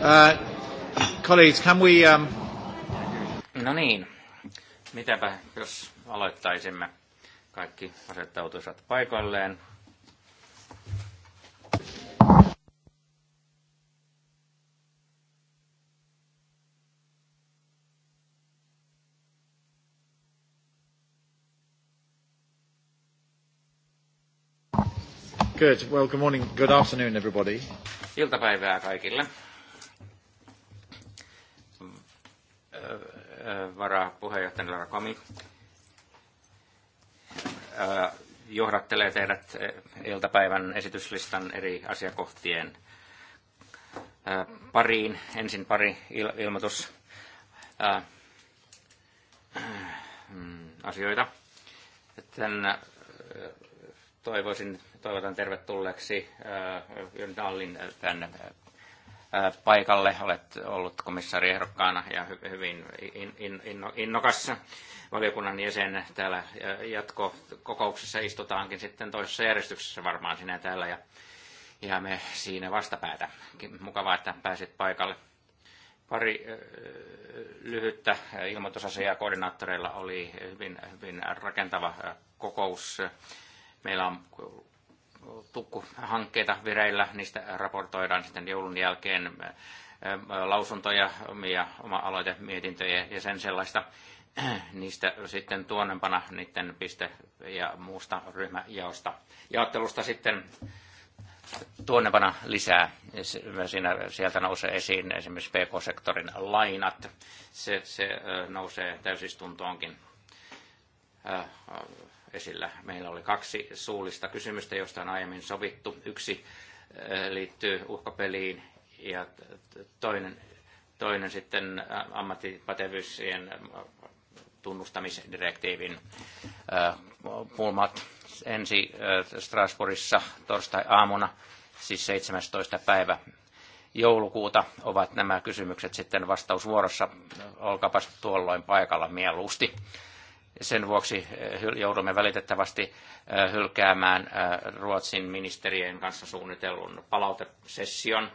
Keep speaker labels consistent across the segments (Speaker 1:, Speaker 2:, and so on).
Speaker 1: Uh, colleagues, can we... Um... No niin, mitäpä jos aloittaisimme. Kaikki asettautuisivat paikoilleen.
Speaker 2: Good. Well, good morning. Good afternoon, everybody.
Speaker 1: Iltapäivää kaikille. varapuheenjohtaja Lara Komi äh, johdattelee teidät eh, iltapäivän esityslistan eri asiakohtien äh, pariin. Ensin pari il- ilmoitus äh, mm, asioita. Tän toivoisin, toivotan tervetulleeksi Jön Dallin tänne paikalle. Olet ollut komissaari ehdokkaana ja hyvin innokas valiokunnan jäsen täällä jatkokokouksessa istutaankin sitten toisessa järjestyksessä varmaan sinä täällä ja, ja me siinä vastapäätä. Mukavaa, että pääsit paikalle. Pari lyhyttä ilmoitusasiaa koordinaattoreilla oli hyvin, hyvin rakentava kokous. Meillä on tukkuhankkeita vireillä. Niistä raportoidaan sitten joulun jälkeen lausuntoja, omia oma-aloitemietintöjä ja sen sellaista. Niistä sitten tuonnempana niiden piste- ja muusta ryhmäjaosta. Jaottelusta sitten tuonnepana lisää. Siinä, sieltä nousee esiin esimerkiksi PK-sektorin lainat. Se, se nousee täysistuntoonkin esillä. Meillä oli kaksi suullista kysymystä, joista on aiemmin sovittu. Yksi äh, liittyy uhkapeliin ja toinen, toinen sitten äh, ammattipätevyysien äh, tunnustamisdirektiivin pulmat ensi Strasbourgissa torstai-aamuna, siis 17. päivä joulukuuta ovat nämä kysymykset sitten vastausvuorossa. Olkapas tuolloin paikalla mieluusti. Sen vuoksi eh, joudumme välitettävästi eh, hylkäämään eh, Ruotsin ministerien kanssa suunnitellun palautesession.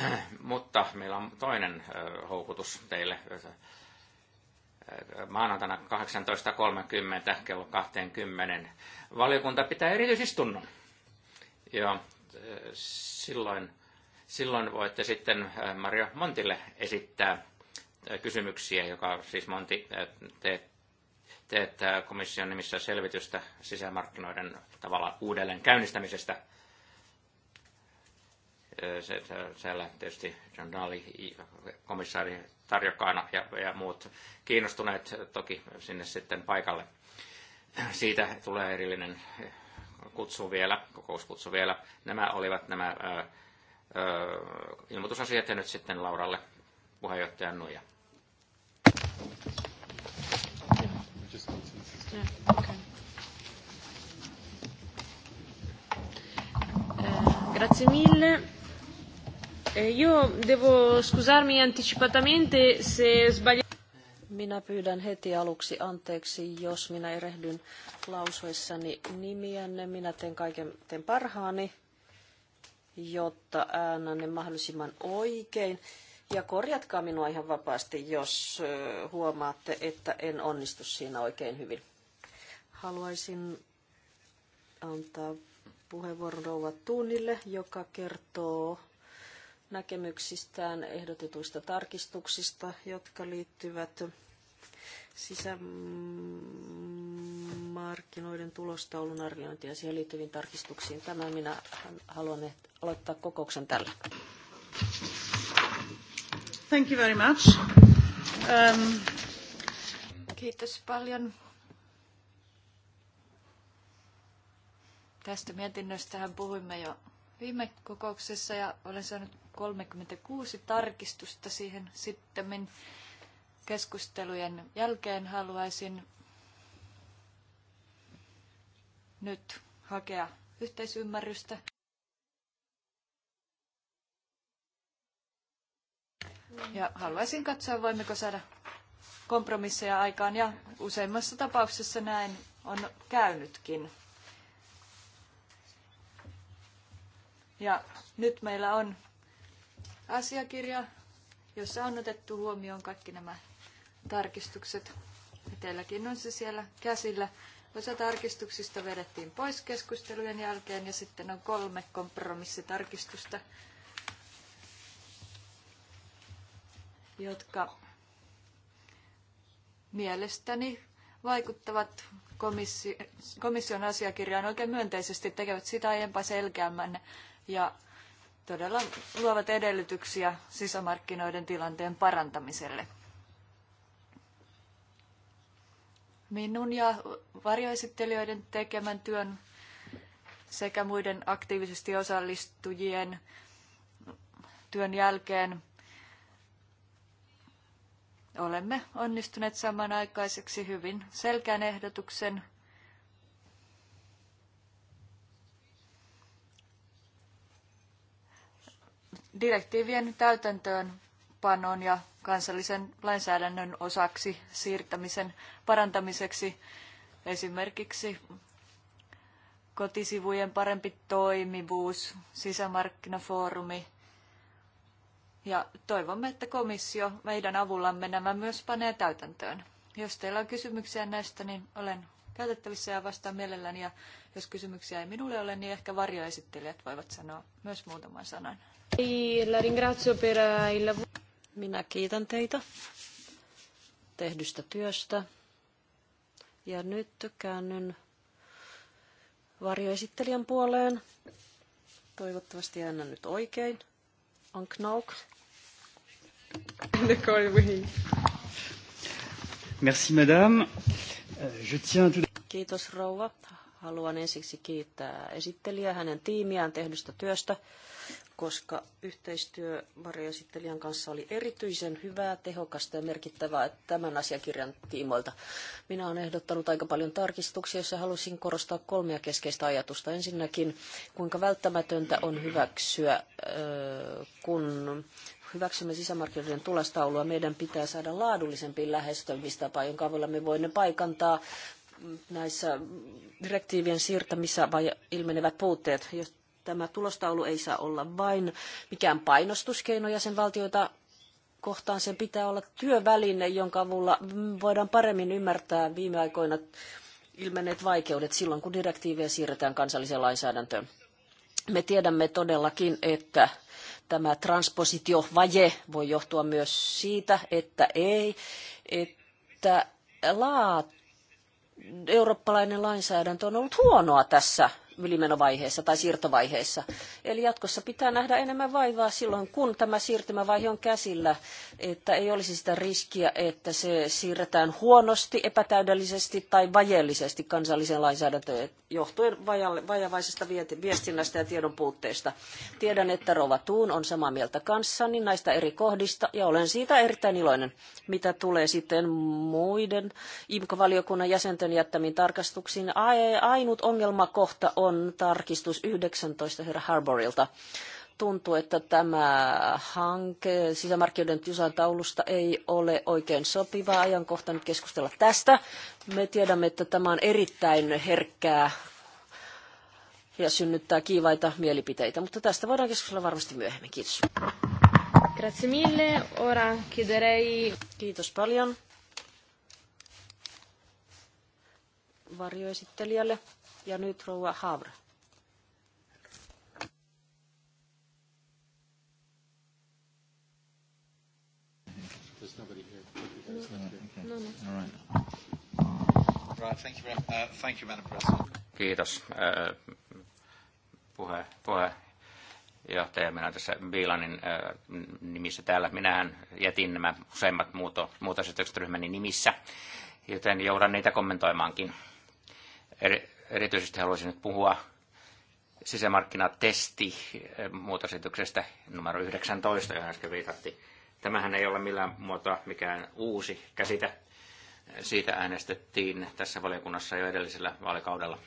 Speaker 1: Mutta meillä on toinen houkutus teille maanantaina 18.30 kello 20. Valiokunta pitää erityisistunnon. Ja silloin, silloin voitte sitten Mario Montille esittää kysymyksiä, joka siis Monti teettää komission nimissä selvitystä sisämarkkinoiden tavalla uudelleen käynnistämisestä. Se, se, siellä tietysti John Daly, komissaari Tarjokaana ja, ja muut kiinnostuneet toki sinne sitten paikalle. Siitä tulee erillinen kutsu vielä, kokouskutsu vielä. Nämä olivat nämä ö, ö, ilmoitusasiat ja nyt sitten Lauralle puheenjohtajan nuija.
Speaker 3: Eh, grazie mille. Eh, io devo scusarmi anticipatamente se sbaglio. Minä pyydän heti aluksi anteeksi, jos minä erehdyn lausuessani nimiänne. Minä teen kaiken teen parhaani, jotta äänänne mahdollisimman oikein. Ja korjatkaa minua ihan vapaasti, jos huomaatte, että en onnistu siinä oikein hyvin. Haluaisin antaa puheenvuoron rouva Tuunille, joka kertoo näkemyksistään ehdotetuista tarkistuksista, jotka liittyvät sisämarkkinoiden tulostaulun arviointiin ja siihen liittyviin tarkistuksiin. Tämä minä haluan aloittaa kokouksen tällä.
Speaker 2: Thank you very much. Um... Kiitos paljon. Tästä mietinnöstähän puhuimme jo viime kokouksessa ja olen saanut 36 tarkistusta siihen sitten keskustelujen jälkeen haluaisin nyt hakea yhteisymmärrystä. Ja haluaisin katsoa, voimmeko saada kompromisseja aikaan ja useimmassa tapauksessa näin on käynytkin. Ja nyt meillä on asiakirja, jossa on otettu huomioon kaikki nämä tarkistukset. Teilläkin on se siellä käsillä. Osa tarkistuksista vedettiin pois keskustelujen jälkeen ja sitten on kolme kompromissitarkistusta jotka mielestäni vaikuttavat komission asiakirjaan oikein myönteisesti, tekevät sitä aiempaa selkeämmän ja todella luovat edellytyksiä sisämarkkinoiden tilanteen parantamiselle. Minun ja varjoesittelijöiden tekemän työn sekä muiden aktiivisesti osallistujien työn jälkeen olemme onnistuneet samanaikaiseksi hyvin selkeän ehdotuksen. Direktiivien täytäntöönpanon ja kansallisen lainsäädännön osaksi siirtämisen parantamiseksi esimerkiksi kotisivujen parempi toimivuus, sisämarkkinafoorumi, ja toivomme, että komissio meidän avullamme nämä myös panee täytäntöön. Jos teillä on kysymyksiä näistä, niin olen käytettävissä ja vastaan mielelläni. Ja jos kysymyksiä ei minulle ole, niin ehkä varjoesittelijät voivat sanoa
Speaker 3: myös muutaman sanan. Eh, Minä kiitän teitä tehdystä työstä. Ja nyt käännyn varjoesittelijän puoleen. Toivottavasti äännän nyt oikein. On Knauk.
Speaker 2: Merci madame. Euh, je tiens tout...
Speaker 3: Kiitos rouva. Haluan ensiksi kiittää esittelijää hänen tiimiään tehdystä työstä, koska yhteistyö varjoesittelijän kanssa oli erityisen hyvää, tehokasta ja merkittävää tämän asiakirjan tiimoilta. Minä olen ehdottanut aika paljon tarkistuksia, joissa halusin korostaa kolmea keskeistä ajatusta. Ensinnäkin, kuinka välttämätöntä on hyväksyä, kun hyväksymme sisämarkkinoiden tulostaulua, meidän pitää saada laadullisempi lähestymistapa, jonka avulla me voimme paikantaa näissä direktiivien siirtämissä vai ilmenevät puutteet. Jos tämä tulostaulu ei saa olla vain mikään painostuskeino jäsenvaltioita kohtaan, sen pitää olla työväline, jonka avulla voidaan paremmin ymmärtää viime aikoina ilmenneet vaikeudet silloin, kun direktiivejä siirretään kansalliseen lainsäädäntöön. Me tiedämme todellakin, että Tämä transpositiovaje voi johtua myös siitä, että ei, että laat, eurooppalainen lainsäädäntö on ollut huonoa tässä ylimenovaiheessa tai siirtovaiheessa. Eli jatkossa pitää nähdä enemmän vaivaa silloin, kun tämä siirtymävaihe on käsillä, että ei olisi sitä riskiä, että se siirretään huonosti, epätäydellisesti tai vajeellisesti kansalliseen lainsäädäntöön johtuen vajavaisesta viestinnästä ja tiedon puutteesta. Tiedän, että Rova Tuun on samaa mieltä kanssani näistä eri kohdista ja olen siitä erittäin iloinen, mitä tulee sitten muiden IMKO-valiokunnan jäsenten jättämiin tarkastuksiin. Ainut ongelmakohta on on tarkistus 19 herra Harborilta. Tuntuu, että tämä hanke sisämarkkinoiden Tysan taulusta ei ole oikein sopiva ajankohta nyt keskustella tästä. Me tiedämme, että tämä on erittäin herkkää ja synnyttää kiivaita mielipiteitä, mutta tästä voidaan keskustella varmasti myöhemmin. Kiitos. Grazie mille. Ora chiederei. Kiitos paljon varjoesittelijälle. Ja nyt rouva Havre.
Speaker 1: No, no. Uh, Kiitos uh, puhe, minä tässä Biilanin uh, nimissä täällä. Minähän jätin nämä useimmat muuto, muutosesitykset ryhmäni nimissä, joten joudan niitä kommentoimaankin. Erityisesti haluaisin nyt puhua sisämarkkinatesti eh, numero 19, johon äsken viitattiin. Tämähän ei ole millään muotoa mikään uusi käsite. Siitä äänestettiin tässä valiokunnassa jo edellisellä vaalikaudella.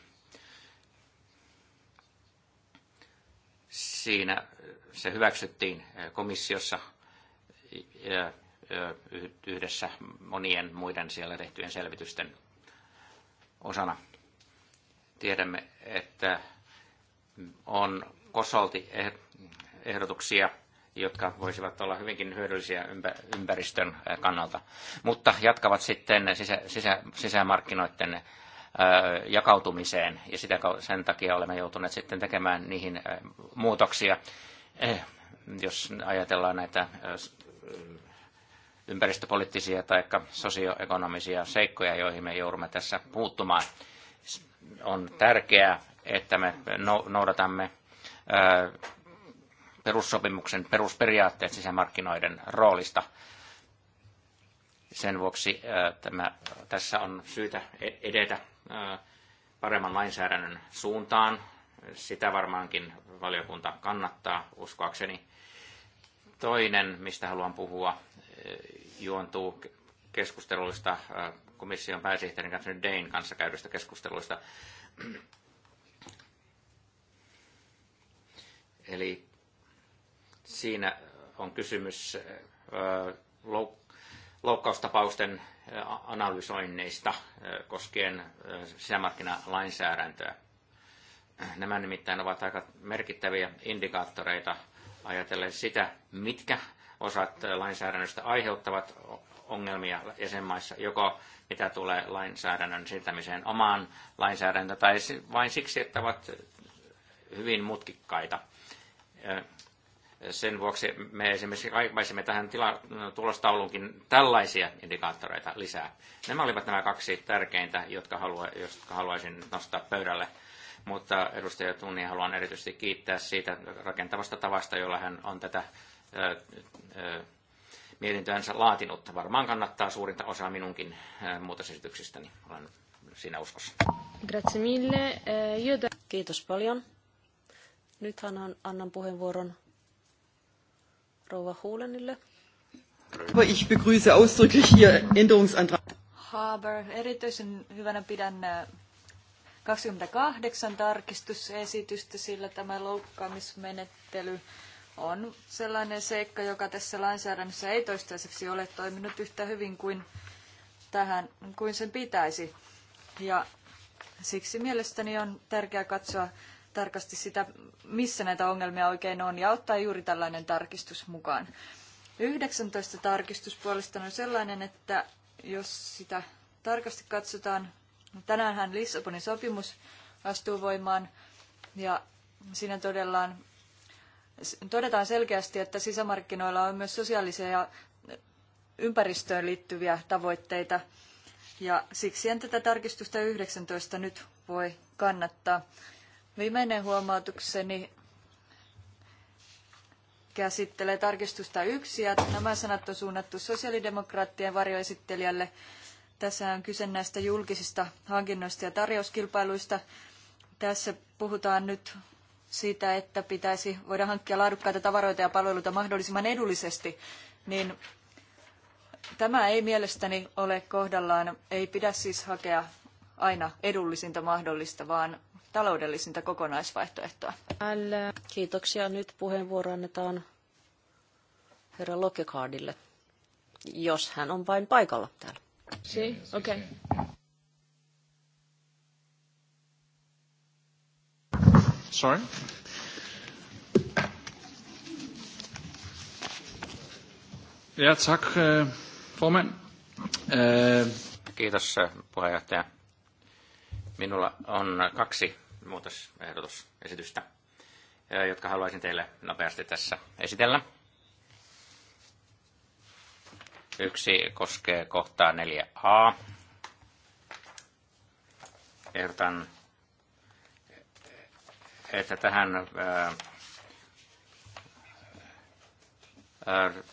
Speaker 1: Siinä eh, se hyväksyttiin eh, komissiossa yhdessä monien muiden siellä tehtyjen selvitysten osana. Tiedämme, että on kosolti eh- ehdotuksia, jotka voisivat olla hyvinkin hyödyllisiä ympäristön eh, kannalta, mutta jatkavat sitten sisä, sisä, sisämarkkinoiden eh, jakautumiseen ja sitä, sen takia olemme joutuneet sitten tekemään niihin muutoksia, jos ajatellaan näitä ympäristöpoliittisia tai sosioekonomisia seikkoja, joihin me joudumme tässä puuttumaan on tärkeää, että me no, noudatamme perussopimuksen perusperiaatteet sisämarkkinoiden roolista. Sen vuoksi tämä, tässä on syytä e-, edetä paremman lainsäädännön suuntaan. Sitä varmaankin valiokunta kannattaa, uskoakseni. Toinen, mistä haluan puhua, juontuu keskustelusta komission pääsihteerin Catherine Dayn kanssa käydystä keskusteluista. Eli siinä on kysymys loukkaustapausten analysoinneista koskien sisämarkkinalainsäädäntöä. Nämä nimittäin ovat aika merkittäviä indikaattoreita ajatellen sitä, mitkä osat lainsäädännöstä aiheuttavat ongelmia jäsenmaissa, joko mitä tulee lainsäädännön siirtämiseen omaan lainsäädäntöön, tai vain siksi, että ovat hyvin mutkikkaita. Sen vuoksi me esimerkiksi kaipaisimme tähän tila, tulostaulunkin tällaisia indikaattoreita lisää. Nämä olivat nämä kaksi tärkeintä, jotka, halua, jotka haluaisin nostaa pöydälle mutta edustaja Tunni haluan erityisesti kiittää siitä rakentavasta tavasta, jolla hän on tätä mietintöänsä laatinut. Varmaan kannattaa suurinta osaa minunkin muutosesityksistäni. Olen siinä uskossa.
Speaker 3: Grazie mille. Kiitos paljon. Nyt annan, annan puheenvuoron rouva Huulenille.
Speaker 2: Ich begrüße ausdrücklich hier Änderungsantrag.
Speaker 3: Haber, erityisen
Speaker 2: hyvänä pidän 28 tarkistusesitystä, sillä tämä loukkaamismenettely on sellainen seikka, joka tässä lainsäädännössä ei toistaiseksi ole toiminut yhtä hyvin kuin, tähän, kuin sen pitäisi. Ja siksi mielestäni on tärkeää katsoa tarkasti sitä, missä näitä ongelmia oikein on, ja ottaa juuri tällainen tarkistus mukaan. 19 tarkistus puolestaan on sellainen, että jos sitä tarkasti katsotaan, tänäänhän Lissabonin sopimus astuu voimaan, ja siinä todellaan todetaan selkeästi, että sisämarkkinoilla on myös sosiaalisia ja ympäristöön liittyviä tavoitteita. Ja siksi en tätä tarkistusta 19 nyt voi kannattaa. Viimeinen huomautukseni käsittelee tarkistusta yksi ja nämä sanat on suunnattu sosiaalidemokraattien varjoesittelijälle. Tässä on kyse näistä julkisista hankinnoista ja tarjouskilpailuista. Tässä puhutaan nyt siitä, että pitäisi voida hankkia laadukkaita tavaroita ja palveluita mahdollisimman edullisesti, niin tämä ei mielestäni ole kohdallaan. Ei pidä siis hakea aina edullisinta mahdollista, vaan taloudellisinta kokonaisvaihtoehtoa.
Speaker 3: Älä. Kiitoksia. Nyt puheenvuoro annetaan herra Lokekaardille, jos hän on vain paikalla täällä. Si, okei. Okay.
Speaker 1: Sorry?
Speaker 2: Ja, tak, øh, formand.
Speaker 1: Øh. Kiitos, äh, puheenjohtaja. Minulla on kaksi muutosehdotusesitystä, äh, jotka haluaisin teille nopeasti tässä esitellä. Yksi koskee kohtaa 4a. Ehdotan että tähän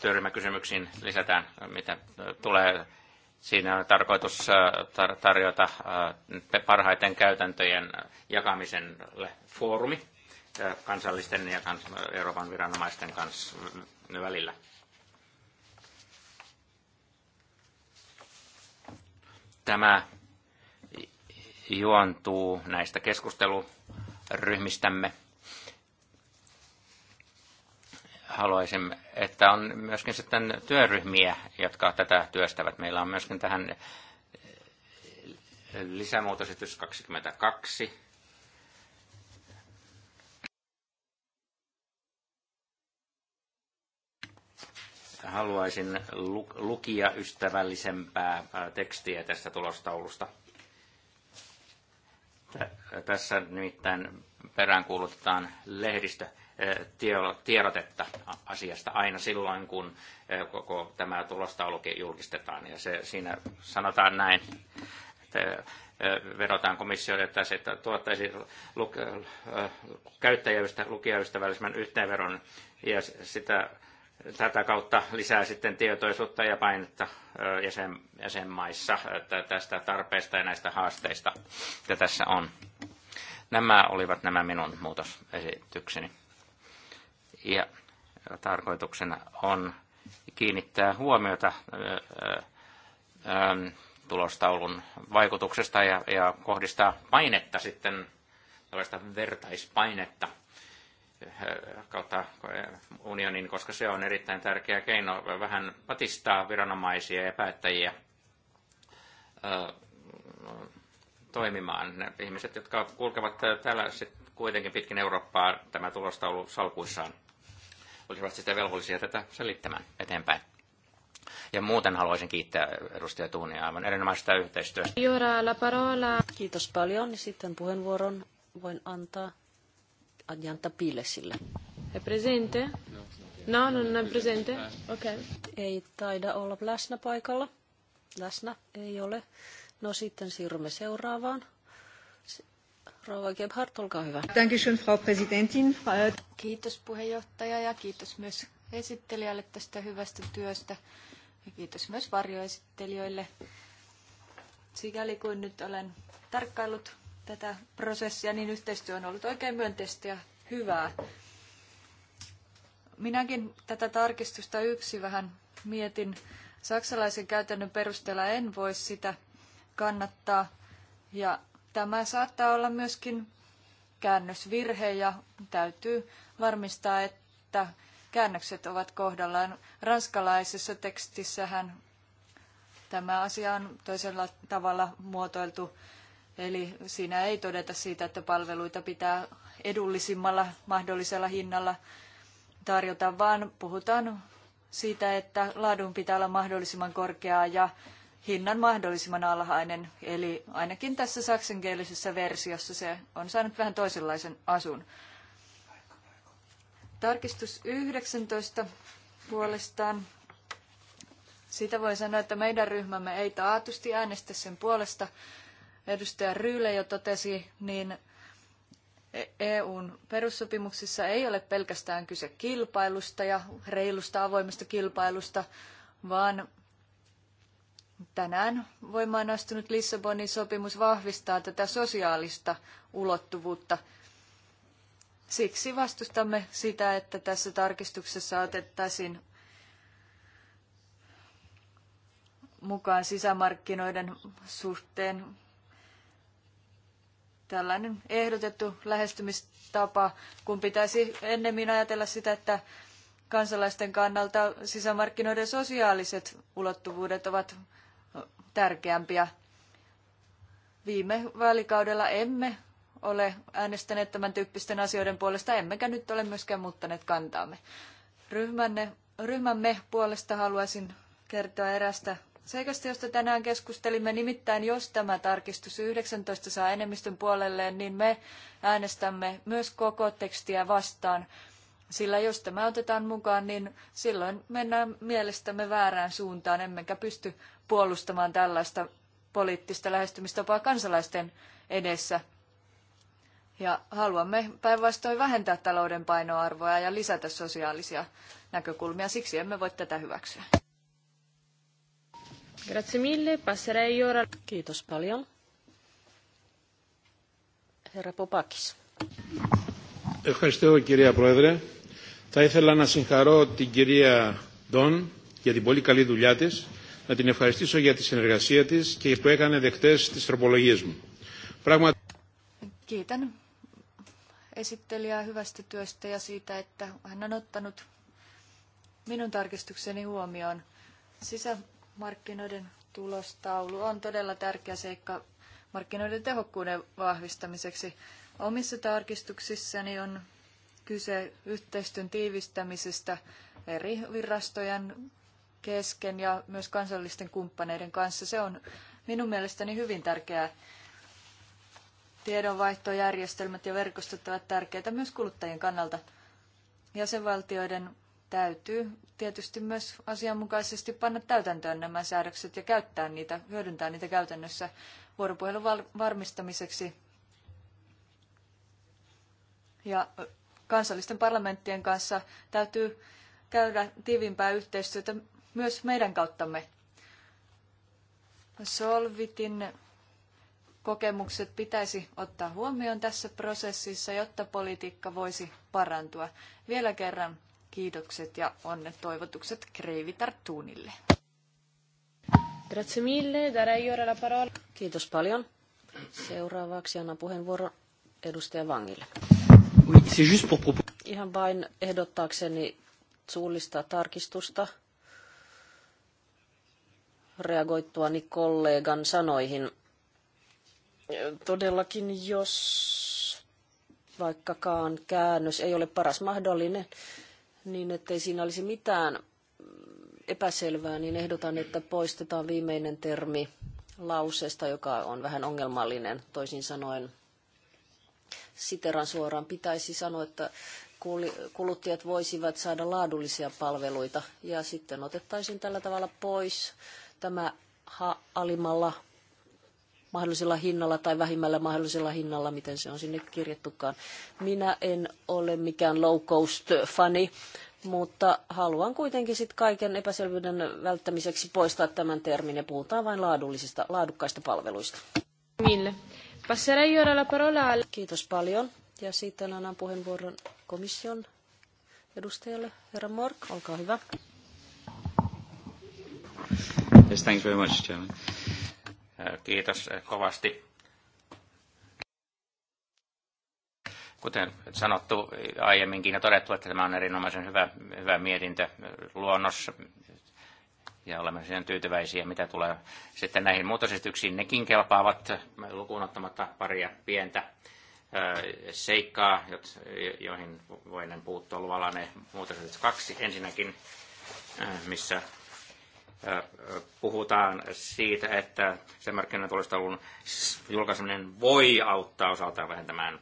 Speaker 1: työryhmäkysymyksiin lisätään, mitä tulee. Siinä on tarkoitus tarjota parhaiten käytäntöjen jakamisen foorumi kansallisten ja Euroopan viranomaisten kanssa välillä. Tämä juontuu näistä keskustelu ryhmistämme. Haluaisin, että on myöskin sitten työryhmiä, jotka tätä työstävät. Meillä on myöskin tähän eh, lisämuutositys 22. Haluaisin lukia ystävällisempää tekstiä tästä tulostaulusta. Tässä nimittäin peräänkuulutetaan lehdistö tiedotetta asiasta aina silloin, kun eh, koko tämä tulostaulukin julkistetaan. Ja se, siinä sanotaan näin, että eh, vedotaan komissiolle, että se tuottaisi luk- eh, käyttäjäystä, lukijäystävällisemmän yhteenveron ja sitä tätä kautta lisää sitten tietoisuutta ja painetta jäsen, jäsenmaissa tästä tarpeesta ja näistä haasteista, mitä tässä on. Nämä olivat nämä minun muutosesitykseni. Ja tarkoituksena on kiinnittää huomiota tulostaulun vaikutuksesta ja, ja kohdistaa painetta sitten, tällaista vertaispainetta – Eh, kautta eh, unionin, koska se on erittäin tärkeä keino vähän patistaa viranomaisia ja päättäjiä eh, toimimaan. Ne ihmiset, jotka kulkevat täällä sit kuitenkin pitkin Eurooppaa tämä tulostaulu salkuissaan, olisivat sitä velvollisia tätä selittämään eteenpäin. Ja muuten haluaisin kiittää edustaja Tuunia aivan erinomaisesta yhteistyöstä.
Speaker 3: Kiitos paljon. Sitten puheenvuoron voin antaa Adjanta Piilesillä. È presente? No, no, non è presente. Okay. Ei taida olla läsnä paikalla. Läsnä ei ole. No sitten siirrymme seuraavaan. Rouva Gebhardt, olkaa hyvä.
Speaker 2: Dankeschön, Frau Präsidentin. Kiitos puheenjohtaja ja kiitos myös esittelijälle tästä hyvästä työstä. Ja kiitos myös varjoesittelijöille. Sikäli kuin nyt olen tarkkaillut tätä prosessia, niin yhteistyö on ollut oikein myönteistä ja hyvää. Minäkin tätä tarkistusta yksi vähän mietin. Saksalaisen käytännön perusteella en voi sitä kannattaa. Ja tämä saattaa olla myöskin käännösvirhe ja täytyy varmistaa, että käännökset ovat kohdallaan. Ranskalaisessa tekstissähän tämä asia on toisella tavalla muotoiltu Eli siinä ei todeta siitä, että palveluita pitää edullisimmalla mahdollisella hinnalla tarjota, vaan puhutaan siitä, että laadun pitää olla mahdollisimman korkeaa ja hinnan mahdollisimman alhainen. Eli ainakin tässä saksankielisessä versiossa se on saanut vähän toisenlaisen asun. Tarkistus 19 puolestaan. Sitä voi sanoa, että meidän ryhmämme ei taatusti äänestä sen puolesta, edustaja Ryyle jo totesi, niin e- EUn perussopimuksissa ei ole pelkästään kyse kilpailusta ja reilusta avoimesta kilpailusta, vaan tänään voimaan astunut Lissabonin sopimus vahvistaa tätä sosiaalista ulottuvuutta. Siksi vastustamme sitä, että tässä tarkistuksessa otettaisiin mukaan sisämarkkinoiden suhteen tällainen ehdotettu lähestymistapa, kun pitäisi ennemmin ajatella sitä, että kansalaisten kannalta sisämarkkinoiden sosiaaliset ulottuvuudet ovat tärkeämpiä. Viime vaalikaudella emme ole äänestäneet tämän tyyppisten asioiden puolesta, emmekä nyt ole myöskään muuttaneet kantaamme. Ryhmänne, ryhmämme puolesta haluaisin kertoa erästä seikasta, josta tänään keskustelimme. Nimittäin jos tämä tarkistus 19 saa enemmistön puolelleen, niin me äänestämme myös koko tekstiä vastaan. Sillä jos tämä otetaan mukaan, niin silloin mennään mielestämme väärään suuntaan, emmekä pysty puolustamaan tällaista poliittista lähestymistapaa kansalaisten edessä. Ja haluamme päinvastoin vähentää talouden painoarvoa ja lisätä sosiaalisia näkökulmia. Siksi emme voi tätä hyväksyä.
Speaker 3: Grazie mille. Passerei ora... Kiitos paljon. Herra Popakis.
Speaker 1: Ευχαριστώ κυρία Πρόεδρε. Θα ήθελα να συγχαρώ την κυρία Ντόν για την πολύ καλή δουλειά της, να την ευχαριστήσω για τη συνεργασία της και που έκανε δεκτές τις τροπολογίες μου. Πράγματι...
Speaker 2: Kiitän esittelijää hyvästä työstä ja siitä, että hän on ottanut minun tarkistukseni huomioon. Sisä, markkinoiden tulostaulu on todella tärkeä seikka markkinoiden tehokkuuden vahvistamiseksi. Omissa tarkistuksissani on kyse yhteistyön tiivistämisestä eri virastojen kesken ja myös kansallisten kumppaneiden kanssa. Se on minun mielestäni hyvin tärkeää. Tiedonvaihtojärjestelmät ja verkostot ovat tärkeitä myös kuluttajien kannalta. Jäsenvaltioiden täytyy tietysti myös asianmukaisesti panna täytäntöön nämä säädökset ja käyttää niitä, hyödyntää niitä käytännössä vuoropuhelun varmistamiseksi. Ja kansallisten parlamenttien kanssa täytyy käydä tiiviimpää yhteistyötä myös meidän kauttamme. Solvitin kokemukset pitäisi ottaa huomioon tässä prosessissa, jotta politiikka voisi parantua. Vielä kerran Kiitokset ja onnet toivotukset Kreivi Tartunille.
Speaker 3: Grazie mille, darei ora la parola. Kiitos paljon. Seuraavaksi annan puheenvuoro edustaja Vangille.
Speaker 2: Oui, c'est juste pour propos...
Speaker 3: Ihan vain ehdottaakseni suullista tarkistusta reagoittuani kollegan sanoihin. Todellakin, jos vaikkakaan käännös ei ole paras mahdollinen, niin ettei siinä olisi mitään epäselvää, niin ehdotan, että poistetaan viimeinen termi lauseesta, joka on vähän ongelmallinen. Toisin sanoen, siteran suoraan, pitäisi sanoa, että kuluttajat voisivat saada laadullisia palveluita. Ja sitten otettaisiin tällä tavalla pois tämä ha- alimalla mahdollisella hinnalla tai vähimmällä mahdollisella hinnalla, miten se on sinne kirjattukaan. Minä en ole mikään low cost fani, mutta haluan kuitenkin sit kaiken epäselvyyden välttämiseksi poistaa tämän termin ja puhutaan vain laadullisista, laadukkaista palveluista. Mille. Passerei ora la parola Kiitos paljon. Ja sitten annan puheenvuoron komission edustajalle, herra Mork, olkaa hyvä.
Speaker 1: Yes, thanks very much, Chairman. Äh, kiitos äh, kovasti. Kuten sanottu äh, aiemminkin ja todettu, että tämä on erinomaisen hyvä, hyvä mietintö luonnos ja olemme siihen tyytyväisiä, mitä tulee sitten näihin muutosesityksiin. Nekin kelpaavat lukuun ottamatta paria pientä seikkaa, joihin voinen puuttua luvalla ne muutosesitys kaksi. Ensinnäkin, missä puhutaan siitä, että sisämarkkinatulostaulun julkaiseminen voi auttaa osaltaan vähentämään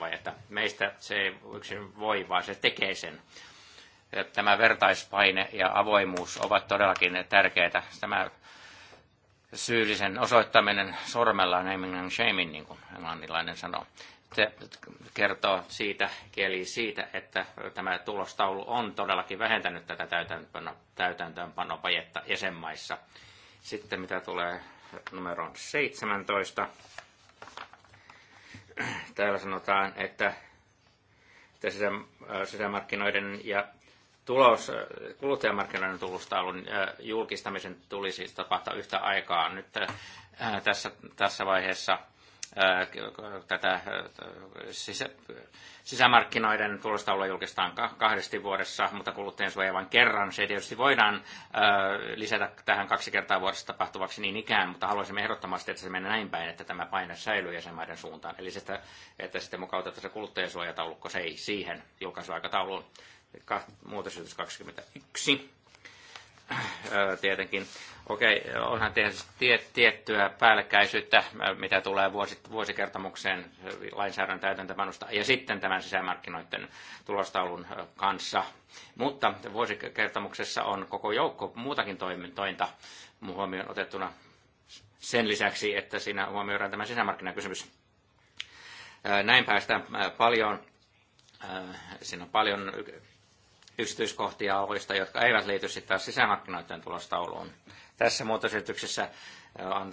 Speaker 1: vai että Meistä se ei yksin voi, vaan se tekee sen. Tämä vertaispaine ja avoimuus ovat todellakin tärkeitä. Tämä syyllisen osoittaminen sormella, naming and shaming, niin kuin englantilainen sanoo se kertoo siitä, kieli siitä, että tämä tulostaulu on todellakin vähentänyt tätä täytäntöönpano, täytäntöönpanopajetta jäsenmaissa. Sitten mitä tulee numeroon 17, täällä sanotaan, että, että sisämarkkinoiden ja tulos, kuluttajamarkkinoiden tulostaulun äh, julkistamisen tulisi siis tapahtua yhtä aikaa. Nyt äh, tässä, tässä vaiheessa tätä sisä, sisämarkkinoiden olla julkistaan kahdesti vuodessa, mutta kuluttajien suoja vain kerran. Se tietysti voidaan lisätä tähän kaksi kertaa vuodessa tapahtuvaksi niin ikään, mutta haluaisimme ehdottomasti, että se menee näin päin, että tämä paine säilyy jäsenmaiden suuntaan. Eli sitä, että sitten mukautetaan se kuluttajasuojataulukko se ei siihen julkaisuaikatauluun. Muutosesitys 21 tietenkin. Okei, onhan siis tietysti tiettyä päällekkäisyyttä, mitä tulee vuosikertomukseen lainsäädännön täytäntöpanosta ja sitten tämän sisämarkkinoiden tulostaulun kanssa. Mutta vuosikertomuksessa on koko joukko muutakin toimintointa huomioon otettuna sen lisäksi, että siinä huomioidaan tämä sisämarkkinakysymys. Näin päästään paljon, siinä on paljon yksityiskohtia ohjelmista, jotka eivät liity sitten sisämarkkinoiden tulostauluun. Tässä muutosesityksessä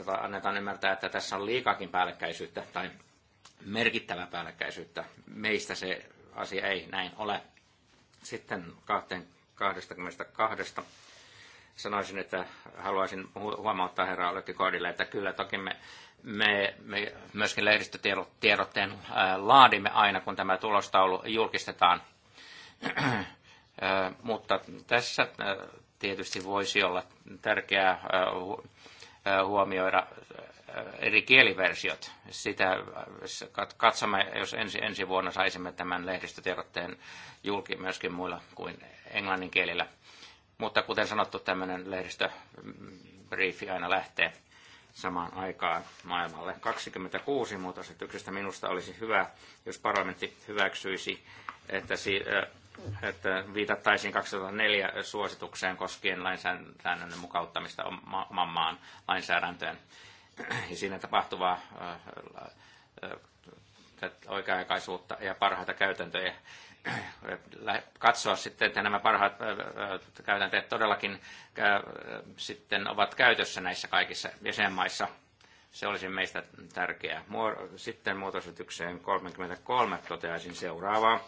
Speaker 1: äh, annetaan ymmärtää, että tässä on liikakin päällekkäisyyttä tai merkittävää päällekkäisyyttä. Meistä se asia ei näin ole. Sitten 22 sanoisin, että haluaisin huomauttaa herra Lökkikoodille, että kyllä toki me, me, me myöskin lehdistötiedotteen äh, laadimme aina, kun tämä tulostaulu julkistetaan mutta tässä tietysti voisi olla tärkeää huomioida eri kieliversiot. Sitä katsomme, jos ensi, ensi vuonna saisimme tämän lehdistötiedotteen julki myöskin muilla kuin englannin kielillä. Mutta kuten sanottu, tämmöinen lehdistöbriefi aina lähtee samaan aikaan maailmalle. 26 muutosesityksestä minusta olisi hyvä, jos parlamentti hyväksyisi, että si- että viitattaisiin 2004 suositukseen koskien lainsäädännön mukauttamista oman maan lainsäädäntöön ja siinä tapahtuvaa äh, äh, äh, oikea-aikaisuutta ja parhaita käytäntöjä. Katsoa sitten, että nämä parhaat käytänteet todellakin sitten ovat käytössä näissä kaikissa jäsenmaissa. Se olisi meistä tärkeää. Sitten muotoisetykseen 33 toteaisin seuraavaa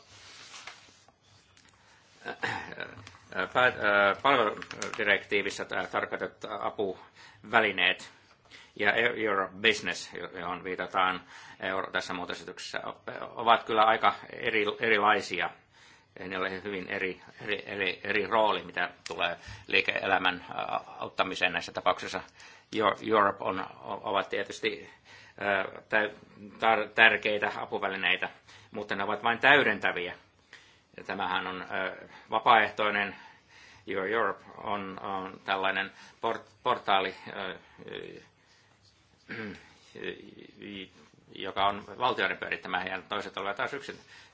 Speaker 1: palveludirektiivissä tarkoitetut apuvälineet ja e-, Euro Business, johon viitataan euro, tässä muutosesityksessä, ovat kyllä aika eri, erilaisia. Ne on hyvin eri, eri, eri, eri rooli, mitä tulee liike-elämän auttamiseen näissä tapauksissa. Europe on, ovat tietysti tärkeitä apuvälineitä, mutta ne ovat vain täydentäviä ja tämähän on vapaaehtoinen. Your Europe on, on tällainen port, portaali, joka on valtioiden pyörittämä ja toiset olivat taas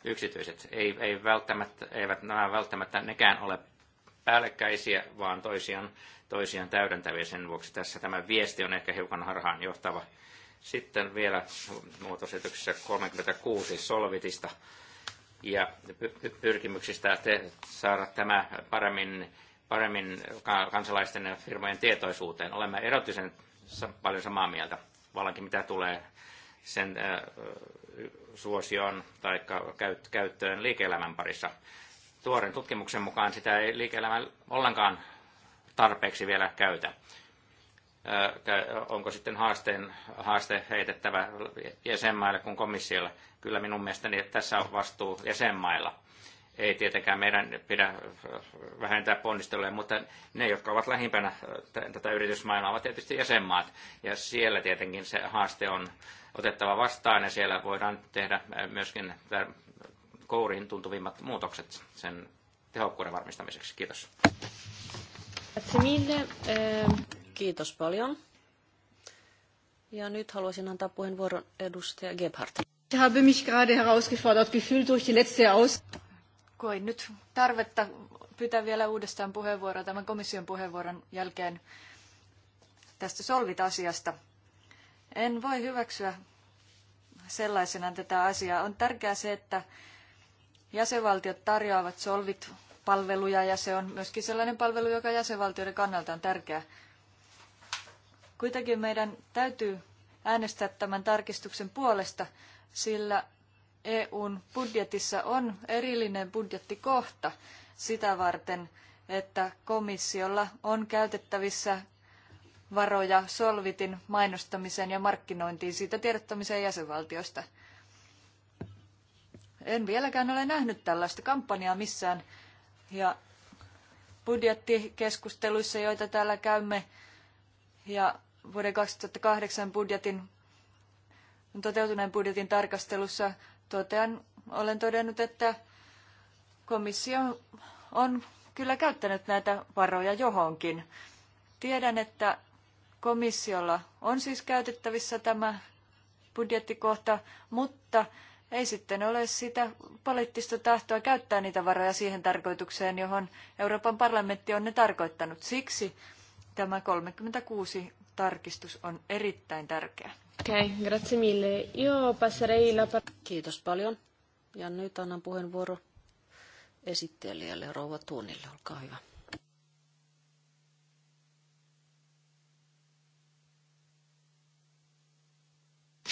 Speaker 1: yksityiset. Ei, ei välttämättä, eivät nämä välttämättä nekään ole päällekkäisiä, vaan toisiaan, toisiaan täydentäviä. Sen vuoksi tässä tämä viesti on ehkä hiukan harhaan johtava. Sitten vielä muutosesityksessä 36 Solvitista ja pyrkimyksistä saada tämä paremmin, paremmin kansalaisten ja firmojen tietoisuuteen. Olemme erotisen paljon samaa mieltä, vallankin mitä tulee sen suosioon tai käyttöön liike-elämän parissa. Tuoren tutkimuksen mukaan sitä ei liike elämä ollenkaan tarpeeksi vielä käytä onko sitten haasteen, haaste heitettävä jäsenmaille kuin komissiolle. Kyllä minun mielestäni tässä on vastuu jäsenmailla. Ei tietenkään meidän pidä vähentää ponnisteluja, mutta ne, jotka ovat lähimpänä tätä yritysmaailmaa, ovat tietysti jäsenmaat. Ja siellä tietenkin se haaste on otettava vastaan ja siellä voidaan tehdä myöskin kouriin tuntuvimmat muutokset sen tehokkuuden varmistamiseksi. Kiitos.
Speaker 3: Grazie mille. Ehm, Kiitos paljon. Ja nyt haluaisin antaa puheenvuoron edustaja Gebhardt.
Speaker 2: Ich habe mich gerade herausgefordert gefühlt durch die letzte Aus... Koin nyt tarvetta pyytää vielä uudestaan puheenvuoroa tämän komission puheenvuoron jälkeen tästä Solvit-asiasta. En voi hyväksyä sellaisenaan tätä asiaa. On tärkeää se, että jäsenvaltiot tarjoavat Solvit-palveluja ja se on myöskin sellainen palvelu, joka jäsenvaltioiden kannalta on tärkeä. Kuitenkin meidän täytyy äänestää tämän tarkistuksen puolesta, sillä EUn budjetissa on erillinen budjettikohta sitä varten, että komissiolla on käytettävissä varoja Solvitin mainostamiseen ja markkinointiin siitä tiedottamiseen jäsenvaltioista. En vieläkään ole nähnyt tällaista kampanjaa missään. Ja budjettikeskusteluissa, joita täällä käymme, ja vuoden 2008 budjetin, toteutuneen budjetin tarkastelussa totean, olen todennut, että komissio on kyllä käyttänyt näitä varoja johonkin. Tiedän, että komissiolla on siis käytettävissä tämä budjettikohta, mutta ei sitten ole sitä poliittista tahtoa käyttää niitä varoja siihen tarkoitukseen, johon Euroopan parlamentti on ne tarkoittanut. Siksi tämä 36 tarkistus on erittäin tärkeä.
Speaker 3: Okei, okay, grazie mille. Io passerei la... Kiitos paljon. Ja nyt annan puheenvuoro esittelijälle Rouva Tuunille. Olkaa hyvä.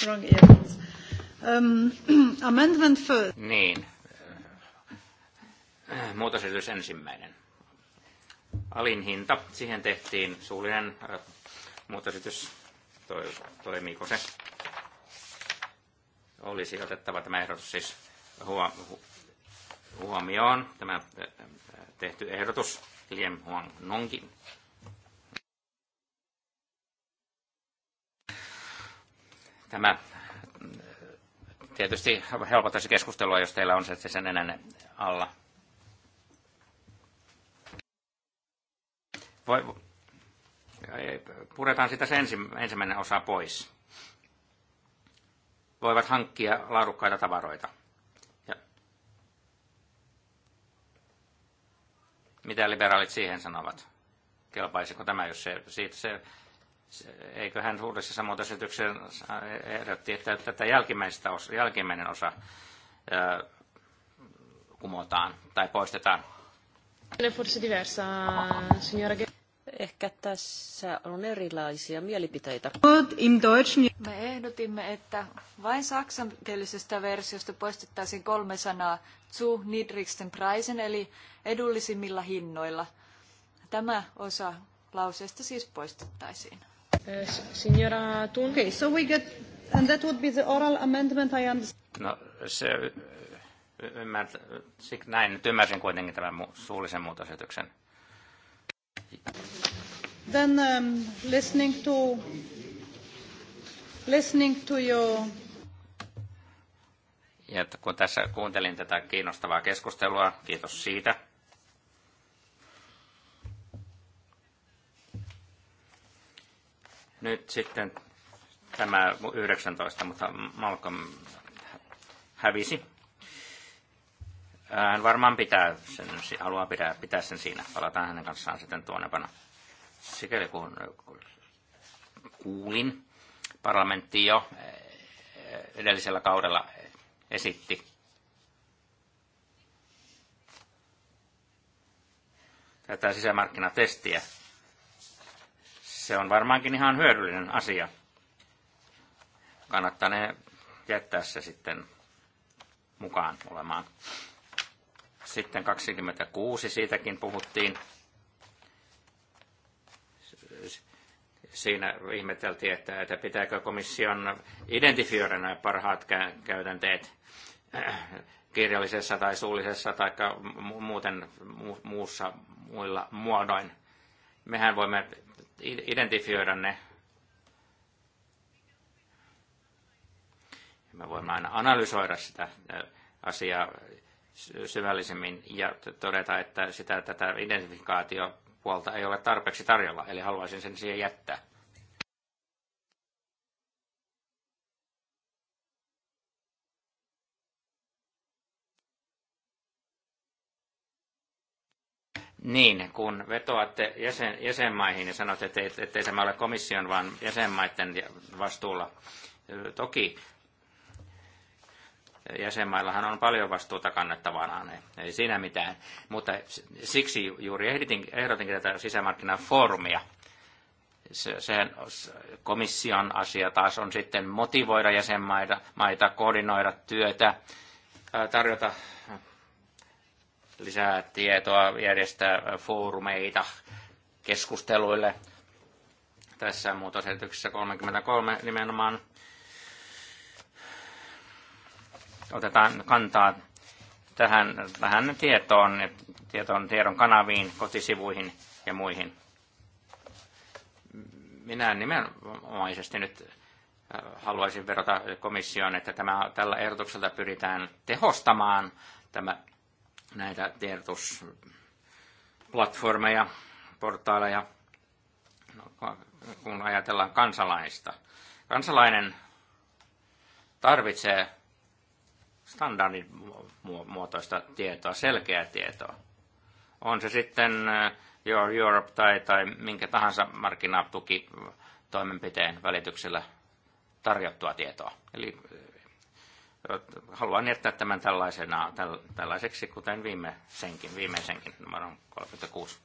Speaker 3: Wrong
Speaker 2: um, amendment
Speaker 1: Niin. Äh, muutosesitys ensimmäinen. Alin hinta. Siihen tehtiin suullinen äh, muutosesitys, toi, toimiiko se? Olisi otettava tämä ehdotus siis huom, hu, huomioon, tämä tehty ehdotus, Liem Huang Nongin. Tämä tietysti helpottaisi keskustelua, jos teillä on se sen enää alla. Voi, puretaan sitä se ensimmäinen osa pois. Voivat hankkia laadukkaita tavaroita. Ja mitä liberaalit siihen sanovat? Kelpaisiko tämä, jos se, siitä se, se hän uudessa samuutosesityksen ehdotti, että tätä jälkimmäistä osa, jälkimmäinen osa ää, kumotaan tai poistetaan.
Speaker 3: Forse diversa, signora Ehkä tässä on erilaisia mielipiteitä. Me ehdotimme, että
Speaker 2: vain saksankielisestä versiosta poistettaisiin kolme sanaa zu niedrigsten Preisen, eli edullisimmilla hinnoilla. Tämä osa lauseesta siis poistettaisiin.
Speaker 3: Eh, signora Tun. Okay, so we get, and that would be the
Speaker 2: oral amendment I understand.
Speaker 1: No, se eh, ymmärtä, näin nyt ymmärsin kuitenkin tämän suullisen muutosesityksen.
Speaker 2: Then um, listening to listening to your
Speaker 1: ja että kun tässä kuuntelin tätä kiinnostavaa keskustelua, kiitos siitä. Nyt sitten tämä 19, mutta Malcolm hävisi. Hän varmaan pitää sen, haluaa pitää, pitää sen siinä. Palataan hänen kanssaan sitten tuonnepana sikäli kun kuulin, parlamentti jo eh, edellisellä kaudella esitti. Tätä sisämarkkinatestiä. Se on varmaankin ihan hyödyllinen asia. Kannattaa ne jättää se sitten mukaan olemaan. Sitten 26 siitäkin puhuttiin. siinä ihmeteltiin, että, että pitääkö komission identifioida nämä parhaat käytänteet äh, kirjallisessa tai suullisessa tai muuten muussa muilla muodoin. Mehän voimme identifioida ne. Me voimme aina analysoida sitä äh, asiaa syvällisemmin ja todeta, että sitä tätä identifikaatio puolta ei ole tarpeeksi tarjolla, eli haluaisin sen siihen jättää. Niin, kun vetoatte jäsen, jäsenmaihin ja sanotte, että ei tämä ole komission, vaan jäsenmaiden vastuulla. Toki jäsenmaillahan on paljon vastuuta kannettavana, ei, ei siinä mitään. Mutta siksi juuri ehdotin, ehdotinkin tätä sisämarkkinafoorumia. Se, sehän komission asia taas on sitten motivoida jäsenmaita, maita, koordinoida työtä, tarjota lisää tietoa, järjestää foorumeita keskusteluille. Tässä muutosesityksessä 33 nimenomaan otetaan kantaa tähän, tähän tietoon, tietoon, tiedon kanaviin, kotisivuihin ja muihin. Minä nimenomaisesti nyt äh, haluaisin verrata komissioon, että tämä, tällä ehdotuksella pyritään tehostamaan tämä, näitä tiedotusplatformeja, portaaleja, no, kun ajatellaan kansalaista. Kansalainen tarvitsee standardin muotoista tietoa, selkeää tietoa. On se sitten eh, Your Europe tai, tai minkä tahansa markkinatuki toimenpiteen välityksellä tarjottua tietoa. Eli eh, haluan jättää tämän tällaisena, tällaiseksi, kuten viime senkin, viimeisenkin, numero 36.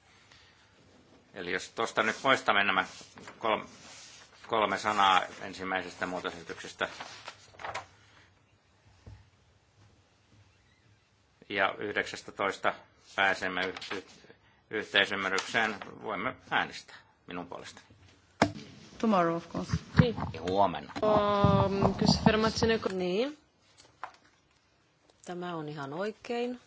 Speaker 1: Eli jos tuosta nyt poistamme nämä kolme, kolme sanaa ensimmäisestä muutosesityksestä, ja 19 pääsemme y- y- yhteisymmärrykseen, voimme äänestää minun puolestani.
Speaker 2: Tomorrow, of course. Niin. huomenna. Um,
Speaker 3: niin. Tämä on ihan oikein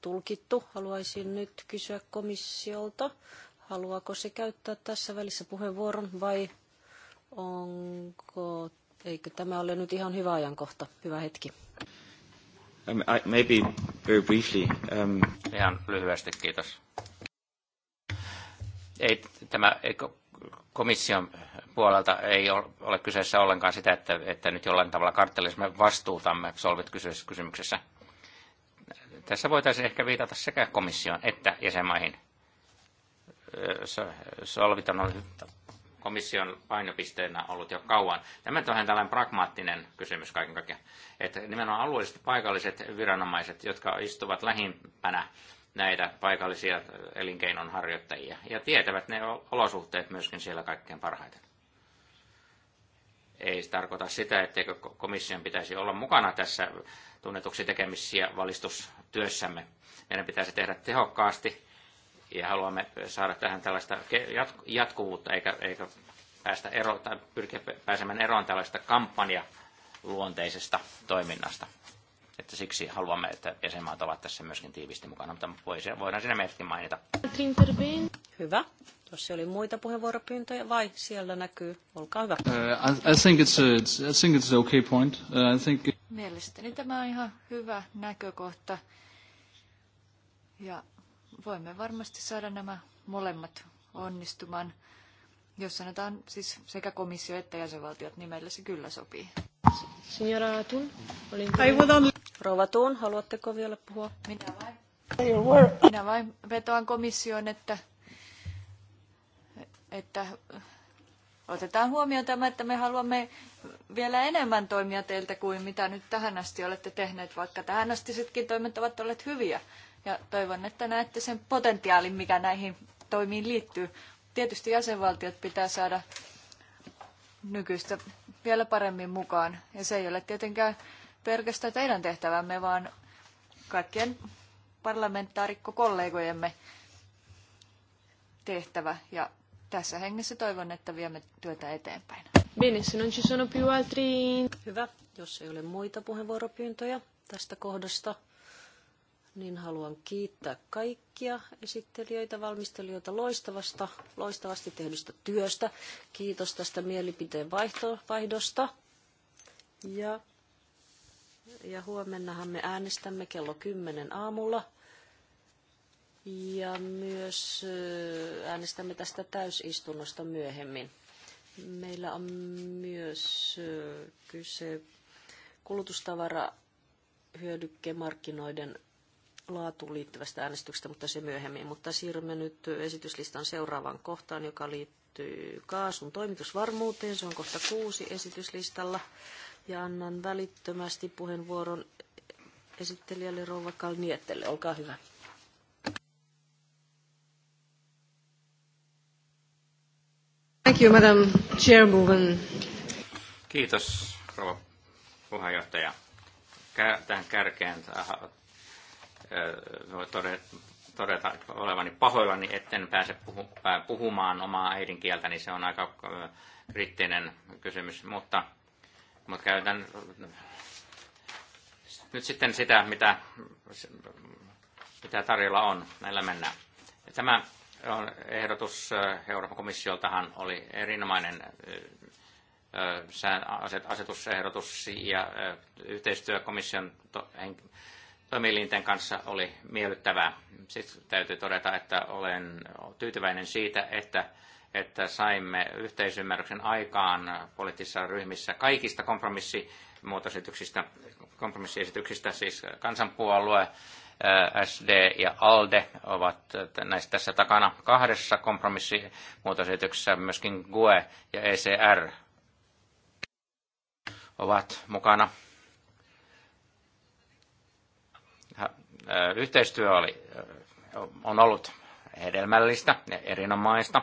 Speaker 3: tulkittu. Haluaisin nyt kysyä komissiolta, haluaako se käyttää tässä välissä puheenvuoron vai onko, eikö tämä ole nyt ihan hyvä ajankohta, hyvä hetki?
Speaker 1: Um, maybe very briefly. Um... Ihan lyhyesti, kiitos. Ei, tämä ei, komission puolelta ei ole kyseessä ollenkaan sitä, että, että nyt jollain tavalla karttelisimme vastuutamme solvit kysymyksessä. Tässä voitaisiin ehkä viitata sekä komission että jäsenmaihin. Solvit on ollut komission painopisteenä ollut jo kauan. Tämä on tällainen pragmaattinen kysymys kaiken kaikkiaan, että nimenomaan alueelliset paikalliset viranomaiset, jotka istuvat lähimpänä näitä paikallisia elinkeinonharjoittajia ja tietävät ne olosuhteet myöskin siellä kaikkein parhaiten. Ei se tarkoita sitä, etteikö komission pitäisi olla mukana tässä tunnetuksi tekemisissä valistustyössämme. Meidän pitäisi tehdä tehokkaasti ja haluamme saada tähän tällaista jatkuvuutta eikä, eikä päästä ero, tai pyrkiä pääsemään eroon tällaista kampanjaluonteisesta toiminnasta. Että siksi haluamme, että jäsenmaat ovat tässä myöskin tiivisti mukana, mutta voidaan siinä merkki mainita.
Speaker 3: Hyvä. Jos oli muita puheenvuoropyyntöjä vai siellä näkyy, olkaa hyvä. Uh,
Speaker 2: I, think it's a, I think it's okay point.
Speaker 3: Uh, I think...
Speaker 2: Mielestäni tämä on ihan hyvä näkökohta. Ja voimme varmasti saada nämä molemmat onnistumaan. Jos sanotaan siis sekä komissio että jäsenvaltiot, niin meillä se kyllä sopii.
Speaker 3: Signora olin
Speaker 2: Rouva Tun, haluatteko vielä puhua? Minä vain, minä vain vetoan komissioon, että, että otetaan huomioon tämä, että me haluamme vielä enemmän toimia teiltä kuin mitä nyt tähän asti olette tehneet, vaikka tähän astisetkin toimet ovat olleet hyviä. Ja toivon, että näette sen potentiaalin, mikä näihin toimiin liittyy. Tietysti jäsenvaltiot pitää saada nykyistä vielä paremmin mukaan. Ja se ei ole tietenkään pelkästään teidän tehtävämme, vaan kaikkien parlamentaarikkokollegojemme tehtävä. Ja tässä hengessä
Speaker 3: toivon, että viemme työtä eteenpäin. Bene, se non ci sono più altri... Hyvä, jos ei ole muita puheenvuoropyyntöjä tästä kohdasta, niin haluan kiittää kaikkia esittelijöitä, valmistelijoita loistavasta, loistavasti tehdystä työstä. Kiitos tästä mielipiteen vaihdosta. Ja, ja huomennahan me äänestämme kello 10 aamulla. Ja myös äänestämme tästä täysistunnosta myöhemmin. Meillä on myös kyse kulutustavara hyödykkemarkkinoiden laatuun liittyvästä äänestyksestä, mutta se myöhemmin. Mutta siirrymme nyt esityslistan seuraavaan kohtaan, joka liittyy kaasun toimitusvarmuuteen. Se on kohta kuusi esityslistalla. Ja annan välittömästi puheenvuoron esittelijälle Rouva Kalnietelle. Olkaa hyvä.
Speaker 2: Thank you, Madam Chairwoman.
Speaker 1: Kiitos, rouva puheenjohtaja. Tähän kärkeen todeta olevani pahoillani, etten pääse puhumaan omaa äidinkieltäni, niin se on aika kriittinen kysymys, mutta, mutta käytän nyt sitten sitä, mitä, mitä tarjolla on. Näillä mennään. Tämä ehdotus Euroopan komissioltahan oli erinomainen asetusehdotus ja yhteistyökomission toimielinten kanssa oli miellyttävää. Sitten siis täytyy todeta, että olen tyytyväinen siitä, että, että saimme yhteisymmärryksen aikaan poliittisissa ryhmissä kaikista kompromissimuutosesityksistä, kompromissiesityksistä, siis kansanpuolue, SD ja ALDE ovat näissä tässä takana kahdessa kompromissimuutosesityksessä, myöskin GUE ja ECR ovat mukana Yhteistyö oli, on ollut hedelmällistä ja erinomaista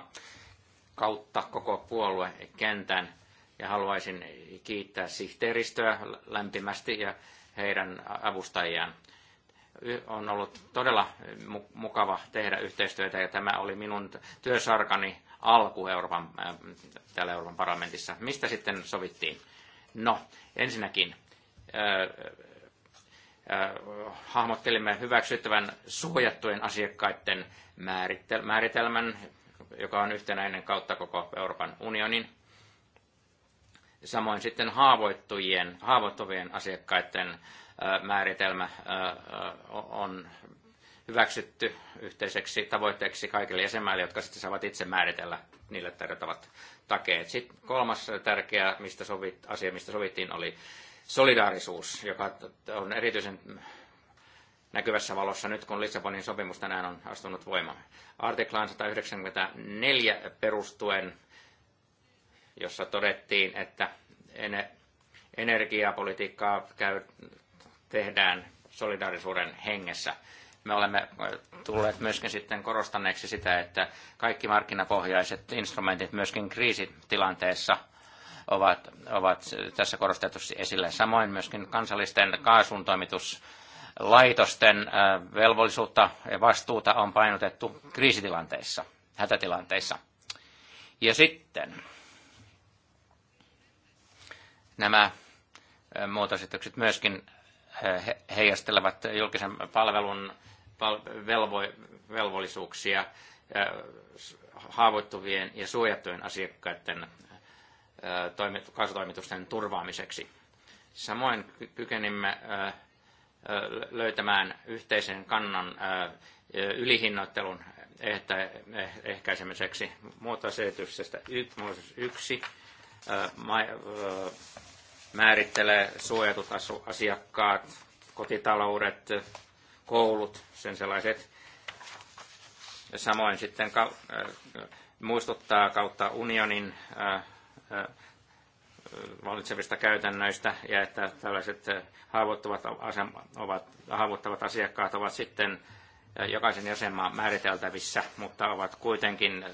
Speaker 1: kautta koko puoluekentän. Ja haluaisin kiittää sihteeristöä lämpimästi ja heidän avustajiaan. On ollut todella mukava tehdä yhteistyötä ja tämä oli minun työsarkani alku Euroopan, täällä Euroopan parlamentissa. Mistä sitten sovittiin? No, ensinnäkin hahmottelimme hyväksyttävän suojattujen asiakkaiden määritelmän, joka on yhtenäinen kautta koko Euroopan unionin. Samoin sitten haavoittujien, haavoittuvien asiakkaiden määritelmä on hyväksytty yhteiseksi tavoitteeksi kaikille jäsenmaille, jotka sitten saavat itse määritellä niille tarjottavat takeet. Sitten kolmas tärkeä mistä sovit, asia, mistä sovittiin, oli solidaarisuus, joka on erityisen näkyvässä valossa nyt, kun Lissabonin sopimus tänään on astunut voimaan. Artiklaan 194 perustuen, jossa todettiin, että energiapolitiikkaa käy, tehdään solidaarisuuden hengessä. Me olemme tulleet myöskin sitten korostaneeksi sitä, että kaikki markkinapohjaiset instrumentit myöskin kriisitilanteessa – ovat, ovat tässä korostetusti esille Samoin myöskin kansallisten kaasun laitosten äh, velvollisuutta ja vastuuta on painotettu kriisitilanteissa, hätätilanteissa. Ja sitten nämä äh, muutositykset myöskin äh, heijastelevat julkisen palvelun velvo, velvollisuuksia haavoittuvien ja suojattujen asiakkaiden kaasutoimitusten turvaamiseksi. Samoin kykenimme löytämään yhteisen kannan ylihinnoittelun eh, ehkäisemiseksi muotoiselityksestä yksi määrittelee suojatut asiakkaat, kotitaloudet, koulut, sen sellaiset. Samoin sitten muistuttaa kautta unionin valitsevista käytännöistä ja että tällaiset haavoittuvat, asem- ovat, haavoittuvat asiakkaat ovat sitten jokaisen jäsenmaan määriteltävissä, mutta ovat kuitenkin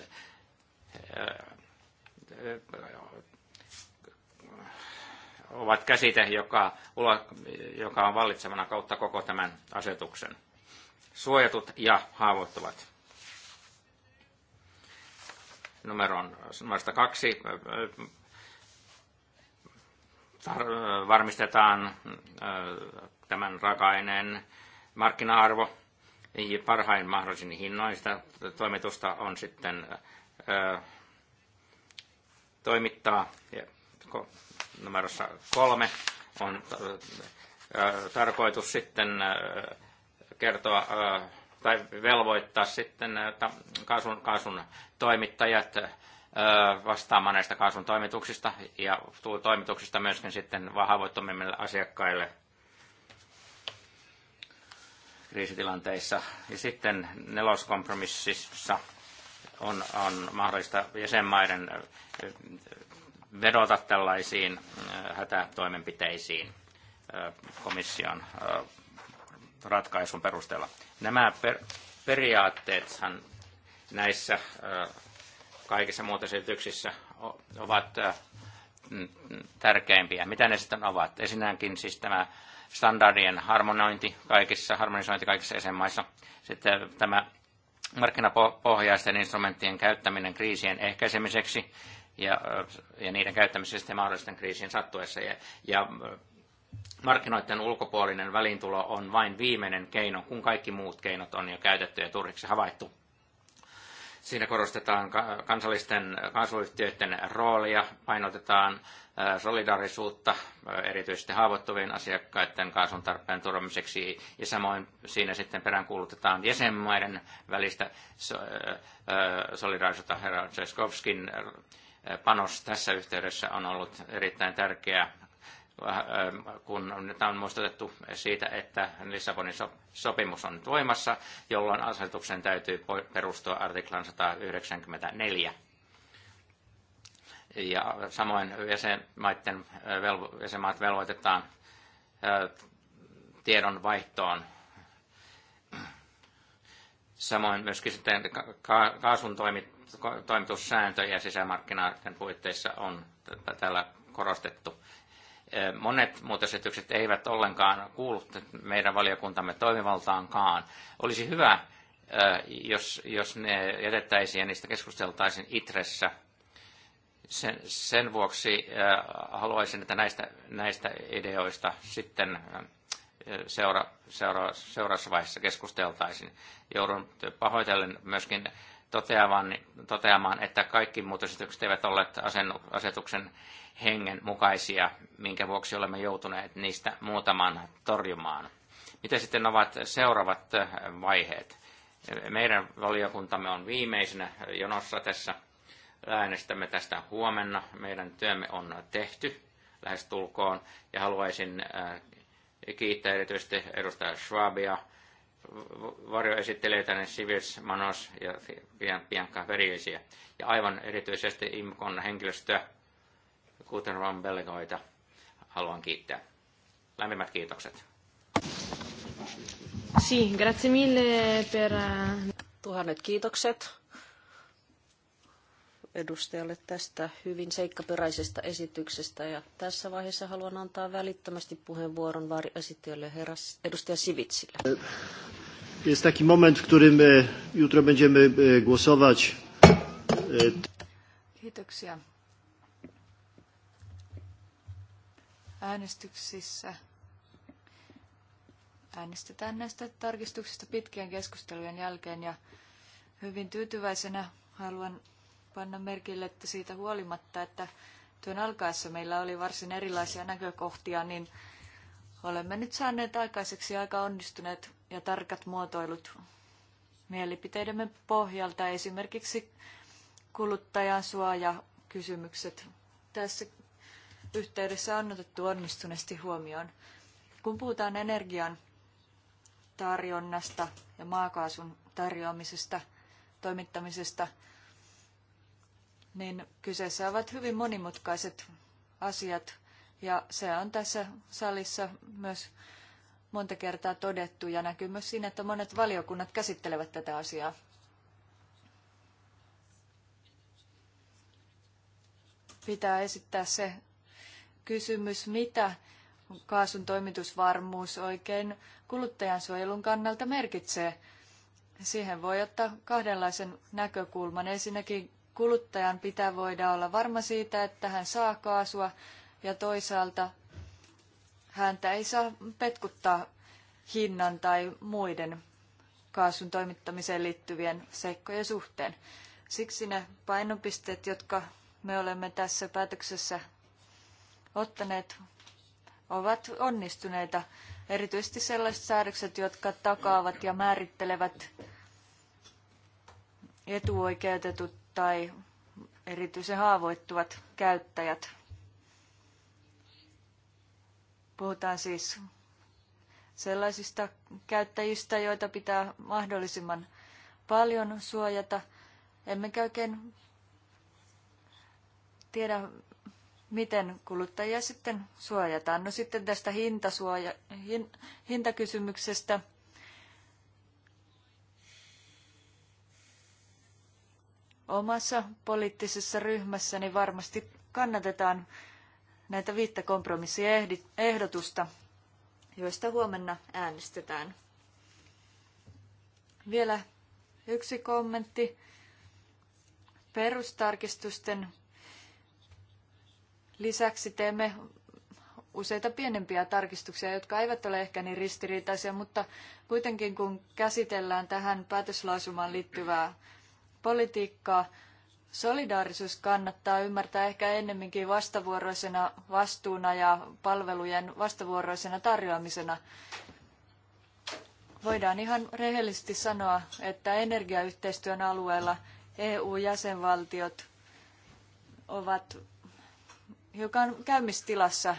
Speaker 1: ovat käsite, joka, joka on vallitsevana kautta koko tämän asetuksen. Suojatut ja haavoittuvat numeron, numerosta kaksi tar- varmistetaan tämän raaka-aineen markkina-arvo parhain mahdollisin hinnoin. Sitä toimitusta on sitten toimittaa. Numerossa kolme on tarkoitus sitten kertoa tai velvoittaa sitten kaasun, kaasun toimittajat vastaamaan näistä kaasun toimituksista ja toimituksista myöskin sitten vahavoittomimmille asiakkaille kriisitilanteissa. Ja sitten neloskompromississa on, on mahdollista jäsenmaiden vedota tällaisiin hätätoimenpiteisiin komission ratkaisun perusteella. Nämä per, periaatteethan näissä kaikissa muutosesityksissä ovat tärkeimpiä. Mitä ne sitten ovat? Esinäänkin siis tämä standardien harmonointi kaikissa, harmonisointi kaikissa jäsenmaissa. Sitten tämä markkinapohjaisten instrumenttien käyttäminen kriisien ehkäisemiseksi ja, ja niiden käyttämisestä mahdollisten kriisien sattuessa ja, ja markkinoiden ulkopuolinen välintulo on vain viimeinen keino, kun kaikki muut keinot on jo käytetty ja turhiksi havaittu. Siinä korostetaan kansallisten kansallisten roolia, painotetaan solidaarisuutta erityisesti haavoittuvien asiakkaiden kaasun tarpeen turvamiseksi ja samoin siinä sitten peräänkuulutetaan jäsenmaiden välistä solidaarisuutta. Herra Tcheskovskin panos tässä yhteydessä on ollut erittäin tärkeä Ähm, kun nyt on muistutettu siitä, että Lissabonin sopimus on nyt voimassa, jolloin asetuksen täytyy perustua artiklan 194. Ja samoin jäsenmaiden äh, jäsenmaat velvoitetaan äh, vaihtoon. Samoin myöskin sitten kaasun toimitussääntö ja sisämarkkinoiden puitteissa on tällä korostettu monet muutosesitykset eivät ollenkaan kuulu meidän valiokuntamme toimivaltaankaan. Olisi hyvä, jos, jos ne jätettäisiin ja niistä keskusteltaisiin itressä. Sen, sen vuoksi haluaisin, että näistä, näistä ideoista sitten seura, seura, seuraavassa vaiheessa keskusteltaisiin. Joudun pahoitellen myöskin toteamaan, toteamaan että kaikki muutosesitykset eivät olleet asetuksen hengen mukaisia, minkä vuoksi olemme joutuneet niistä muutaman torjumaan. Mitä sitten ovat seuraavat äh, vaiheet? Meidän valiokuntamme on viimeisenä jonossa tässä. Äänestämme tästä huomenna. Meidän työmme on tehty lähestulkoon ja haluaisin äh, kiittää erityisesti edustaja Schwabia, tänne Sivils, Manos ja Bianca Veriisiä ja aivan erityisesti IMKon henkilöstöä kuten Ron Bellegoita, haluan kiittää. Lämpimät kiitokset.
Speaker 3: Si, grazie mille per... Eh, Tuhannet kiitokset edustajalle tästä hyvin seikkaperäisestä esityksestä. Ja tässä vaiheessa haluan antaa välittömästi puheenvuoron varjoesittäjälle herras edustaja Sivitsille. Jest taki moment, w którym e, jutro będziemy e, głosować. E,
Speaker 2: Kiitoksia. äänestyksissä äänestetään näistä tarkistuksista pitkien keskustelujen jälkeen ja hyvin tyytyväisenä haluan panna merkille, että siitä huolimatta, että työn alkaessa meillä oli varsin erilaisia näkökohtia, niin olemme nyt saaneet aikaiseksi aika onnistuneet ja tarkat muotoilut mielipiteidemme pohjalta, esimerkiksi kuluttajansuoja kysymykset. Tässä yhteydessä on otettu onnistuneesti huomioon. Kun puhutaan energian tarjonnasta ja maakaasun tarjoamisesta, toimittamisesta, niin kyseessä ovat hyvin monimutkaiset asiat ja se on tässä salissa myös monta kertaa todettu ja näkyy myös siinä, että monet valiokunnat käsittelevät tätä asiaa. Pitää esittää se kysymys, mitä kaasun toimitusvarmuus oikein kuluttajansuojelun kannalta merkitsee. Siihen voi ottaa kahdenlaisen näkökulman. Ensinnäkin kuluttajan pitää voida olla varma siitä, että hän saa kaasua ja toisaalta häntä ei saa petkuttaa hinnan tai muiden kaasun toimittamiseen liittyvien seikkojen suhteen. Siksi ne painopisteet, jotka me olemme tässä päätöksessä ottaneet, ovat onnistuneita. Erityisesti sellaiset säädökset, jotka takaavat ja määrittelevät etuoikeutetut tai erityisen haavoittuvat käyttäjät. Puhutaan siis sellaisista käyttäjistä, joita pitää mahdollisimman paljon suojata. Emmekä oikein tiedä, miten kuluttajia sitten suojataan. No sitten tästä hintasuoja, hin, hintakysymyksestä. Omassa poliittisessa ryhmässäni varmasti kannatetaan näitä viittä kompromissiehdotusta, joista huomenna äänestetään. Vielä yksi kommentti perustarkistusten Lisäksi teemme useita pienempiä tarkistuksia, jotka eivät ole ehkä niin ristiriitaisia, mutta kuitenkin kun käsitellään tähän päätöslausumaan liittyvää politiikkaa, solidaarisuus kannattaa ymmärtää ehkä ennemminkin vastavuoroisena vastuuna ja palvelujen vastavuoroisena tarjoamisena. Voidaan ihan rehellisesti sanoa, että energiayhteistyön alueella EU-jäsenvaltiot ovat hiukan käymistilassa.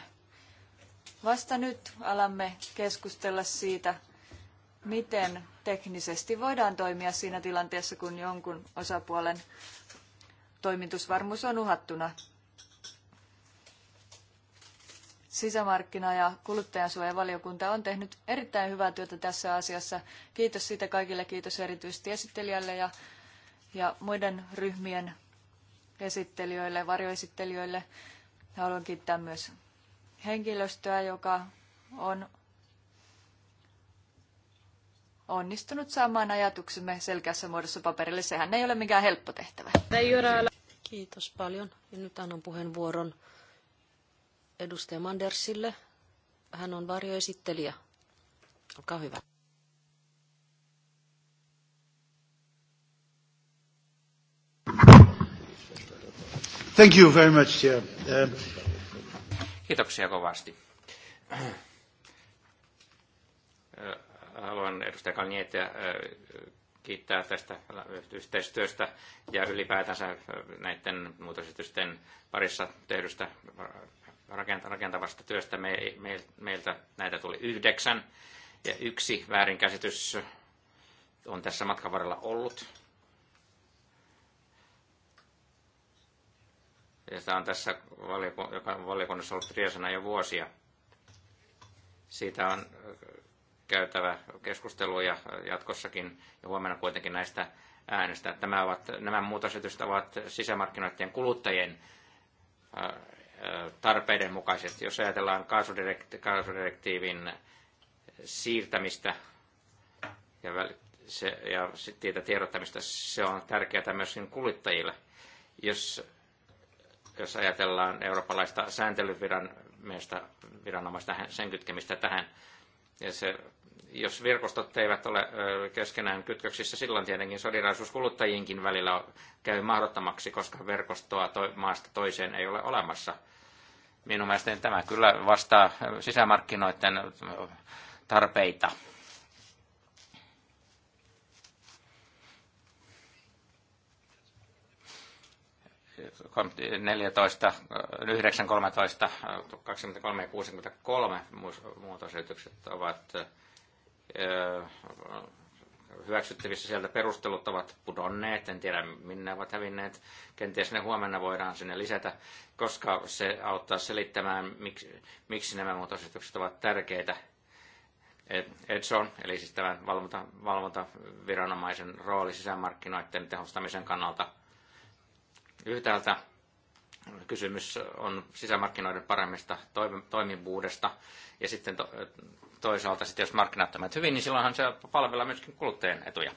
Speaker 2: Vasta nyt alamme keskustella siitä, miten teknisesti voidaan toimia siinä tilanteessa, kun jonkun osapuolen toimitusvarmuus on uhattuna. Sisämarkkina- ja kuluttajansuojavaliokunta on tehnyt erittäin hyvää työtä tässä asiassa. Kiitos siitä kaikille, kiitos erityisesti esittelijälle ja, ja muiden ryhmien esittelijöille, varjoesittelijöille. Haluan kiittää myös henkilöstöä, joka on onnistunut saamaan ajatuksemme selkeässä muodossa paperille. Sehän ei ole mikään helppo tehtävä. Kiitos paljon.
Speaker 3: Ja nyt annan puheenvuoron edustaja Mandersille. Hän on varjoesittelijä. Olkaa hyvä.
Speaker 2: Thank you very much, Chair.
Speaker 1: Uh... Kiitoksia kovasti. Äh, haluan edustaja Kalnietia äh, kiittää tästä yhteistyöstä ja ylipäätänsä äh, näiden muutositysten parissa tehdystä rakentavasta työstä. Me, me, meiltä näitä tuli yhdeksän ja yksi väärinkäsitys on tässä matkan varrella ollut Tämä on tässä valiokunnassa, joka on valiokunnassa ollut triasana jo vuosia. Siitä on äh, käytävä keskustelu ja jatkossakin ja huomenna kuitenkin näistä äänestä. Tämä ovat, nämä muutosesitykset ovat sisämarkkinoiden kuluttajien äh, äh, tarpeiden mukaisesti. Jos ajatellaan kaasudirekti, kaasudirektiivin siirtämistä ja, se, ja siitä tiedottamista, se on tärkeää myös kuluttajille. Jos jos ajatellaan eurooppalaista meistä viranomaista, sen kytkemistä tähän. Ja se, jos virkostot eivät ole keskenään kytköksissä, silloin tietenkin sodiraisuus kuluttajienkin välillä käy mahdottomaksi, koska verkostoa to, maasta toiseen ei ole olemassa. Minun mielestäni tämä kyllä vastaa sisämarkkinoiden tarpeita. 14, 9, 13, 23 ja 63 muutosesitykset ovat hyväksyttävissä sieltä perustelut ovat pudonneet, en tiedä minne ovat hävinneet. Kenties ne huomenna voidaan sinne lisätä, koska se auttaa selittämään, miksi, miksi nämä muutosesitykset ovat tärkeitä. Edson, eli siis tämän valvontaviranomaisen rooli sisämarkkinoiden tehostamisen kannalta – Yhtäältä kysymys on sisämarkkinoiden paremmista toimivuudesta ja sitten toisaalta sitten jos markkinat toimivat hyvin, niin silloinhan se palvelee myöskin kuluttajien etuja.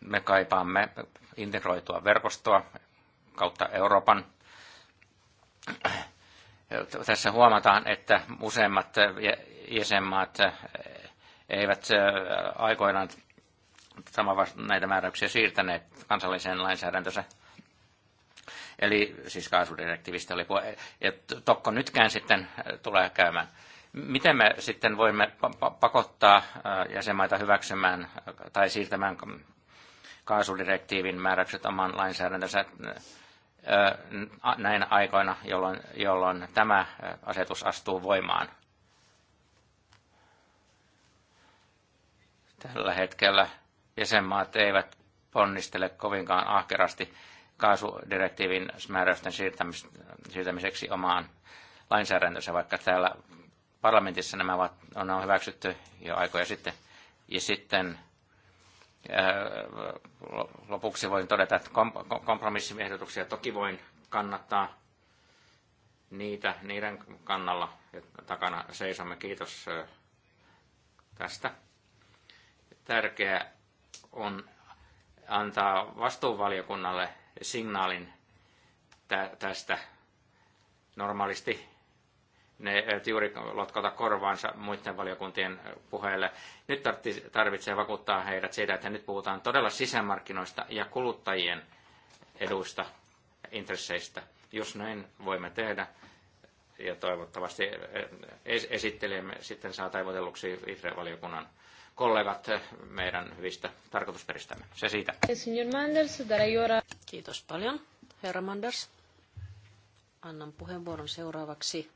Speaker 1: Me kaipaamme integroitua verkostoa kautta Euroopan. Tässä huomataan, että useimmat jäsenmaat eivät aikoinaan sama vasta, näitä määräyksiä siirtäneet kansalliseen lainsäädäntönsä. Eli siis kaasudirektiivistä oli, ja tokko nytkään sitten tulee käymään. Miten me sitten voimme pakottaa jäsenmaita hyväksymään tai siirtämään kaasudirektiivin määräykset oman lainsäädäntönsä näinä aikoina, jolloin, jolloin tämä asetus astuu voimaan? Tällä hetkellä jäsenmaat eivät ponnistele kovinkaan ahkerasti kaasudirektiivin määräysten siirtämiseksi omaan lainsäädäntönsä, vaikka täällä parlamentissa nämä ovat, on hyväksytty jo aikoja sitten. Ja sitten äh, lopuksi voin todeta, että kompromissiehdotuksia toki voin kannattaa niitä, niiden kannalla ja takana seisomme. Kiitos äh, tästä tärkeää on antaa vastuuvaliokunnalle signaalin tä- tästä. Normaalisti ne eivät juuri lotkota korvaansa muiden valiokuntien puheille. Nyt tarvitsee vakuuttaa heidät siitä, että nyt puhutaan todella sisämarkkinoista ja kuluttajien eduista, intresseistä. Jos näin voimme tehdä, ja toivottavasti esittelemme sitten saa taivutelluksi IFRE-valiokunnan kollegat eh, meidän hyvistä tarkoitusperistämme. Se siitä.
Speaker 3: Kiitos paljon, herra Manders. Annan puheenvuoron seuraavaksi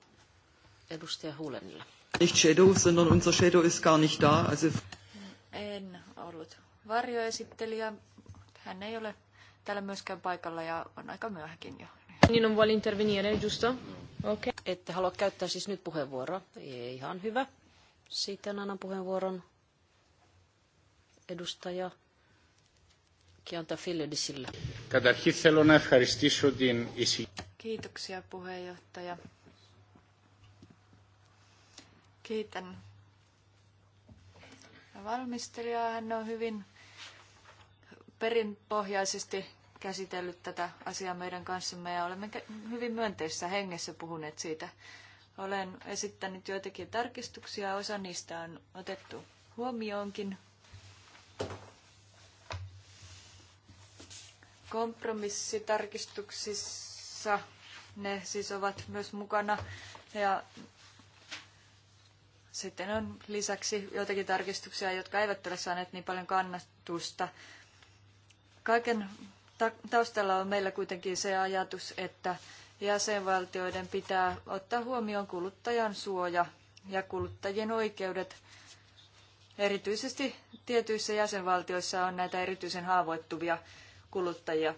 Speaker 3: edustaja Hulenille.
Speaker 2: Nicht Shadow, sondern unser Shadow ist gar nicht da. Also...
Speaker 3: En ollut
Speaker 2: varjoesittelijä. Hän ei ole täällä myöskään paikalla ja on aika myöhäkin jo.
Speaker 3: Niin on vuoli intervenire, giusto? Okay. Ette halua käyttää siis nyt puheenvuoroa. Ihan hyvä. Sitten annan puheenvuoron edustaja Kiantafilledisillä.
Speaker 1: Καταρχήν
Speaker 3: Kiitoksia puheenjohtaja.
Speaker 2: Kiitän valmistelija. Hän on hyvin perinpohjaisesti käsitellyt tätä asiaa meidän kanssamme ja olemme hyvin myönteisessä hengessä puhuneet siitä. Olen esittänyt joitakin tarkistuksia, osa niistä on otettu huomioonkin Kompromissitarkistuksissa ne siis ovat myös mukana ja sitten on lisäksi joitakin tarkistuksia, jotka eivät ole saaneet niin paljon kannatusta. Kaiken taustalla on meillä kuitenkin se ajatus, että jäsenvaltioiden pitää ottaa huomioon kuluttajan suoja ja kuluttajien oikeudet Erityisesti tietyissä jäsenvaltioissa on näitä erityisen haavoittuvia kuluttajia.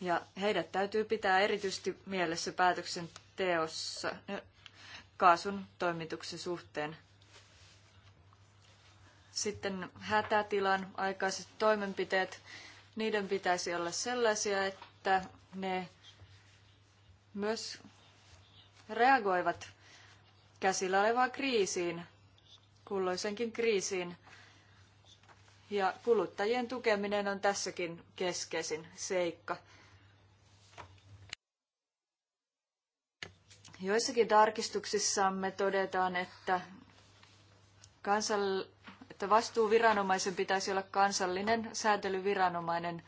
Speaker 2: Ja heidät täytyy pitää erityisesti mielessä päätöksenteossa kaasun toimituksen suhteen. Sitten hätätilan aikaiset toimenpiteet, niiden pitäisi olla sellaisia, että ne myös reagoivat käsillä olevaan kriisiin kulloisenkin kriisiin. Ja kuluttajien tukeminen on tässäkin keskeisin seikka. Joissakin tarkistuksissamme todetaan, että, kansall- että vastuuviranomaisen pitäisi olla kansallinen sääntelyviranomainen.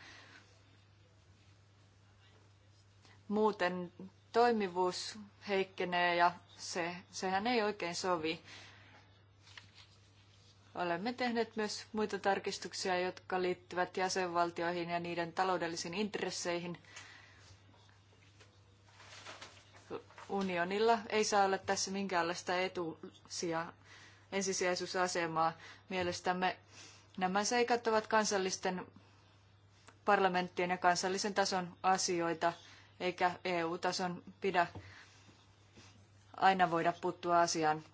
Speaker 2: Muuten toimivuus heikkenee ja se, sehän ei oikein sovi. Olemme tehneet myös muita tarkistuksia, jotka liittyvät jäsenvaltioihin ja niiden taloudellisiin intresseihin. Unionilla ei saa olla tässä minkäänlaista etusijaa, ensisijaisuusasemaa. Mielestämme nämä seikat ovat kansallisten parlamenttien ja kansallisen tason asioita, eikä EU-tason pidä aina voida puuttua asiaan.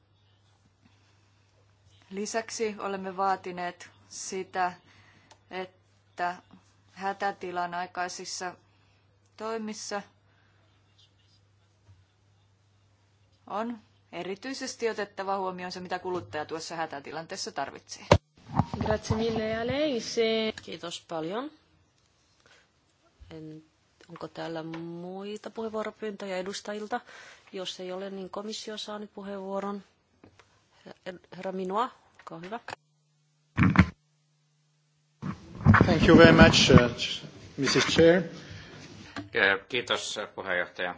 Speaker 2: Lisäksi olemme vaatineet sitä, että hätätilan aikaisissa toimissa on erityisesti otettava huomioon se, mitä kuluttaja tuossa hätätilanteessa tarvitsee.
Speaker 3: Grazie mille a lei. Kiitos paljon. En, onko täällä muita puheenvuoropyyntöjä edustajilta? Jos ei ole, niin komissio saa nyt puheenvuoron. Herra Minua, olkaa hyvä.
Speaker 1: Thank you very much, uh, Mrs. Chair. Kiitos uh, uh, puheenjohtaja.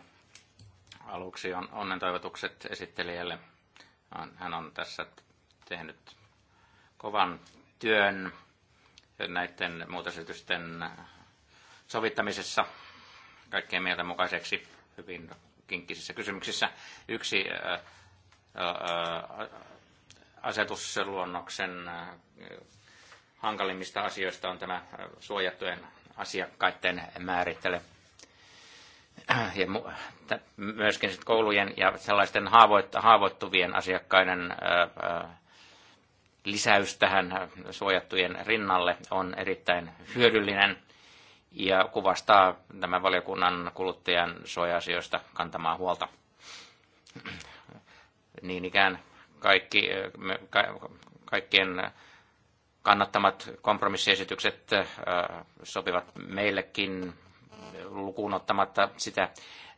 Speaker 1: Aluksi on onnen toivotukset esittelijälle. Hän on tässä tehnyt kovan työn näiden muutosesitysten sovittamisessa kaikkien mieltä mukaiseksi hyvin kinkkisissä kysymyksissä. Yksi asetusluonnoksen äh, hankalimmista asioista on tämä äh, suojattujen asiakkaiden määrittely. Ja myöskin sit koulujen ja sellaisten haavoittuvien asiakkaiden äh, lisäys tähän suojattujen rinnalle on erittäin hyödyllinen ja kuvastaa tämän valiokunnan kuluttajan suoja-asioista kantamaa huolta. Niin ikään kaikki, kaikkien kannattamat kompromissiesitykset sopivat meillekin lukuun ottamatta sitä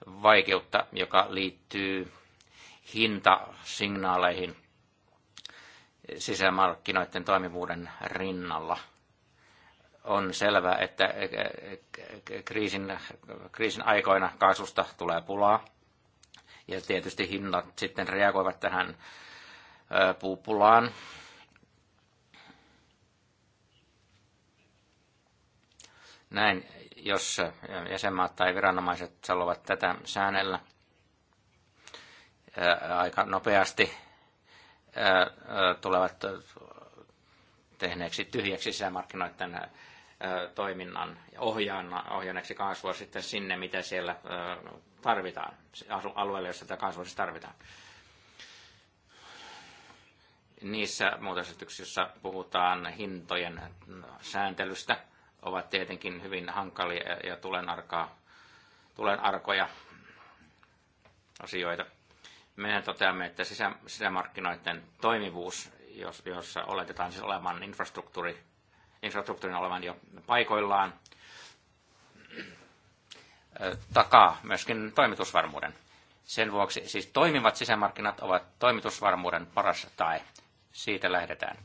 Speaker 1: vaikeutta, joka liittyy hintasignaaleihin sisämarkkinoiden toimivuuden rinnalla. On selvää, että kriisin, kriisin aikoina kaasusta tulee pulaa ja tietysti hinnat sitten reagoivat tähän puupulaan. Näin, jos jäsenmaat tai viranomaiset salovat tätä säännellä aika nopeasti tulevat tehneeksi tyhjäksi sisämarkkinoiden toiminnan ohjanneeksi kaasua sitten sinne, mitä siellä tarvitaan, alueelle, jossa tätä kaasua siis tarvitaan niissä muutosesityksissä puhutaan hintojen sääntelystä, ovat tietenkin hyvin hankalia ja tulenarkaa, tulenarkoja asioita. Meidän toteamme, että sisä, sisämarkkinoiden toimivuus, jos, jossa oletetaan siis olevan infrastruktuuri, infrastruktuurin olevan jo paikoillaan, takaa myöskin toimitusvarmuuden. Sen vuoksi siis toimivat sisämarkkinat ovat toimitusvarmuuden paras tae siitä lähdetään.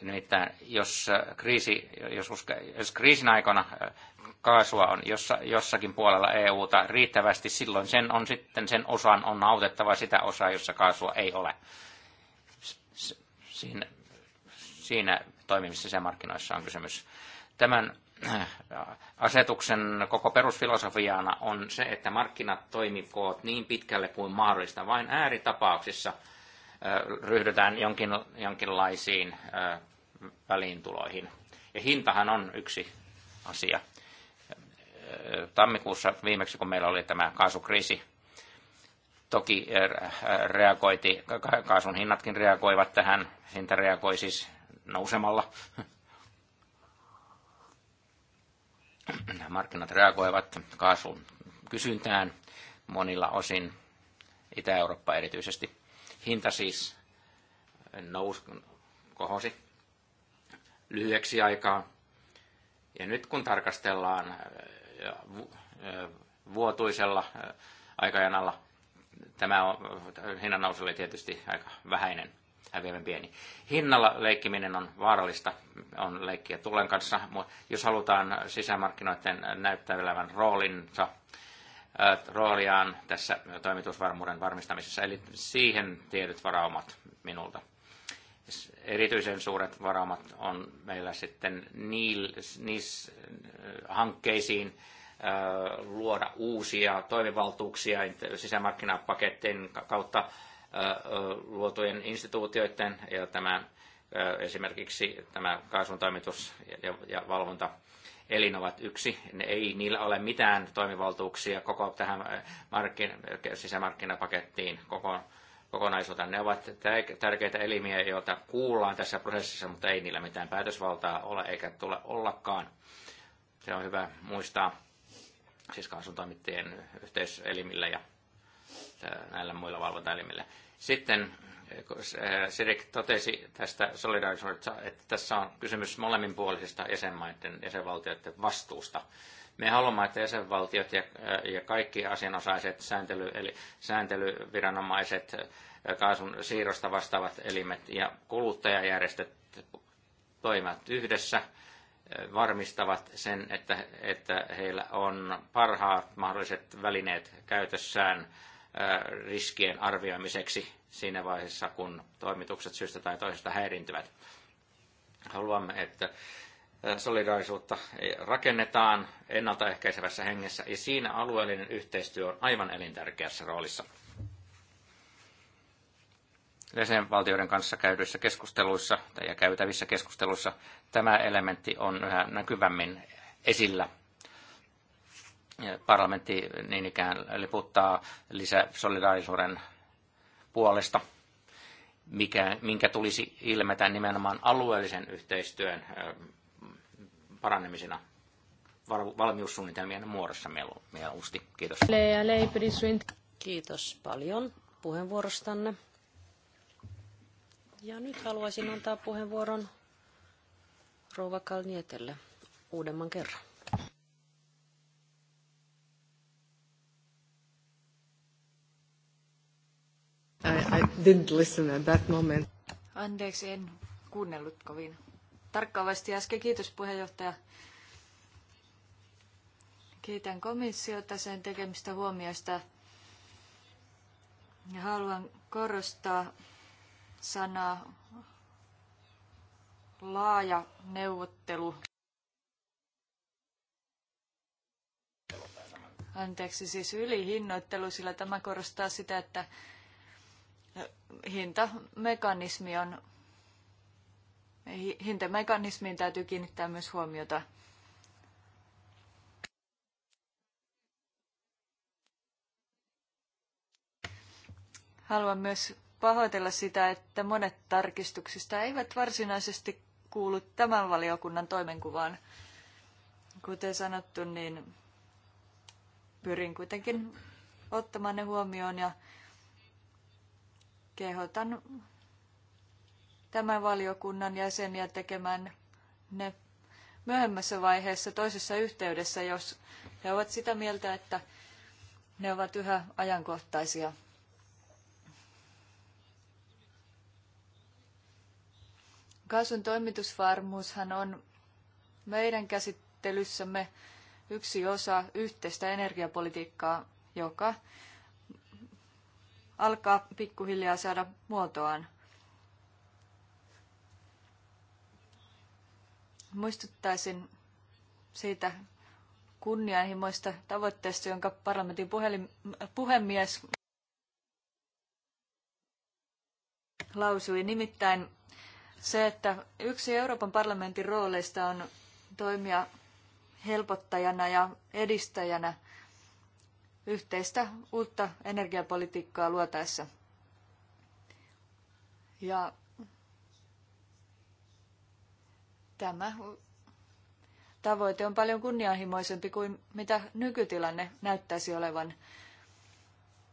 Speaker 1: Nimittäin jos, äh, kriisi, jos, jos kriisin aikana äh, kaasua on jossa, jossakin puolella EUta riittävästi, silloin sen on sitten sen osan on autettava sitä osaa, jossa kaasua ei ole. Siinä, siinä toimivissa sisämarkkinoissa on kysymys. Tämän äh, asetuksen koko perusfilosofiana on se, että markkinat toimikoot niin pitkälle kuin mahdollista vain ääritapauksissa – ryhdytään jonkin, jonkinlaisiin väliintuloihin. Ja hintahan on yksi asia. Tammikuussa viimeksi, kun meillä oli tämä kaasukriisi, toki reagoiti, kaasun hinnatkin reagoivat tähän, hinta reagoi siis nousemalla. Markkinat reagoivat kaasun kysyntään monilla osin, Itä-Eurooppa erityisesti hinta siis nous, kohosi lyhyeksi aikaa. Ja nyt kun tarkastellaan äh, äh, vuotuisella äh, aikajanalla, tämä on, hinnan nousu oli tietysti aika vähäinen, häviävän pieni. Hinnalla leikkiminen on vaarallista, on leikkiä tulen kanssa. Jos halutaan sisämarkkinoiden näyttävän roolinsa rooliaan tässä toimitusvarmuuden varmistamisessa, eli siihen tietyt varaumat minulta. Erityisen suuret varaumat on meillä sitten niissä hankkeisiin luoda uusia toimivaltuuksia sisämarkkinapakettien kautta luotujen instituutioiden ja tämä, esimerkiksi tämä kaasun toimitus ja valvonta elin ovat yksi. Ne ei, niillä ole mitään toimivaltuuksia koko tähän äh, markkin, sisämarkkinapakettiin koko, kokonaisuuteen. Ne ovat tärkeitä elimiä, joita kuullaan tässä prosessissa, mutta ei niillä mitään päätösvaltaa ole eikä tule ollakaan. Se on hyvä muistaa siis kaasuntoimittajien yhteiselimillä ja äh, näillä muilla valvontaelimillä. Sitten Eh, Sirik totesi tästä solidarisuudesta, että tässä on kysymys molemminpuolisista jäsenmaiden, jäsenvaltioiden vastuusta. Me haluamme, että jäsenvaltiot ja, ja kaikki asianosaiset sääntely, eli sääntelyviranomaiset, eh, kaasun siirrosta vastaavat elimet ja kuluttajajärjestöt toimivat yhdessä, eh, varmistavat sen, että, että heillä on parhaat mahdolliset välineet käytössään riskien arvioimiseksi siinä vaiheessa, kun toimitukset syystä tai toisesta häirintyvät. Haluamme, että solidaarisuutta e, rakennetaan ennaltaehkäisevässä hengessä ja siinä alueellinen yhteistyö on aivan elintärkeässä roolissa. Jäsenvaltioiden kanssa käydyissä keskusteluissa tai käytävissä keskusteluissa tämä elementti on yhä näkyvämmin esillä. Parlamentti niin ikään liputtaa lisä solidaarisuuden puolesta, mikä, minkä tulisi ilmetä nimenomaan alueellisen yhteistyön parannemisena valmiussuunnitelmien muodossa mieluusti. Kiitos.
Speaker 3: Kiitos paljon puheenvuorostanne. Ja nyt haluaisin antaa puheenvuoron rouva Kalnietelle uudemman kerran. I, I didn't listen at that moment.
Speaker 2: Anteeksi, en kuunnellut kovin tarkkaavasti äsken. Kiitos puheenjohtaja. Kiitän komissiota sen tekemistä huomioista. Ja haluan korostaa sanaa laaja neuvottelu. Anteeksi, siis ylihinnoittelu, sillä tämä korostaa sitä, että hintamekanismi on, hintamekanismiin täytyy kiinnittää myös huomiota. Haluan myös pahoitella sitä, että monet tarkistuksista eivät varsinaisesti kuulu tämän valiokunnan toimenkuvaan. Kuten sanottu, niin pyrin kuitenkin ottamaan ne huomioon ja kehotan tämän valiokunnan jäseniä tekemään ne myöhemmässä vaiheessa toisessa yhteydessä, jos he ovat sitä mieltä, että ne ovat yhä ajankohtaisia. Kaasun toimitusvarmuushan on meidän käsittelyssämme yksi osa yhteistä energiapolitiikkaa, joka alkaa pikkuhiljaa saada muotoaan. Muistuttaisin siitä kunnianhimoista tavoitteesta, jonka parlamentin puhelin, puhemies lausui. Nimittäin se, että yksi Euroopan parlamentin rooleista on toimia helpottajana ja edistäjänä – yhteistä uutta energiapolitiikkaa luotaessa. Ja tämä tavoite on paljon kunnianhimoisempi kuin mitä nykytilanne näyttäisi olevan.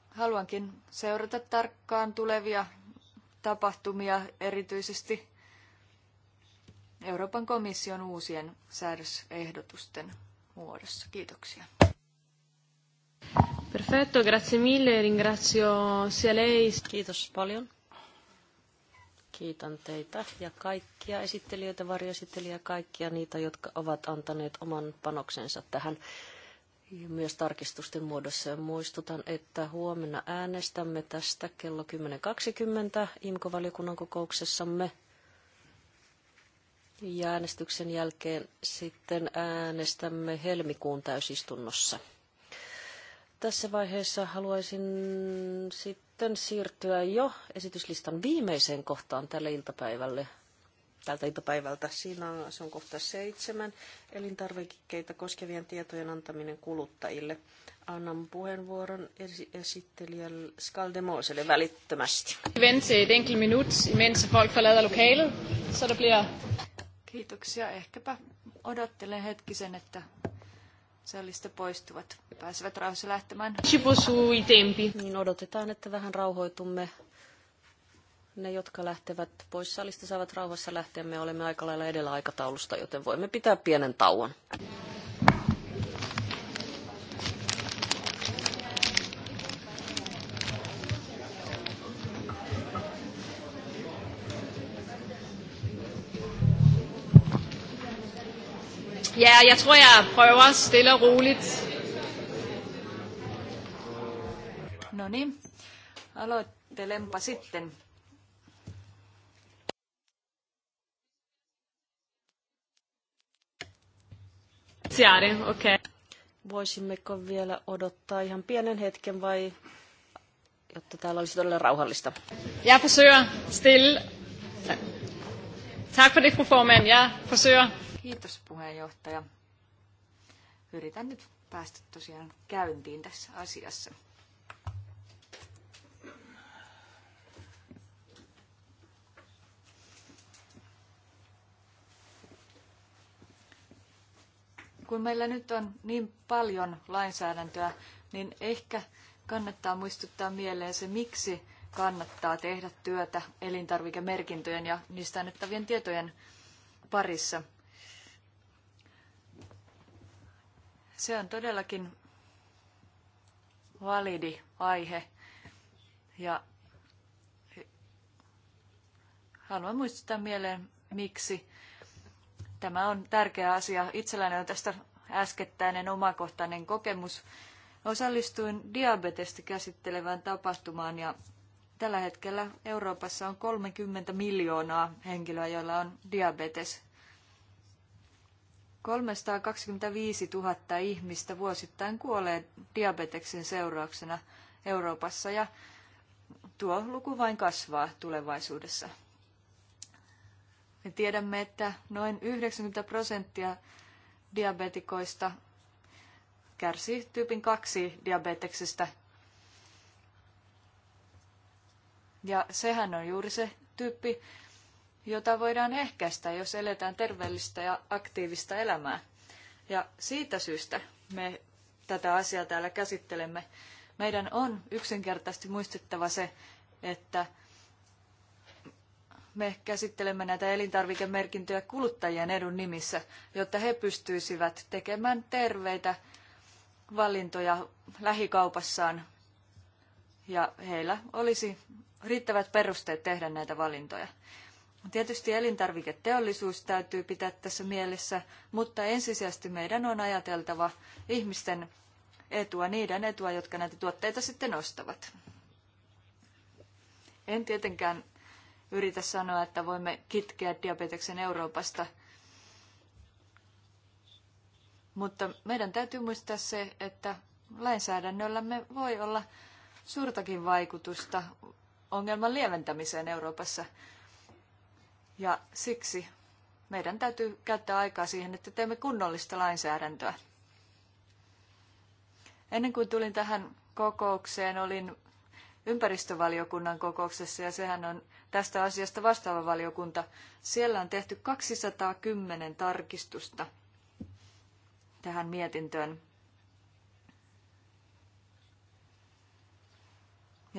Speaker 2: Haluankin seurata tarkkaan tulevia tapahtumia, erityisesti Euroopan komission uusien säädösehdotusten muodossa. Kiitoksia.
Speaker 3: Perfetto, grazie mille, ringrazio sia lei. Kiitos paljon. Kiitän teitä ja kaikkia esittelijöitä, varjoesittelijä, kaikkia niitä, jotka ovat antaneet oman panoksensa tähän myös tarkistusten muodossa. Ja muistutan, että huomenna äänestämme tästä kello 10.20 IMKO-valiokunnan kokouksessamme. Ja äänestyksen jälkeen sitten äänestämme helmikuun täysistunnossa. Tässä vaiheessa haluaisin sitten siirtyä jo esityslistan viimeiseen kohtaan tälle iltapäivälle. Tältä iltapäivältä siinä on, se on kohta seitsemän, elintarvikkeita koskevien tietojen antaminen kuluttajille. Annan puheenvuoron esittelijä Skaldemoselle välittömästi. Vente et
Speaker 2: enkelt minut, imens folk forlader lokalet, så der bliver... Kiitoksia. Ehkäpä odottelen hetkisen, että sellista poistuvat. Pääsevät rauhassa
Speaker 3: lähtemään. Sui tempi. Niin odotetaan, että vähän rauhoitumme. Ne, jotka lähtevät pois salista, saavat rauhassa lähteä. Me olemme aika lailla edellä aikataulusta, joten voimme pitää pienen tauon. Ja, jeg tror,
Speaker 2: jeg prøver stille og roligt. No niin, aloittelenpa sitten.
Speaker 3: Siarin, er okei. Okay. Voisimmeko vielä odottaa ihan pienen hetken vai jotta täällä olisi todella rauhallista? Jeg forsøger stille. Tak for det, fru formand. Jeg forsøger
Speaker 2: Kiitos puheenjohtaja. Yritän nyt päästä tosiaan käyntiin tässä asiassa. kun meillä nyt on niin paljon lainsäädäntöä, niin ehkä kannattaa muistuttaa mieleen se, miksi kannattaa tehdä työtä elintarvikemerkintöjen ja niistä annettavien tietojen parissa. Se on todellakin validi aihe. Ja haluan muistuttaa mieleen, miksi tämä on tärkeä asia. Itselläni on tästä äskettäinen omakohtainen kokemus. Osallistuin diabetesta käsittelevään tapahtumaan ja tällä hetkellä Euroopassa on 30 miljoonaa henkilöä, joilla on diabetes 325 000 ihmistä vuosittain kuolee diabeteksen seurauksena Euroopassa ja tuo luku vain kasvaa tulevaisuudessa. Me tiedämme, että noin 90 prosenttia diabetikoista kärsii tyypin 2 diabeteksestä. Ja sehän on juuri se tyyppi, jota voidaan ehkäistä, jos eletään terveellistä ja aktiivista elämää. Ja siitä syystä me tätä asiaa täällä käsittelemme. Meidän on yksinkertaisesti muistettava se, että me käsittelemme näitä elintarvikemerkintöjä kuluttajien edun nimissä, jotta he pystyisivät tekemään terveitä valintoja lähikaupassaan ja heillä olisi riittävät perusteet tehdä näitä valintoja. Tietysti elintarviketeollisuus täytyy pitää tässä mielessä, mutta ensisijaisesti meidän on ajateltava ihmisten etua, niiden etua, jotka näitä tuotteita sitten ostavat. En tietenkään yritä sanoa, että voimme kitkeä diabeteksen Euroopasta, mutta meidän täytyy muistaa se, että lainsäädännöllämme voi olla suurtakin vaikutusta ongelman lieventämiseen Euroopassa. Ja siksi meidän täytyy käyttää aikaa siihen, että teemme kunnollista lainsäädäntöä. Ennen kuin tulin tähän kokoukseen, olin ympäristövaliokunnan kokouksessa ja sehän on tästä asiasta vastaava valiokunta. Siellä on tehty 210 tarkistusta tähän mietintöön.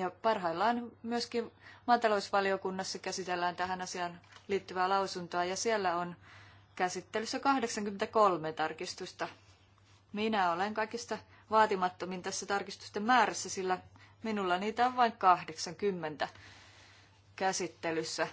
Speaker 2: Ja parhaillaan myöskin maatalousvaliokunnassa käsitellään tähän asiaan liittyvää lausuntoa ja siellä on käsittelyssä 83 tarkistusta. Minä olen kaikista vaatimattomin tässä tarkistusten määrässä, sillä minulla niitä on vain 80 käsittelyssä.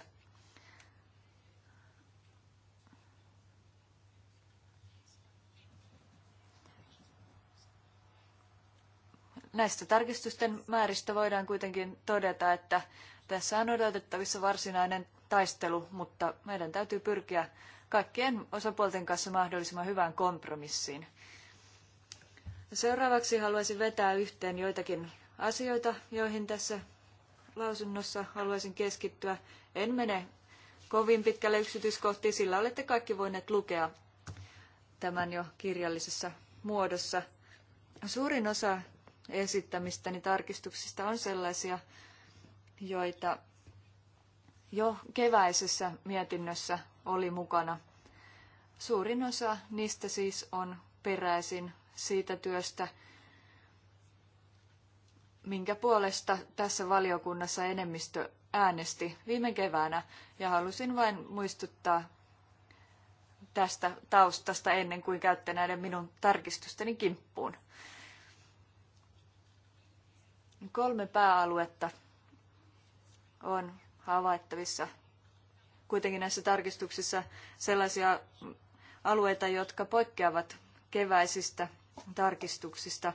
Speaker 2: Näistä tarkistusten määristä voidaan kuitenkin todeta, että tässä on odotettavissa varsinainen taistelu, mutta meidän täytyy pyrkiä kaikkien osapuolten kanssa mahdollisimman hyvään kompromissiin. Seuraavaksi haluaisin vetää yhteen joitakin asioita, joihin tässä lausunnossa haluaisin keskittyä. En mene kovin pitkälle yksityiskohtiin, sillä olette kaikki voineet lukea tämän jo kirjallisessa muodossa. Suurin osa esittämistäni tarkistuksista on sellaisia, joita jo keväisessä mietinnössä oli mukana. Suurin osa niistä siis on peräisin siitä työstä, minkä puolesta tässä valiokunnassa enemmistö äänesti viime keväänä. Ja halusin vain muistuttaa tästä taustasta ennen kuin käytte näiden minun tarkistusteni kimppuun. Kolme pääaluetta on havaittavissa kuitenkin näissä tarkistuksissa sellaisia alueita, jotka poikkeavat keväisistä tarkistuksista.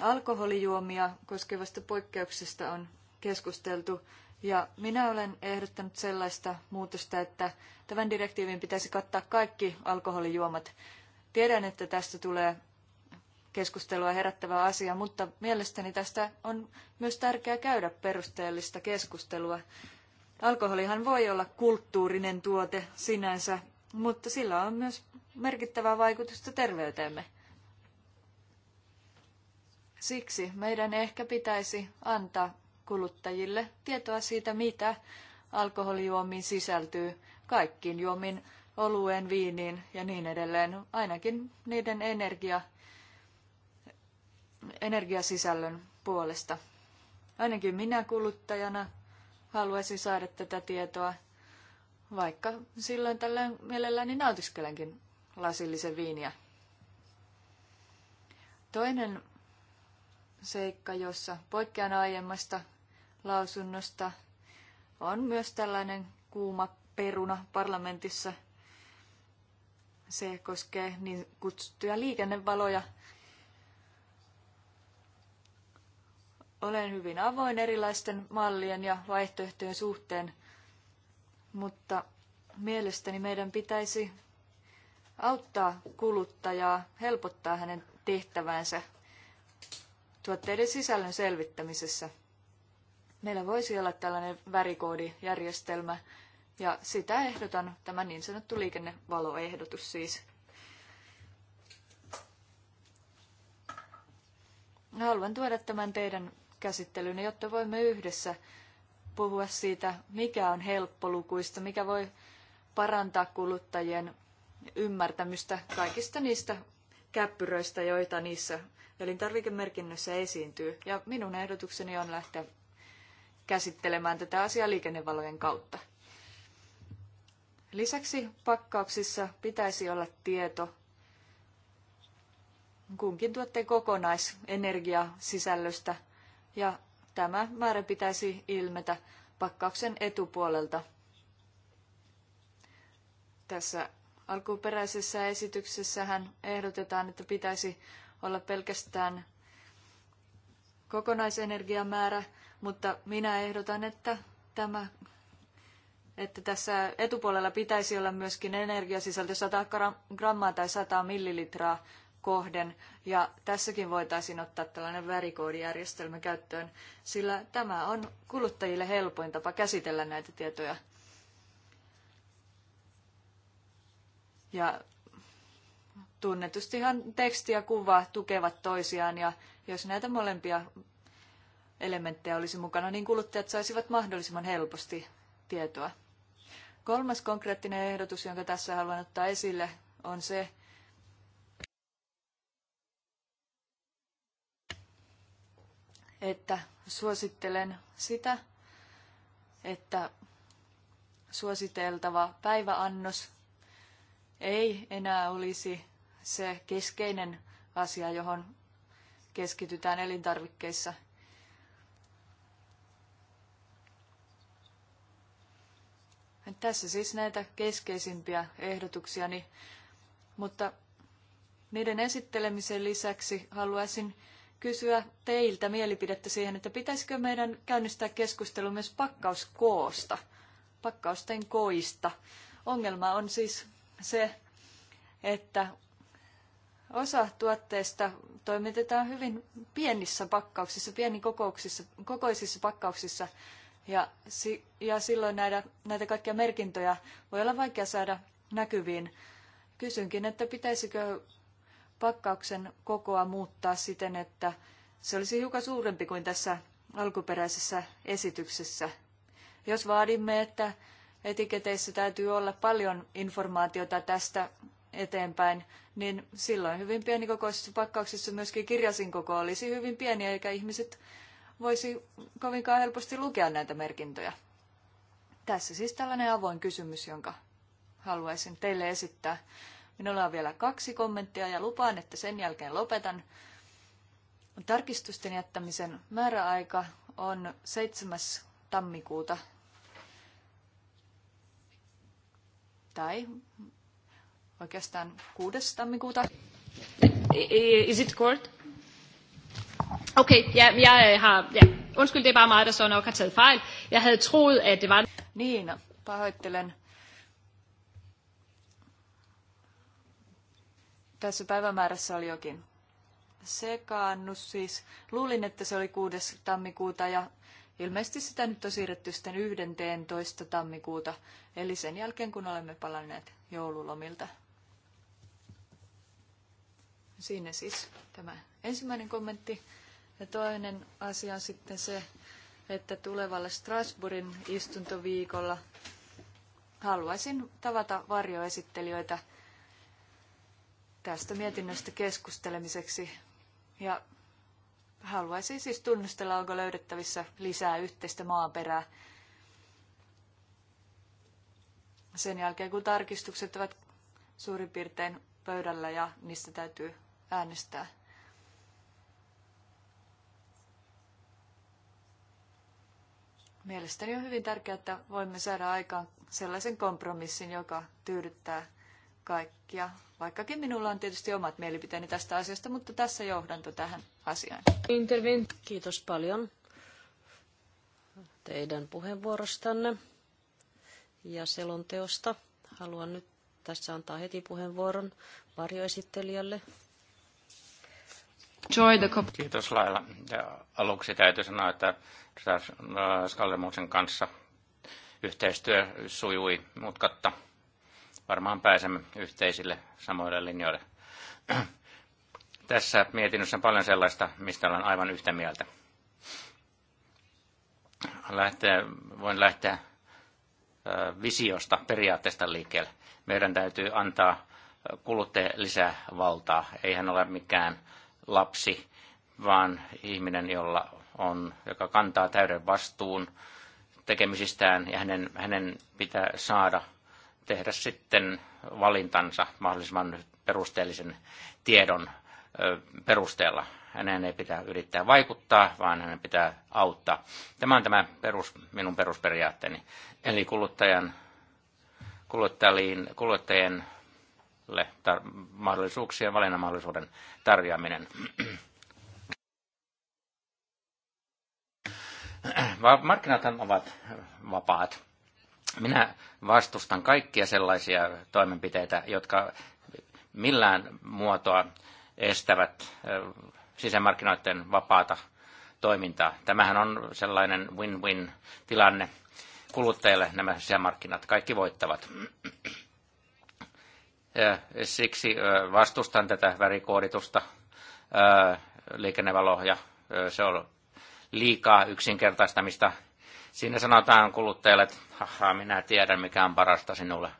Speaker 2: Alkoholijuomia koskevasta poikkeuksesta on keskusteltu ja minä olen ehdottanut sellaista muutosta, että tämän direktiivin pitäisi kattaa kaikki alkoholijuomat. Tiedän, että tästä tulee keskustelua herättävä asia, mutta mielestäni tästä on myös tärkeää käydä perusteellista keskustelua. Alkoholihan voi olla kulttuurinen tuote sinänsä, mutta sillä on myös merkittävää vaikutusta terveyteemme. Siksi meidän ehkä pitäisi antaa kuluttajille tietoa siitä, mitä alkoholijuomiin sisältyy kaikkiin juomiin, olueen, viiniin ja niin edelleen, ainakin niiden energia- energiasisällön puolesta. Ainakin minä kuluttajana haluaisin saada tätä tietoa, vaikka silloin tällöin mielelläni nautiskelenkin lasillisen viiniä. Toinen seikka, jossa poikkean aiemmasta lausunnosta, on myös tällainen kuuma peruna parlamentissa. Se koskee niin kutsuttuja liikennevaloja, Olen hyvin avoin erilaisten mallien ja vaihtoehtojen suhteen, mutta mielestäni meidän pitäisi auttaa kuluttajaa, helpottaa hänen tehtävänsä tuotteiden sisällön selvittämisessä. Meillä voisi olla tällainen värikoodijärjestelmä, ja sitä ehdotan, tämä niin sanottu liikennevaloehdotus siis. Haluan tuoda tämän teidän käsittelyyn, niin jotta voimme yhdessä puhua siitä, mikä on helppolukuista, mikä voi parantaa kuluttajien ymmärtämystä kaikista niistä käppyröistä, joita niissä elintarvikemerkinnöissä esiintyy. Ja minun ehdotukseni on lähteä käsittelemään tätä asiaa liikennevalojen kautta. Lisäksi pakkauksissa pitäisi olla tieto kunkin tuotteen kokonaisenergiasisällöstä ja tämä määrä pitäisi ilmetä pakkauksen etupuolelta. Tässä alkuperäisessä esityksessähän ehdotetaan, että pitäisi olla pelkästään kokonaisenergiamäärä, mutta minä ehdotan, että, tämä, että tässä etupuolella pitäisi olla myöskin energiasisältö 100 grammaa tai 100 millilitraa kohden. Ja tässäkin voitaisiin ottaa tällainen värikoodijärjestelmä käyttöön, sillä tämä on kuluttajille helpoin tapa käsitellä näitä tietoja. Ja tunnetustihan teksti ja kuva tukevat toisiaan ja jos näitä molempia elementtejä olisi mukana, niin kuluttajat saisivat mahdollisimman helposti tietoa. Kolmas konkreettinen ehdotus, jonka tässä haluan ottaa esille, on se, että suosittelen sitä, että suositeltava päiväannos ei enää olisi se keskeinen asia, johon keskitytään elintarvikkeissa. Tässä siis näitä keskeisimpiä ehdotuksiani, mutta niiden esittelemisen lisäksi haluaisin kysyä teiltä mielipidettä siihen, että pitäisikö meidän käynnistää keskustelu myös pakkauskoosta, pakkausten koista. Ongelma on siis se, että osa tuotteista toimitetaan hyvin pienissä pakkauksissa, pienikokouksissa, kokoisissa pakkauksissa, ja, ja silloin näitä, näitä kaikkia merkintöjä voi olla vaikea saada näkyviin. Kysynkin, että pitäisikö pakkauksen kokoa muuttaa siten, että se olisi hiukan suurempi kuin tässä alkuperäisessä esityksessä. Jos vaadimme, että etiketeissä täytyy olla paljon informaatiota tästä eteenpäin, niin silloin hyvin pienikokoisissa pakkauksissa myöskin kirjasin koko olisi hyvin pieni, eikä ihmiset voisi kovinkaan helposti lukea näitä merkintöjä. Tässä siis tällainen avoin kysymys, jonka haluaisin teille esittää. Minulla on vielä kaksi kommenttia ja lupaan, että sen jälkeen lopetan. Tarkistusten jättämisen määräaika on 7. tammikuuta tai oikeastaan 6. tammikuuta. Is it court? Okay, ja, jeg øh, har, ja, undskyld, det er bare mig, der så nok har taget fejl. Jeg havde troet, at det var... Niin, pahoittelen. Tässä päivämäärässä oli jokin sekaannus siis. Luulin, että se oli 6. tammikuuta ja ilmeisesti sitä nyt on siirretty sitten 11. tammikuuta, eli sen jälkeen kun olemme palanneet joululomilta. Siinä siis tämä ensimmäinen kommentti. Ja toinen asia on sitten se, että tulevalla Strasbourgin istuntoviikolla haluaisin tavata varjoesittelijöitä – tästä mietinnöstä keskustelemiseksi. Ja haluaisin siis tunnustella, onko löydettävissä lisää yhteistä maaperää. Sen jälkeen, kun tarkistukset ovat suurin piirtein pöydällä ja niistä täytyy äänestää. Mielestäni on hyvin tärkeää, että voimme saada aikaan sellaisen kompromissin, joka tyydyttää kaikkia, vaikkakin minulla on tietysti omat mielipiteeni tästä asiasta, mutta tässä johdanto tähän asiaan.
Speaker 3: Intervin. Kiitos paljon teidän puheenvuorostanne ja selonteosta. Haluan nyt tässä antaa heti puheenvuoron varjoesittelijälle.
Speaker 1: Kiitos Laila. Ja aluksi täytyy sanoa, että äh, Skallemuksen kanssa yhteistyö sujui mutkatta varmaan pääsemme yhteisille samoille linjoille. Tässä mietinnössä on paljon sellaista, mistä ollaan aivan yhtä mieltä. Lähtee, voin lähteä visiosta, periaatteesta liikkeelle. Meidän täytyy antaa kuluttaja lisää valtaa. Ei hän ole mikään lapsi, vaan ihminen, jolla on, joka kantaa täyden vastuun tekemisistään ja hänen, hänen pitää saada – tehdä sitten valintansa mahdollisimman perusteellisen tiedon perusteella. Hänen ei pitää yrittää vaikuttaa, vaan hänen pitää auttaa. Tämä on tämä perus, minun perusperiaatteeni. Eli kuluttajan, kuluttajien, kuluttajien tar- mahdollisuuksien valinnanmahdollisuuden tarjoaminen. Markkinathan ovat vapaat minä vastustan kaikkia sellaisia toimenpiteitä, jotka millään muotoa estävät sisämarkkinoiden vapaata toimintaa. Tämähän on sellainen win-win tilanne kuluttajille nämä sisämarkkinat. Kaikki voittavat. Siksi vastustan tätä värikooditusta liikennevaloja. Se on liikaa yksinkertaistamista Siinä sanotaan kuluttajalle, että haha, minä tiedän mikä on parasta sinulle.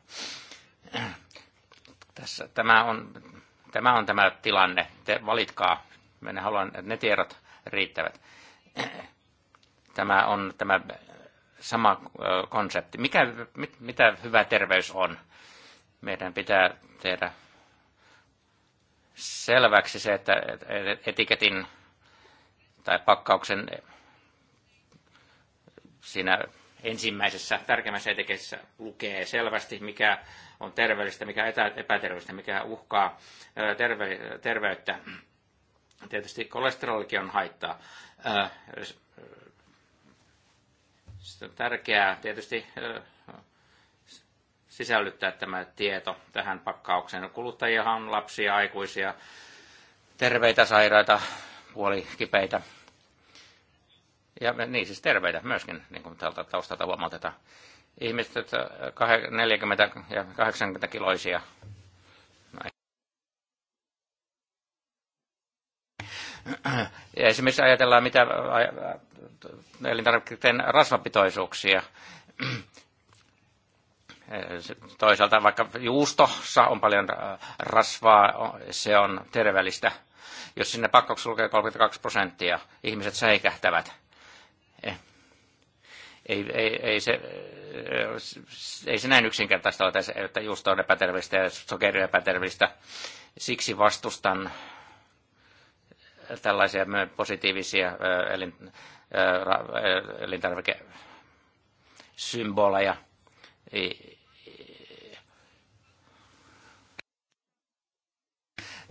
Speaker 1: Tässä, tämä, on, tämä on tämä tilanne. Te valitkaa. Minä haluan, että ne tiedot riittävät. Tämä on tämä sama konsepti. Mikä, mit, mitä hyvä terveys on? Meidän pitää tehdä selväksi se, että etiketin tai pakkauksen siinä ensimmäisessä tärkeimmässä etikessä lukee selvästi, mikä on terveellistä, mikä epäterveellistä, mikä uhkaa terve, terveyttä. Tietysti kolesterolikin on haittaa. Sitten on tärkeää tietysti sisällyttää tämä tieto tähän pakkaukseen. No, Kuluttajia on lapsia, aikuisia, terveitä, sairaita, puolikipeitä ja niin siis terveitä myöskin, niin kuin tältä taustalta huomautetaan. Ihmiset 40 ja 80 kiloisia. Ja esimerkiksi ajatellaan, mitä elintarvikkeiden rasvapitoisuuksia. Toisaalta vaikka juustossa on paljon rasvaa, se on terveellistä. Jos sinne pakkauksen lukee 32 prosenttia, ihmiset säikähtävät – Eh. ei, ei, ei, se, ei se näin yksinkertaista ole, että juusto on epäterveellistä ja sokeri on epäterveellistä. Siksi vastustan eh, tällaisia positiivisia eh, elin, elintarvikesymboleja,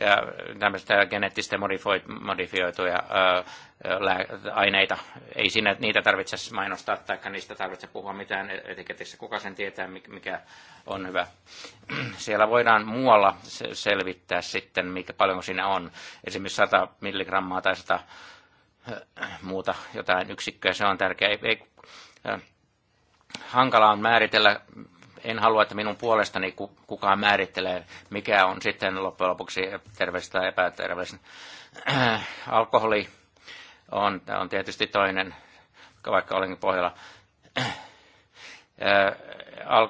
Speaker 1: ja tämmöistä geneettistä modifioituja aineita. Ei siinä, niitä tarvitse mainostaa tai niistä tarvitse puhua mitään etiketissä. Kuka sen tietää, mikä on hyvä. Siellä voidaan muualla selvittää sitten, mikä paljon siinä on. Esimerkiksi 100 milligrammaa tai 100 muuta jotain yksikköä. Se on tärkeää. Ei, ei, on määritellä en halua, että minun puolestani kukaan määrittelee, mikä on sitten loppujen lopuksi terveistä tai epäterveellistä. Alkoholi on, on tietysti toinen, vaikka olenkin pohjalla. Al,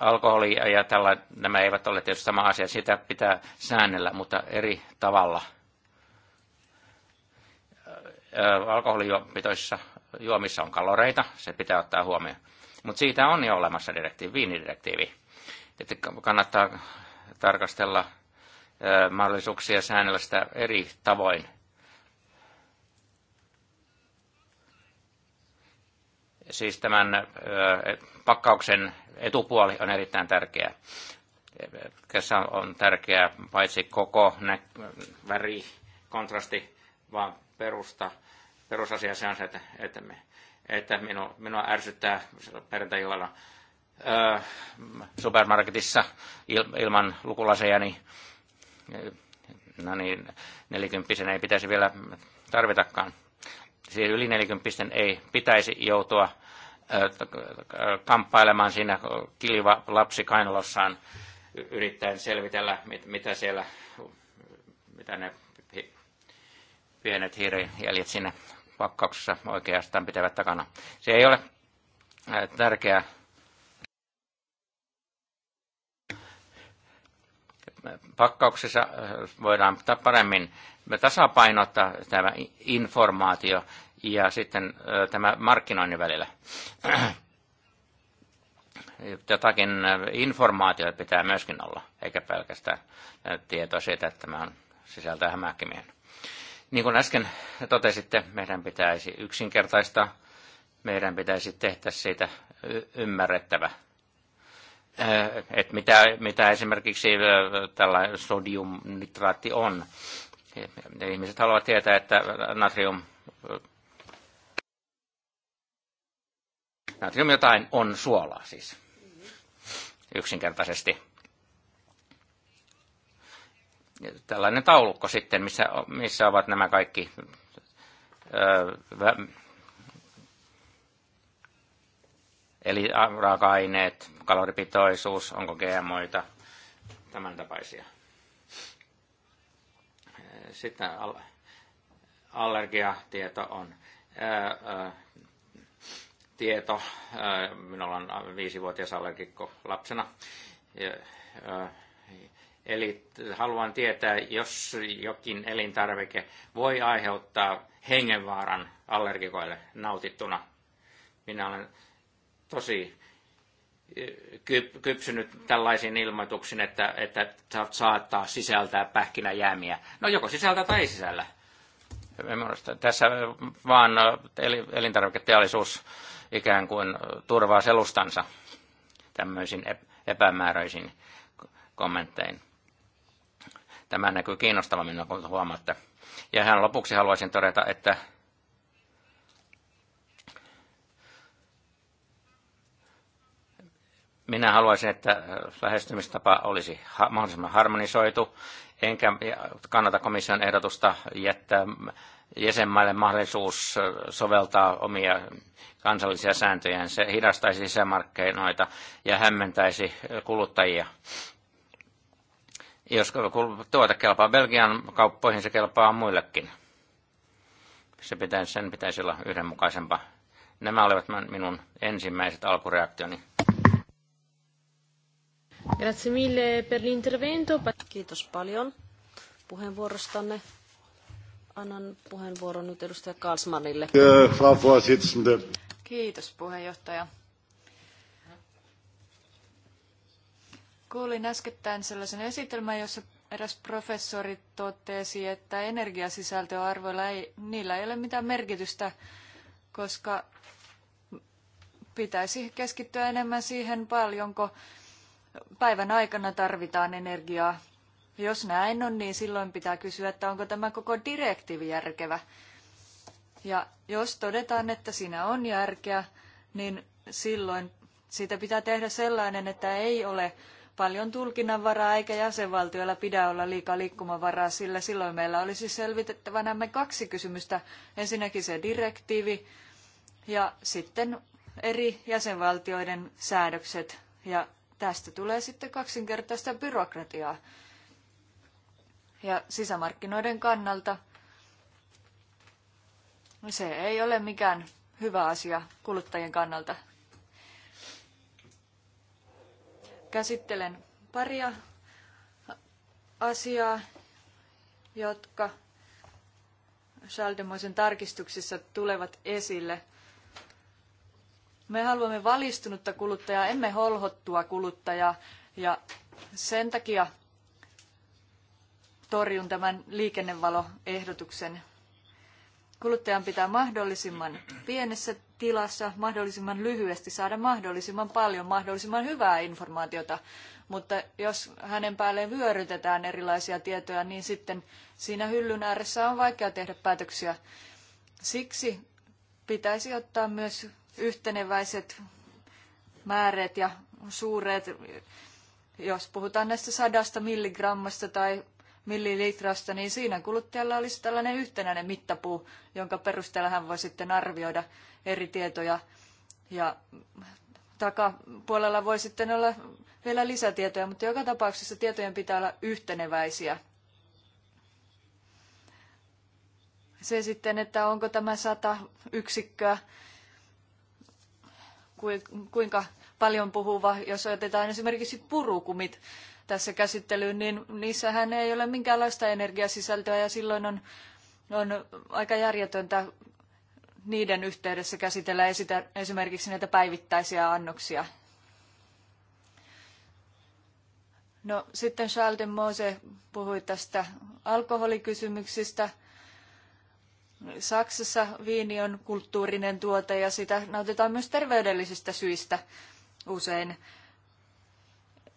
Speaker 1: alkoholi ja tällä, nämä eivät ole tietysti sama asia, sitä pitää säännellä, mutta eri tavalla. Alkoholijuomissa juomissa on kaloreita, se pitää ottaa huomioon mutta siitä on jo olemassa direktiivi, viinidirektiivi. Että kannattaa tarkastella mahdollisuuksia säännellä sitä eri tavoin. Siis tämän pakkauksen etupuoli on erittäin tärkeä. Tässä on tärkeää paitsi koko nä- väri, kontrasti, vaan perusta. Perusasia se on se, että, että me että minua, minua ärsyttää perjantai-illalla supermarketissa il, ilman lukulasejani. Niin, no niin, nelikymppisen ei pitäisi vielä tarvitakaan. Siis yli nelikymppisten ei pitäisi joutua kamppailemaan siinä kilva lapsi kainalossaan yrittäen selvitellä, mitä siellä, mitä ne pienet hiirijäljet sinne pakkauksessa oikeastaan pitävät takana. Se ei ole tärkeää. Pakkauksessa voidaan paremmin tasapainottaa tämä informaatio ja sitten tämä markkinoinnin välillä. Jotakin informaatiota pitää myöskin olla, eikä pelkästään tietoa siitä, että tämä on sisältää hämähäkkimiehen. Niin kuin äsken totesitte, meidän pitäisi yksinkertaistaa, meidän pitäisi tehdä siitä ymmärrettävä. Että mitä, mitä esimerkiksi tällainen sodiumnitraatti on. Ihmiset haluavat tietää, että natrium Natrium jotain on suolaa siis, yksinkertaisesti tällainen taulukko sitten, missä, missä ovat nämä kaikki eli raaka-aineet, kaloripitoisuus, onko GMOita, tämän tapaisia. Sitten allergiatieto on ää, ää, tieto. Ää, minulla on viisivuotias allergikko lapsena. Ja, ää, Eli haluan tietää, jos jokin elintarvike voi aiheuttaa hengenvaaran allergikoille nautittuna. Minä olen tosi eh, kypsynyt tällaisiin ilmoituksiin, että, että saattaa sisältää pähkinäjäämiä. No joko sisältää tai ei sisällä. Tässä vaan eh, elintarviketeollisuus ikään kuin eh, turvaa selustansa tämmöisin epämääräisin kommenttein. Tämä näkyy kiinnostavammin, kun huomaatte. Ja hän lopuksi haluaisin todeta, että minä haluaisin, että lähestymistapa olisi mahdollisimman harmonisoitu, enkä kannata komission ehdotusta jättää jäsenmaille mahdollisuus soveltaa omia kansallisia sääntöjä. Se hidastaisi sisämarkkinoita ja hämmentäisi kuluttajia. Jos tuote kelpaa Belgian kauppoihin, se kelpaa muillekin. Se pitäisi, sen pitäisi olla yhdenmukaisempaa. Nämä olivat minun ensimmäiset alkureaktioni.
Speaker 3: Grazie mille per l'intervento. Kiitos paljon puheenvuorostanne. Annan puheenvuoron nyt edustaja Kalsmanille.
Speaker 2: Äh,
Speaker 3: Kiitos puheenjohtaja.
Speaker 2: Kuulin äskettäin sellaisen esitelmän, jossa eräs professori totesi, että energiasisältöarvoilla ei, niillä ei ole mitään merkitystä, koska pitäisi keskittyä enemmän siihen, paljonko päivän aikana tarvitaan energiaa. Jos näin on, niin silloin pitää kysyä, että onko tämä koko direktiivi järkevä. Ja jos todetaan, että siinä on järkeä, niin silloin siitä pitää tehdä sellainen, että ei ole paljon tulkinnanvaraa, eikä jäsenvaltioilla pidä olla liikaa liikkumavaraa, sillä silloin meillä olisi selvitettävä nämä kaksi kysymystä. Ensinnäkin se direktiivi ja sitten eri jäsenvaltioiden säädökset. Ja tästä tulee sitten kaksinkertaista byrokratiaa. Ja sisämarkkinoiden kannalta se ei ole mikään hyvä asia kuluttajien kannalta. käsittelen paria asiaa, jotka Schaldemoisen tarkistuksissa tulevat esille. Me haluamme valistunutta kuluttajaa, emme holhottua kuluttajaa, ja sen takia torjun tämän liikennevaloehdotuksen Kuluttajan pitää mahdollisimman pienessä tilassa, mahdollisimman lyhyesti saada mahdollisimman paljon, mahdollisimman hyvää informaatiota. Mutta jos hänen päälleen vyörytetään erilaisia tietoja, niin sitten siinä hyllyn ääressä on vaikea tehdä päätöksiä. Siksi pitäisi ottaa myös yhteneväiset määrät ja suuret, jos puhutaan näistä sadasta milligrammasta tai millilitrasta, niin siinä kuluttajalla olisi tällainen yhtenäinen mittapuu, jonka perusteella hän voi sitten arvioida eri tietoja. Ja takapuolella voi sitten olla vielä lisätietoja, mutta joka tapauksessa tietojen pitää olla yhteneväisiä. Se sitten, että onko tämä sata yksikköä, kuinka paljon puhuva, jos otetaan esimerkiksi purukumit, tässä käsittelyyn, niin niissähän ei ole minkäänlaista energiasisältöä ja silloin on, on aika järjetöntä niiden yhteydessä käsitellä esitä, esimerkiksi näitä päivittäisiä annoksia. No sitten Charles de Mose puhui tästä alkoholikysymyksistä. Saksassa viini on kulttuurinen tuote ja sitä nautitaan myös terveydellisistä syistä usein.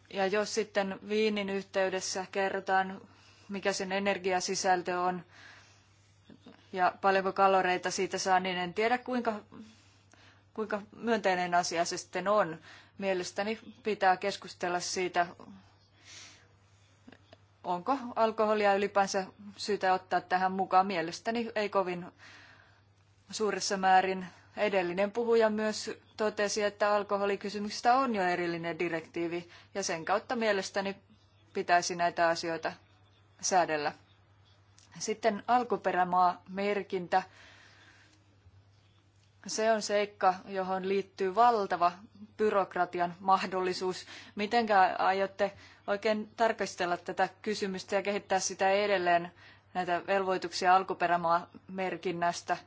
Speaker 2: Ja jos sitten viinin yhteydessä kerrotaan, mikä sen energiasisältö on ja paljonko kaloreita siitä saa, niin en tiedä kuinka, kuinka myönteinen asia se sitten on. Mielestäni pitää keskustella siitä, onko alkoholia ylipäänsä syytä ottaa tähän mukaan. Mielestäni ei kovin suuressa määrin Edellinen puhuja myös totesi, että alkoholikysymyksistä on jo erillinen direktiivi ja sen kautta mielestäni pitäisi näitä asioita säädellä. Sitten alkuperämaa merkintä. Se on seikka, johon liittyy valtava byrokratian mahdollisuus. Mitenkä aiotte oikein tarkastella tätä kysymystä ja kehittää sitä edelleen näitä velvoituksia alkuperämaa merkinnästä?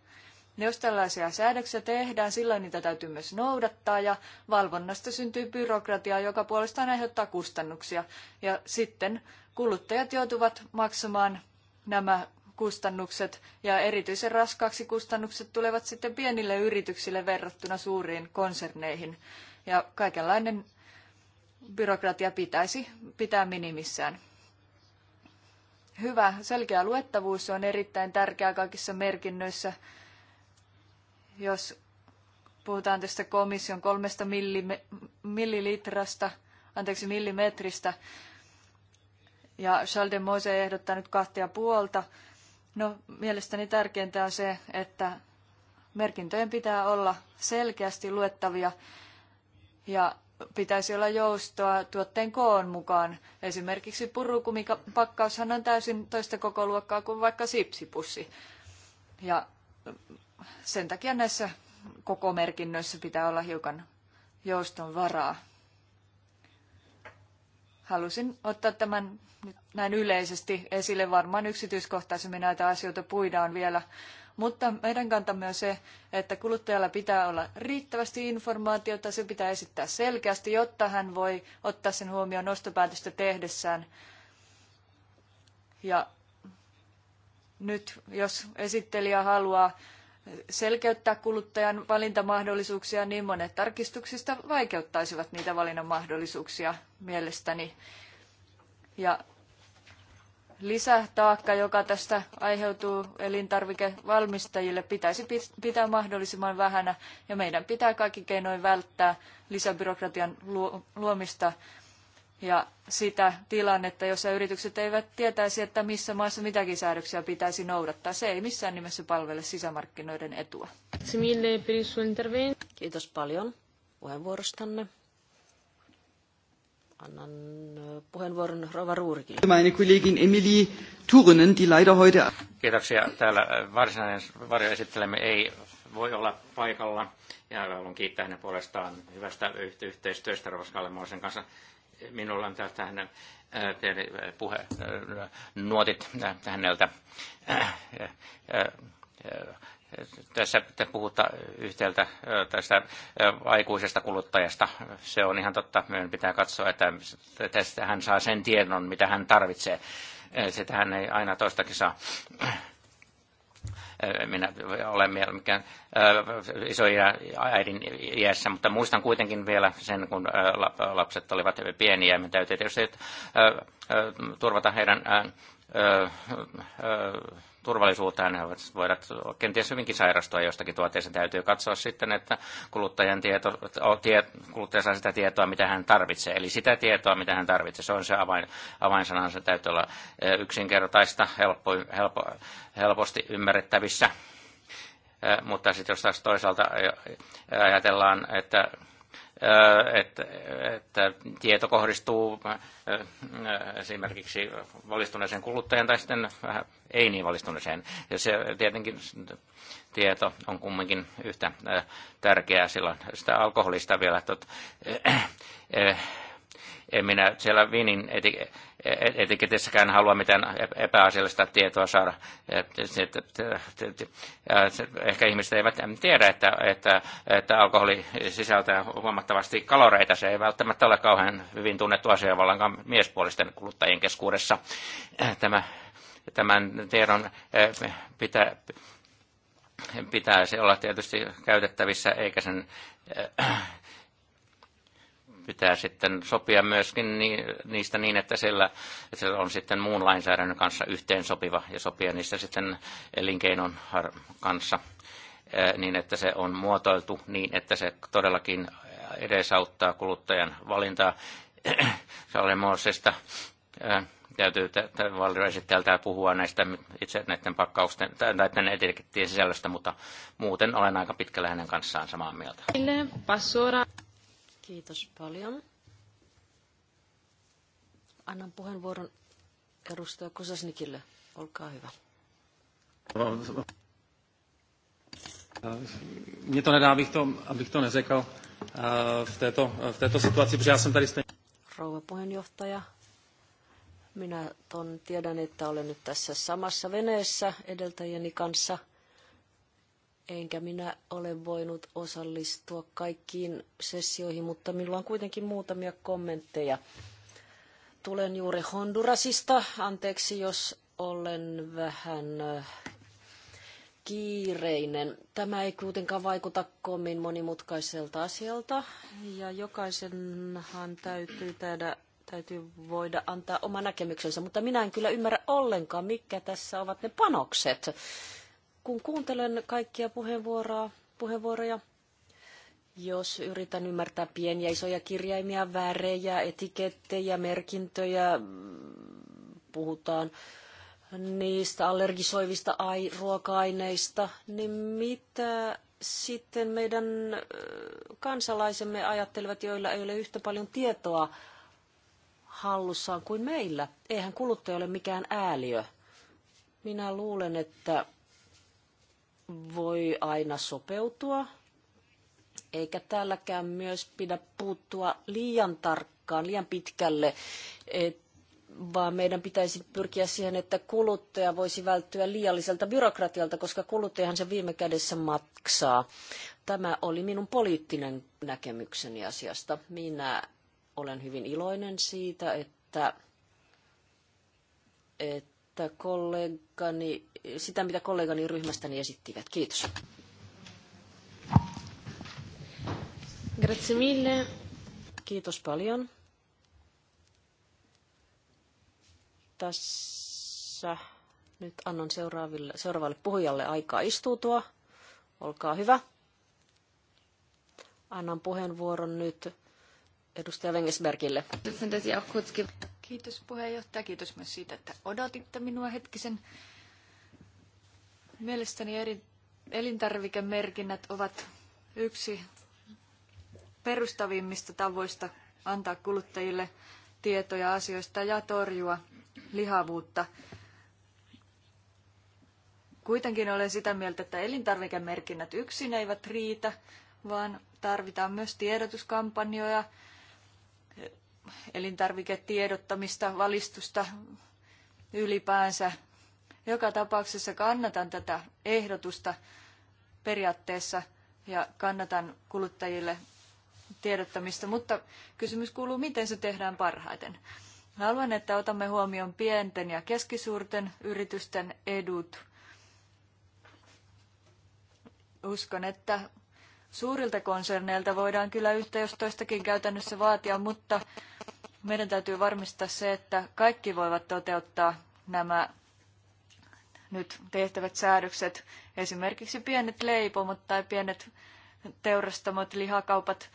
Speaker 2: jos tällaisia säädöksiä tehdään, silloin niitä täytyy myös noudattaa ja valvonnasta syntyy byrokratiaa, joka puolestaan aiheuttaa kustannuksia. Ja sitten kuluttajat joutuvat maksamaan nämä kustannukset ja erityisen raskaaksi kustannukset tulevat sitten pienille yrityksille verrattuna suuriin konserneihin. Ja kaikenlainen byrokratia pitäisi pitää minimissään. Hyvä, selkeä luettavuus on erittäin tärkeää kaikissa merkinnöissä jos puhutaan tästä komission kolmesta millilitrasta, anteeksi millimetristä, ja Charles de Mose ehdottaa nyt kahtia puolta. No, mielestäni tärkeintä on se, että merkintöjen pitää olla selkeästi luettavia ja pitäisi olla joustoa tuotteen koon mukaan. Esimerkiksi purukumipakkaushan on täysin toista kokoluokkaa kuin vaikka sipsipussi. Ja sen takia näissä koko merkinnöissä pitää olla hiukan jouston varaa. Halusin ottaa tämän nyt näin yleisesti esille. Varmaan yksityiskohtaisemmin näitä asioita puidaan vielä. Mutta meidän kantamme on se, että kuluttajalla pitää olla riittävästi informaatiota, se pitää esittää selkeästi, jotta hän voi ottaa sen huomioon ostopäätöstä tehdessään. Ja nyt, jos esittelijä haluaa selkeyttää kuluttajan valintamahdollisuuksia, niin monet tarkistuksista vaikeuttaisivat niitä valinnan mahdollisuuksia mielestäni. Ja lisätaakka, joka tästä aiheutuu elintarvikevalmistajille, pitäisi pitää mahdollisimman vähänä ja meidän pitää kaikki keinoin välttää lisäbyrokratian luomista ja sitä tilannetta, jossa yritykset eivät tietäisi, että missä maassa mitäkin säädöksiä pitäisi noudattaa. Se ei missään nimessä palvele
Speaker 3: sisämarkkinoiden etua. Kiitos paljon puheenvuorostanne.
Speaker 1: Annan puheenvuoron Rova Ruurikille.
Speaker 2: Meine Kollegin Emily Turunen, die leider heute...
Speaker 1: Kiitoksia. Täällä varsinainen varjoesittelemme ei voi olla paikalla. Ja haluan kiittää hänen puolestaan hyvästä yhteistyöstä Rovas Kallemoisen kanssa minulla on äh, tästä hänen äh, puhe, nuotit häneltä. Tässä puhuta yhteltä tästä aikuisesta kuluttajasta. Se on ihan totta. Meidän pitää katsoa, että tästä hän saa sen tiedon, mitä hän tarvitsee. Äh, Sitä hän ei aina toistakin saa minä olen mikään iso äidin iässä, mutta muistan kuitenkin vielä sen, kun lapset olivat pieniä. Me täytyy tietysti turvata heidän turvallisuuteen. He voivat kenties hyvinkin sairastua jostakin tuotteeseen. Täytyy katsoa sitten, että kuluttajan tieto, tie, kuluttaja saa sitä tietoa, mitä hän tarvitsee. Eli sitä tietoa, mitä hän tarvitsee. Se on se avain, avainsana. Se täytyy olla e, yksinkertaista, helppo, helppo, helposti ymmärrettävissä. E, mutta sitten jos taas toisaalta e, ajatellaan, että että, että tieto kohdistuu esimerkiksi valistuneeseen kuluttajan tai sitten vähän ei niin valistuneeseen. Ja se tietenkin tieto on kumminkin yhtä tärkeää silloin. Sitä alkoholista vielä, että en minä siellä Viinin etiketissäkään halua mitään epäasiallista tietoa saada. Ehkä ihmiset eivät tiedä, että, että, että alkoholi sisältää huomattavasti kaloreita. Se ei välttämättä ole kauhean hyvin tunnettu asia vallankaan miespuolisten kuluttajien keskuudessa. Tämä, tämän tiedon eh, pitää, pitää se olla tietysti käytettävissä, eikä sen eh, pitää sitten sopia myöskin niistä niin, että sillä, että siellä on sitten muun lainsäädännön kanssa yhteen sopiva ja sopia niistä sitten elinkeinon kanssa niin, että se on muotoiltu niin, että se todellakin edesauttaa kuluttajan valintaa. Salemoosista täytyy valtioesittäjältä puhua näistä itse näiden pakkausten tai näiden etikettien sisällöstä, mutta muuten olen aika pitkällä hänen kanssaan samaa mieltä.
Speaker 3: Kiitos paljon. Annan puheenvuoron edustaja Kosasnikille. Olkaa hyvä.
Speaker 1: Mně to nedá, abych to, abych to neřekl eh, v této, v této situaci, protože já jsem tady stejně...
Speaker 3: Rouva puheenjohtaja, minä ton tiedän, että olen nyt tässä samassa veneessä edeltäjieni kanssa – enkä minä ole voinut osallistua kaikkiin sessioihin, mutta minulla on kuitenkin muutamia kommentteja. Tulen juuri Hondurasista. Anteeksi, jos olen vähän äh, kiireinen. Tämä ei kuitenkaan vaikuta komin monimutkaiselta asialta ja jokaisenhan täytyy täydä täytyy voida antaa oma näkemyksensä, mutta minä en kyllä ymmärrä ollenkaan, mitkä tässä ovat ne panokset, kun kuuntelen kaikkia puheenvuoroa, puheenvuoroja, jos yritän ymmärtää pieniä isoja kirjaimia, värejä, etikettejä, merkintöjä, puhutaan niistä allergisoivista ai- ruoka-aineista, niin mitä sitten meidän kansalaisemme ajattelevat, joilla ei ole yhtä paljon tietoa hallussaan kuin meillä? Eihän kuluttaja ole mikään ääliö. Minä luulen, että voi aina sopeutua, eikä täälläkään myös pidä puuttua liian tarkkaan, liian pitkälle, et, vaan meidän pitäisi pyrkiä siihen, että kuluttaja voisi välttyä liialliselta byrokratialta, koska kuluttajahan se viime kädessä maksaa. Tämä oli minun poliittinen näkemykseni asiasta. Minä olen hyvin iloinen siitä, että, että kollegani sitä, mitä kollegani ryhmästäni esittivät. Kiitos. Grazie mille. Kiitos paljon. Tässä nyt annan seuraaville, seuraavalle puhujalle aikaa istuutua. Olkaa hyvä. Annan puheenvuoron nyt edustaja Wengesbergille.
Speaker 2: Kiitos puheenjohtaja,
Speaker 3: kiitos myös siitä,
Speaker 2: että odotitte minua hetkisen. Mielestäni eri, elintarvikemerkinnät ovat yksi perustavimmista tavoista antaa kuluttajille tietoja asioista ja torjua lihavuutta. Kuitenkin olen sitä mieltä, että elintarvikemerkinnät yksin eivät riitä, vaan tarvitaan myös tiedotuskampanjoja, elintarviketiedottamista, valistusta ylipäänsä joka tapauksessa kannatan tätä ehdotusta periaatteessa ja kannatan kuluttajille tiedottamista, mutta kysymys kuuluu, miten se tehdään parhaiten. Haluan, että otamme huomioon pienten ja keskisuurten yritysten edut. Uskon, että suurilta konserneilta voidaan kyllä yhtä jos toistakin käytännössä vaatia, mutta meidän täytyy varmistaa se, että kaikki voivat toteuttaa nämä nyt tehtävät säädökset, esimerkiksi pienet leipomot tai pienet teurastamot, lihakaupat,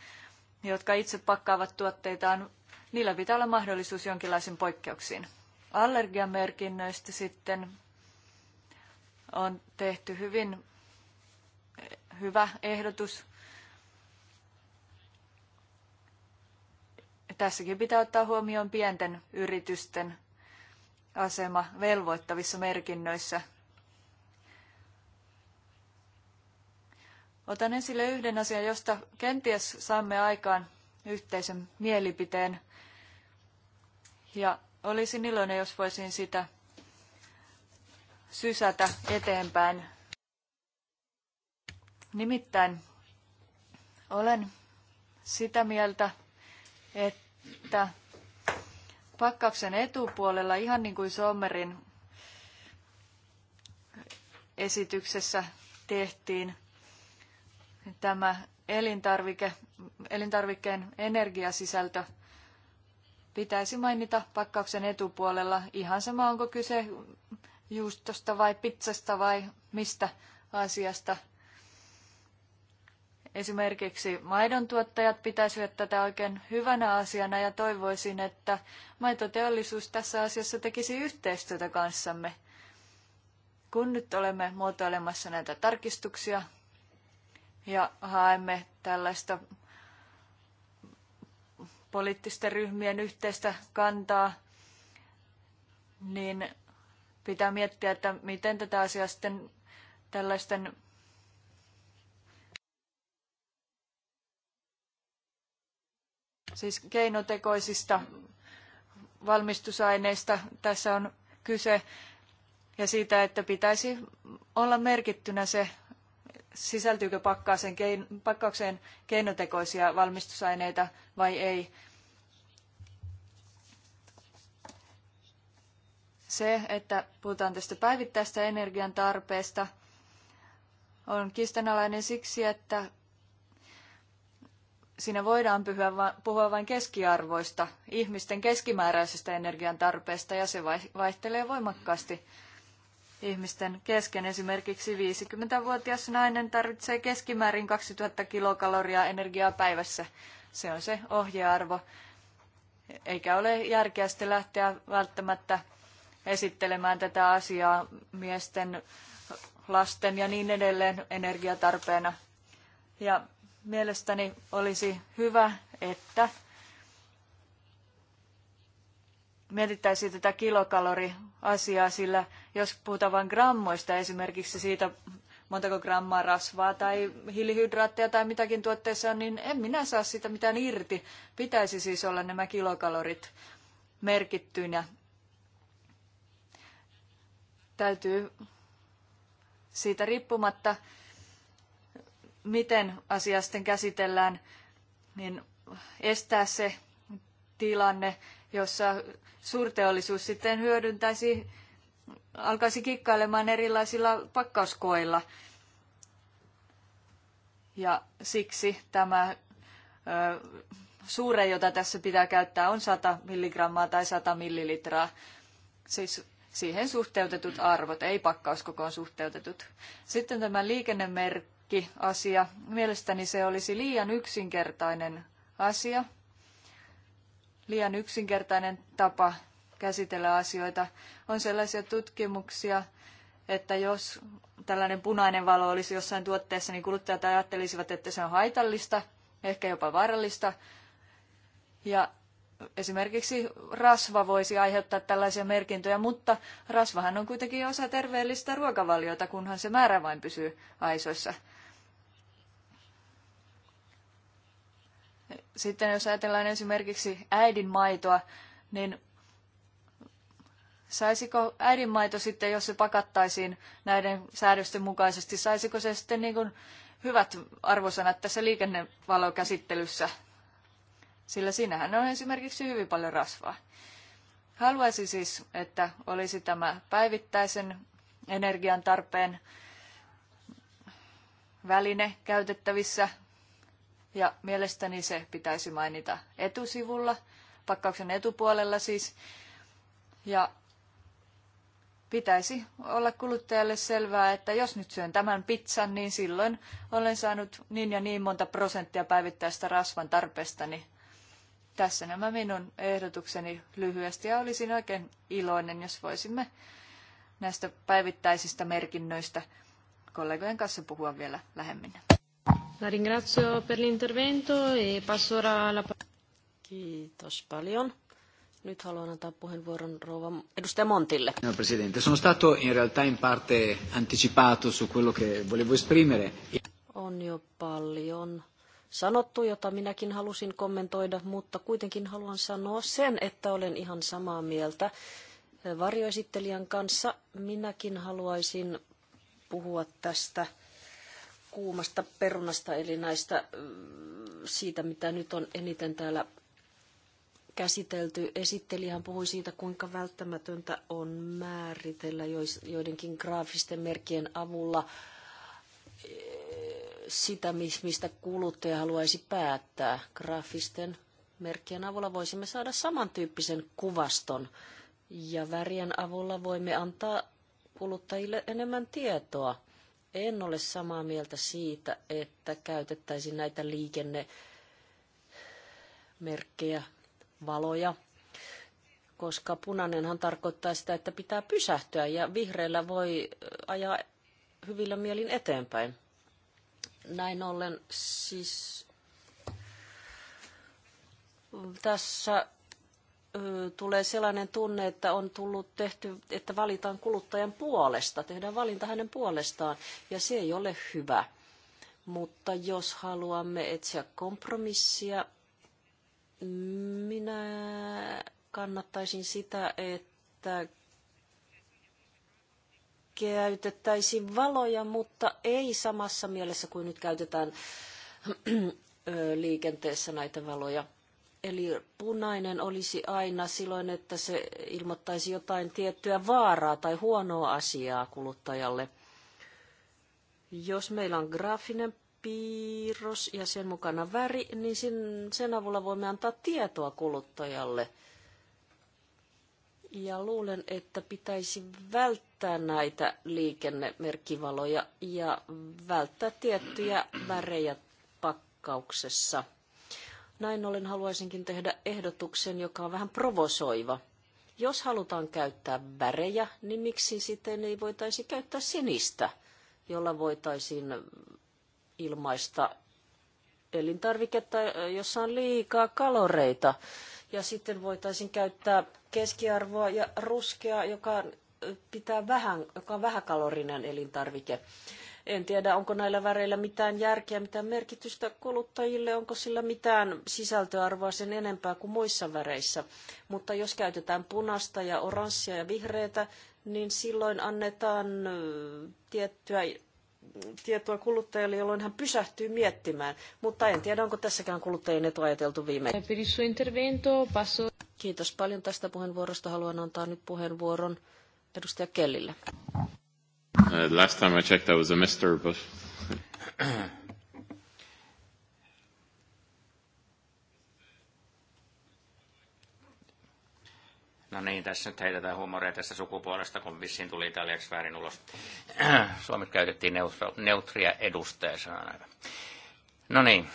Speaker 2: jotka itse pakkaavat tuotteitaan, niillä pitää olla mahdollisuus jonkinlaisiin poikkeuksiin. Allergiamerkinnöistä sitten on tehty hyvin hyvä ehdotus. Tässäkin pitää ottaa huomioon pienten yritysten asema velvoittavissa merkinnöissä. Otan esille yhden asian, josta kenties saamme aikaan yhteisen mielipiteen. Ja olisin iloinen, jos voisin sitä sysätä eteenpäin. Nimittäin olen sitä mieltä, että pakkauksen etupuolella, ihan niin kuin Sommerin esityksessä tehtiin, tämä elintarvike, elintarvikkeen energiasisältö pitäisi mainita pakkauksen etupuolella. Ihan sama, onko kyse juustosta vai pizzasta vai mistä asiasta Esimerkiksi maidontuottajat pitäisivät tätä oikein hyvänä asiana ja toivoisin, että maitoteollisuus tässä asiassa tekisi yhteistyötä kanssamme. Kun nyt olemme muotoilemassa näitä tarkistuksia ja haemme tällaista poliittisten ryhmien yhteistä kantaa, niin pitää miettiä, että miten tätä asiaa sitten tällaisten siis keinotekoisista valmistusaineista tässä on kyse ja siitä, että pitäisi olla merkittynä se, sisältyykö pakkaaseen, pakkaukseen keinotekoisia valmistusaineita vai ei. Se, että puhutaan tästä päivittäistä energian tarpeesta, on kiistanalainen siksi, että siinä voidaan puhua vain keskiarvoista, ihmisten keskimääräisestä energian tarpeesta ja se vaihtelee voimakkaasti ihmisten kesken. Esimerkiksi 50-vuotias nainen tarvitsee keskimäärin 2000 kilokaloria energiaa päivässä. Se on se ohjearvo. Eikä ole järkeä sitten lähteä välttämättä esittelemään tätä asiaa miesten, lasten ja niin edelleen energiatarpeena. Ja mielestäni olisi hyvä, että mietittäisiin tätä kilokaloriasiaa, sillä jos puhutaan vain grammoista esimerkiksi siitä, montako grammaa rasvaa tai hiilihydraatteja tai mitäkin tuotteessa on, niin en minä saa sitä mitään irti. Pitäisi siis olla nämä kilokalorit merkittyinä. Täytyy siitä riippumatta miten asia sitten käsitellään, niin estää se tilanne, jossa suurteollisuus sitten hyödyntäisi, alkaisi kikkailemaan erilaisilla pakkauskoilla. Ja siksi tämä ö, suure, jota tässä pitää käyttää, on 100 milligrammaa tai 100 millilitraa. Siis siihen suhteutetut arvot, ei pakkauskokoon suhteutetut. Sitten tämä liikennemerkki pakkiasia. Mielestäni se olisi liian yksinkertainen asia, liian yksinkertainen tapa käsitellä asioita. On sellaisia tutkimuksia, että jos tällainen punainen valo olisi jossain tuotteessa, niin kuluttajat ajattelisivat, että se on haitallista, ehkä jopa vaarallista. Ja esimerkiksi rasva voisi aiheuttaa tällaisia merkintöjä, mutta rasvahan on kuitenkin osa terveellistä ruokavaliota, kunhan se määrä vain pysyy aisoissa. Sitten jos ajatellaan esimerkiksi äidinmaitoa, niin saisiko äidinmaito sitten, jos se pakattaisiin näiden säädösten mukaisesti, saisiko se sitten niin kuin hyvät arvosanat tässä liikennevalokäsittelyssä? Sillä siinähän on esimerkiksi hyvin paljon rasvaa. Haluaisin siis, että olisi tämä päivittäisen energian tarpeen väline käytettävissä ja mielestäni se pitäisi mainita etusivulla, pakkauksen etupuolella siis. Ja pitäisi olla kuluttajalle selvää, että jos nyt syön tämän pizzan, niin silloin olen saanut niin ja niin monta prosenttia päivittäistä rasvan tarpeestani. Tässä nämä minun ehdotukseni lyhyesti ja olisin oikein iloinen, jos voisimme näistä päivittäisistä merkinnöistä kollegojen kanssa puhua
Speaker 3: vielä lähemmin. La ringrazio per l'intervento e passo ora la... Kiitos paljon. Nyt haluan antaa puheenvuoron rouva edustaja Montille.
Speaker 2: No, Presidente, sono stato in realtà in parte anticipato su quello che volevo esprimere.
Speaker 3: On jo paljon sanottu, jota minäkin halusin kommentoida, mutta kuitenkin haluan sanoa sen, että olen ihan samaa mieltä varjoesittelijän kanssa. Minäkin haluaisin puhua tästä kuumasta perunasta, eli näistä siitä, mitä nyt on eniten täällä käsitelty. Esittelijähän puhui siitä, kuinka välttämätöntä on määritellä joidenkin graafisten merkkien avulla sitä, mistä kuluttaja haluaisi päättää. Graafisten merkkien avulla voisimme saada samantyyppisen kuvaston ja värien avulla voimme antaa kuluttajille enemmän tietoa en ole samaa mieltä siitä, että käytettäisiin näitä liikennemerkkejä, valoja, koska punainenhan tarkoittaa sitä, että pitää pysähtyä ja vihreällä voi ajaa hyvillä mielin eteenpäin. Näin ollen siis tässä tulee sellainen tunne, että on tullut tehty, että valitaan kuluttajan puolesta, tehdään valinta hänen puolestaan, ja se ei ole hyvä. Mutta jos haluamme etsiä kompromissia, minä kannattaisin sitä, että käytettäisiin valoja, mutta ei samassa mielessä kuin nyt käytetään liikenteessä näitä valoja Eli punainen olisi aina silloin, että se ilmoittaisi jotain tiettyä vaaraa tai huonoa asiaa kuluttajalle. Jos meillä on graafinen piirros ja sen mukana väri, niin sen avulla voimme antaa tietoa kuluttajalle. Ja luulen, että pitäisi välttää näitä liikennemerkkivaloja ja välttää tiettyjä värejä pakkauksessa – näin ollen haluaisinkin tehdä ehdotuksen, joka on vähän provosoiva. Jos halutaan käyttää värejä, niin miksi sitten ei voitaisi käyttää sinistä, jolla voitaisiin ilmaista elintarviketta, jossa on liikaa kaloreita. Ja sitten voitaisiin käyttää keskiarvoa ja ruskea, joka pitää vähän, joka on vähäkalorinen elintarvike. En tiedä, onko näillä väreillä mitään järkeä, mitään merkitystä kuluttajille, onko sillä mitään sisältöarvoa sen enempää kuin muissa väreissä. Mutta jos käytetään punaista ja oranssia ja vihreitä niin silloin annetaan tiettyä tietoa kuluttajalle, jolloin hän pysähtyy miettimään. Mutta en tiedä, onko tässäkään kuluttajien etu ajateltu viimein. Kiitos paljon tästä puheenvuorosta. Haluan antaa nyt puheenvuoron edustaja Kellille.
Speaker 1: Uh, last time I checked, I was a mister, but... No niin, tässä nyt heitetään huumoria tästä sukupuolesta, kun vissiin tuli italiaksi väärin ulos. Suomessa käytettiin neutra, neutria edustajana. No niin.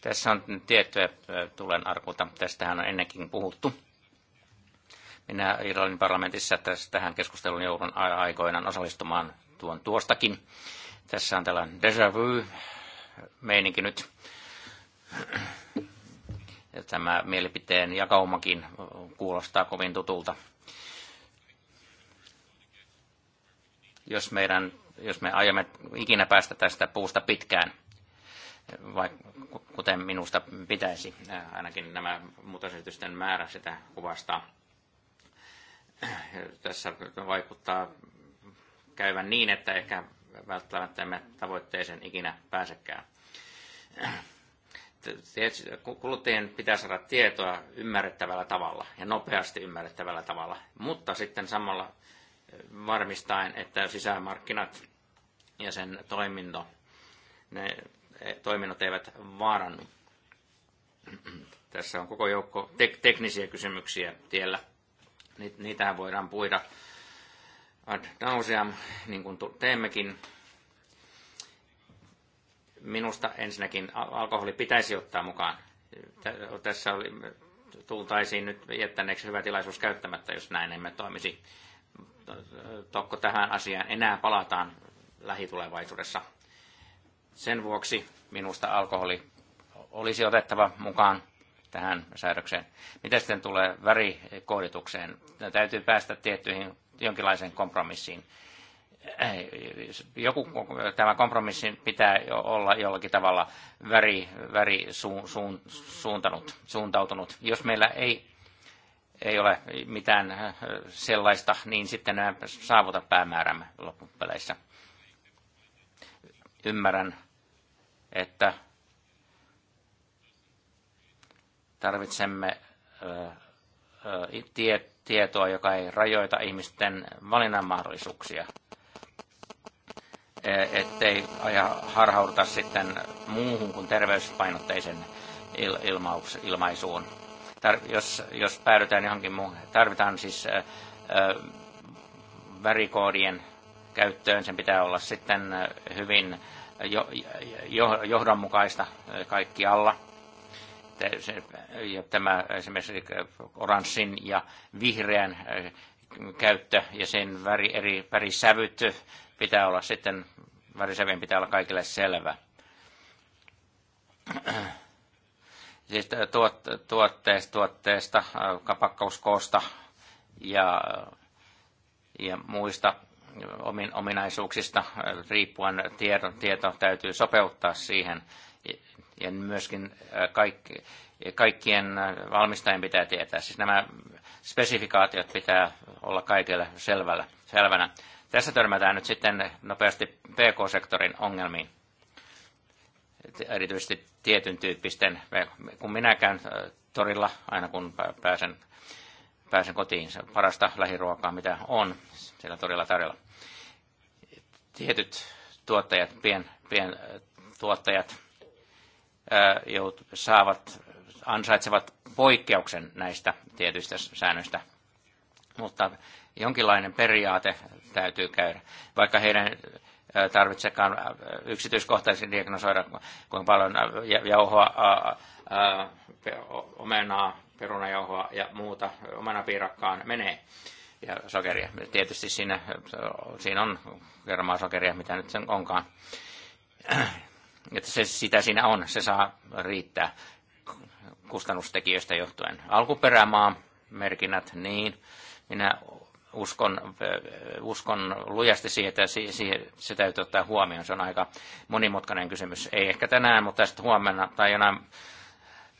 Speaker 1: Tässä on tiettyä tulen arkuta. Tästähän on ennenkin puhuttu. Minä Irlannin parlamentissa tähän keskusteluun joudun aikoinaan osallistumaan tuon tuostakin. Tässä on tällainen déjà vu meininki nyt. Ja tämä mielipiteen jakaumakin kuulostaa kovin tutulta. Jos, meidän, jos me aiomme ikinä päästä tästä puusta pitkään, vai, kuten minusta pitäisi, ainakin nämä muutosesitysten määrä sitä kuvastaa, tässä vaikuttaa käyvän niin, että ehkä välttämättä emme tavoitteeseen ikinä pääsekään. kuluttajien pitää saada tietoa ymmärrettävällä tavalla ja nopeasti ymmärrettävällä tavalla, mutta sitten samalla varmistaen, että sisämarkkinat ja sen toiminto, ne toiminnot eivät vaarannu. Tässä on koko joukko teknisiä kysymyksiä tiellä niitähän voidaan puida ad nauseam, niin kuin teemmekin. Minusta ensinnäkin alkoholi pitäisi ottaa mukaan. Tässä oli, tultaisiin nyt jättäneeksi hyvä tilaisuus käyttämättä, jos näin emme toimisi. Tokko tähän asiaan enää palataan lähitulevaisuudessa. Sen vuoksi minusta alkoholi olisi otettava mukaan tähän säädökseen. Mitä sitten tulee värikohditukseen? Täytyy päästä tiettyihin jonkinlaiseen kompromissiin. Joku, tämä kompromissi pitää olla jollakin tavalla väri, väri suun, suuntanut, suuntautunut. Jos meillä ei, ei ole mitään sellaista, niin sitten nämä saavuta päämäärämme loppupeleissä. Ymmärrän, että Tarvitsemme tie, tietoa, joka ei rajoita ihmisten valinnanmahdollisuuksia, e, ettei aja harhauduta sitten muuhun kuin terveyspainotteisen il, ilmaus, ilmaisuun. Tar, jos, jos päädytään johonkin muuhun, tarvitaan siis ää, värikoodien käyttöön, sen pitää olla sitten hyvin jo, jo, johdonmukaista kaikkialla – ja tämä esimerkiksi oranssin ja vihreän käyttö ja sen väri, eri värisävyt pitää olla sitten, värisävien pitää olla kaikille selvä. Siis tuot, tuotteesta, tuotteesta, kapakkauskoosta ja, ja muista omin, ominaisuuksista riippuen tieto, tieto täytyy sopeuttaa siihen ja myöskin kaikki, kaikkien valmistajien pitää tietää. Siis nämä spesifikaatiot pitää olla kaikille selvällä, selvänä. Tässä törmätään nyt sitten nopeasti PK-sektorin ongelmiin, erityisesti tietyn tyyppisten. Kun minä käyn torilla, aina kun pääsen, pääsen kotiin, se parasta lähiruokaa, mitä on siellä torilla tarjolla. Tietyt tuottajat, pien, pien tuottajat jout, saavat, ansaitsevat poikkeuksen näistä tietyistä säännöistä. Mutta jonkinlainen periaate täytyy käydä, vaikka heidän tarvitsekaan yksityiskohtaisesti diagnosoida, kuinka paljon jauhoa, omenaa, perunajauhoa ja muuta omenapiirakkaan menee ja sokeria. Tietysti siinä, siinä on kermaa sokeria, mitä nyt sen onkaan että se, sitä siinä on, se saa riittää kustannustekijöistä johtuen. Alkuperämaa merkinnät, niin minä uskon, äh, uskon lujasti siihen, että se täytyy ottaa huomioon. Se on aika monimutkainen kysymys. Ei ehkä tänään, mutta sitten huomenna tai jonain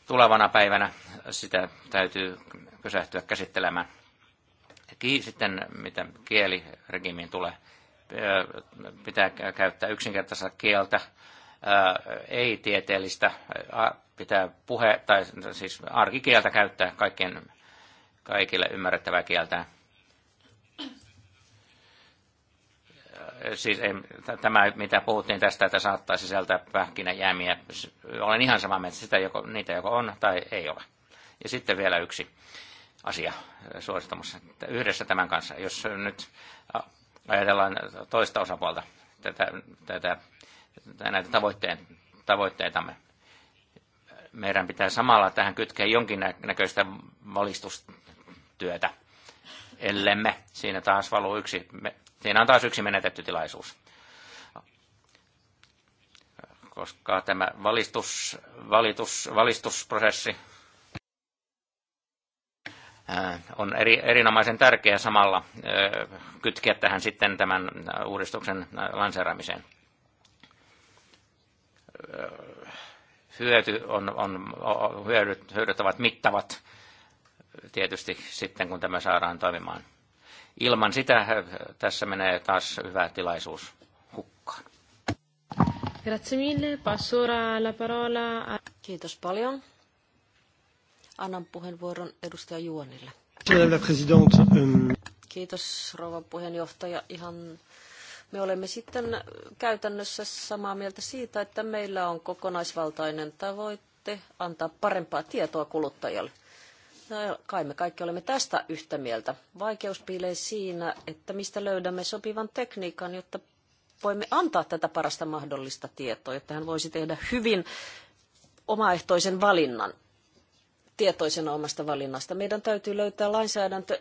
Speaker 1: tulevana päivänä sitä täytyy pysähtyä käsittelemään. Sitten mitä kieliregimiin tulee, äh, pitää käyttää yksinkertaista kieltä ei-tieteellistä pitää puhe, tai siis arkikieltä käyttää kaikkien, kaikille ymmärrettävää kieltä. Siis ei, tämä, mitä puhuttiin tästä, että saattaa sisältää pähkinäjäämiä, olen ihan samaa mieltä, sitä joko, niitä joko on tai ei ole. Ja sitten vielä yksi asia suosittamassa yhdessä tämän kanssa. Jos nyt ajatellaan toista osapuolta, tätä, tätä näitä tavoitteen, tavoitteitamme. Meidän pitää samalla tähän kytkeä jonkinnäköistä valistustyötä, ellemme. Siinä taas valuu yksi, me, siinä on taas yksi menetetty tilaisuus. Koska tämä valistus, valitus, valistusprosessi on eri, erinomaisen tärkeä samalla kytkeä tähän sitten tämän uudistuksen lanseeraamiseen hyöty on, on, hyödyt, hyödyt ovat mittavat tietysti sitten, kun tämä saadaan toimimaan. Ilman sitä tässä menee taas hyvä tilaisuus hukkaan.
Speaker 3: Grazie mille. Passo ora la parola a... Kiitos paljon. Annan puheenvuoron edustaja Juonille.
Speaker 1: Euh,
Speaker 3: Kiitos rouva puheenjohtaja. Ihan me olemme sitten käytännössä samaa mieltä siitä, että meillä on kokonaisvaltainen tavoite antaa parempaa tietoa kuluttajalle. No, kai me kaikki olemme tästä yhtä mieltä. Vaikeus piilee siinä, että mistä löydämme sopivan tekniikan, jotta voimme antaa tätä parasta mahdollista tietoa, jotta hän voisi tehdä hyvin omaehtoisen valinnan tietoisena omasta valinnasta. Meidän täytyy löytää lainsäädäntö,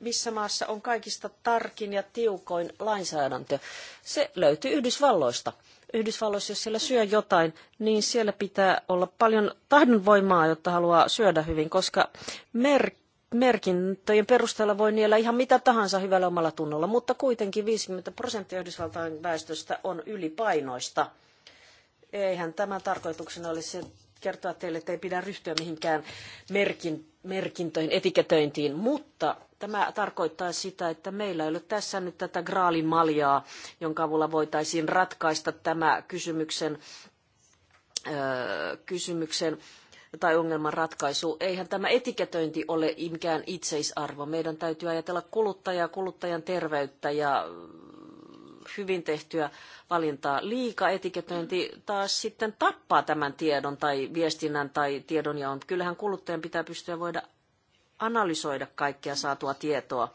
Speaker 3: missä maassa on kaikista tarkin ja tiukoin lainsäädäntö. Se löytyy Yhdysvalloista. Yhdysvalloissa, jos siellä syö jotain, niin siellä pitää olla paljon tahdonvoimaa, jotta haluaa syödä hyvin, koska merk merkintöjen perusteella voi niellä ihan mitä tahansa hyvällä omalla tunnolla, mutta kuitenkin 50 prosenttia Yhdysvaltain väestöstä on ylipainoista. Eihän tämä tarkoituksena olisi kertoa teille, että ei pidä ryhtyä mihinkään merkin, merkintöihin, etiketöintiin, mutta tämä tarkoittaa sitä, että meillä ei ole tässä nyt tätä graalin maljaa, jonka avulla voitaisiin ratkaista tämä kysymyksen, öö, kysymyksen tai ongelman ratkaisu. Eihän tämä etiketöinti ole mikään itseisarvo. Meidän täytyy ajatella kuluttajaa, kuluttajan terveyttä ja hyvin tehtyä valintaa. Liika etiketöinti taas sitten tappaa tämän tiedon tai viestinnän tai tiedon ja on Kyllähän kuluttajan pitää pystyä voida analysoida kaikkea saatua tietoa.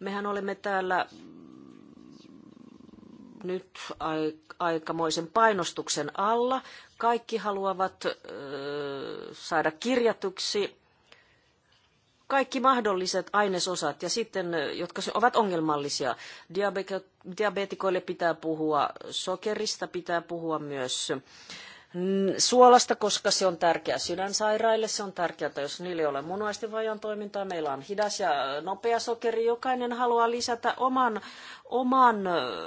Speaker 3: Mehän olemme täällä nyt aikamoisen painostuksen alla. Kaikki haluavat saada kirjatuksi kaikki mahdolliset ainesosat, ja sitten, jotka ovat ongelmallisia. Diabetikoille pitää puhua sokerista, pitää puhua myös mm, suolasta, koska se on tärkeä sydänsairaille, se on tärkeää, jos niille ei ole munuaistivajan toimintaa. Meillä on hidas ja nopea sokeri, jokainen haluaa lisätä oman, oman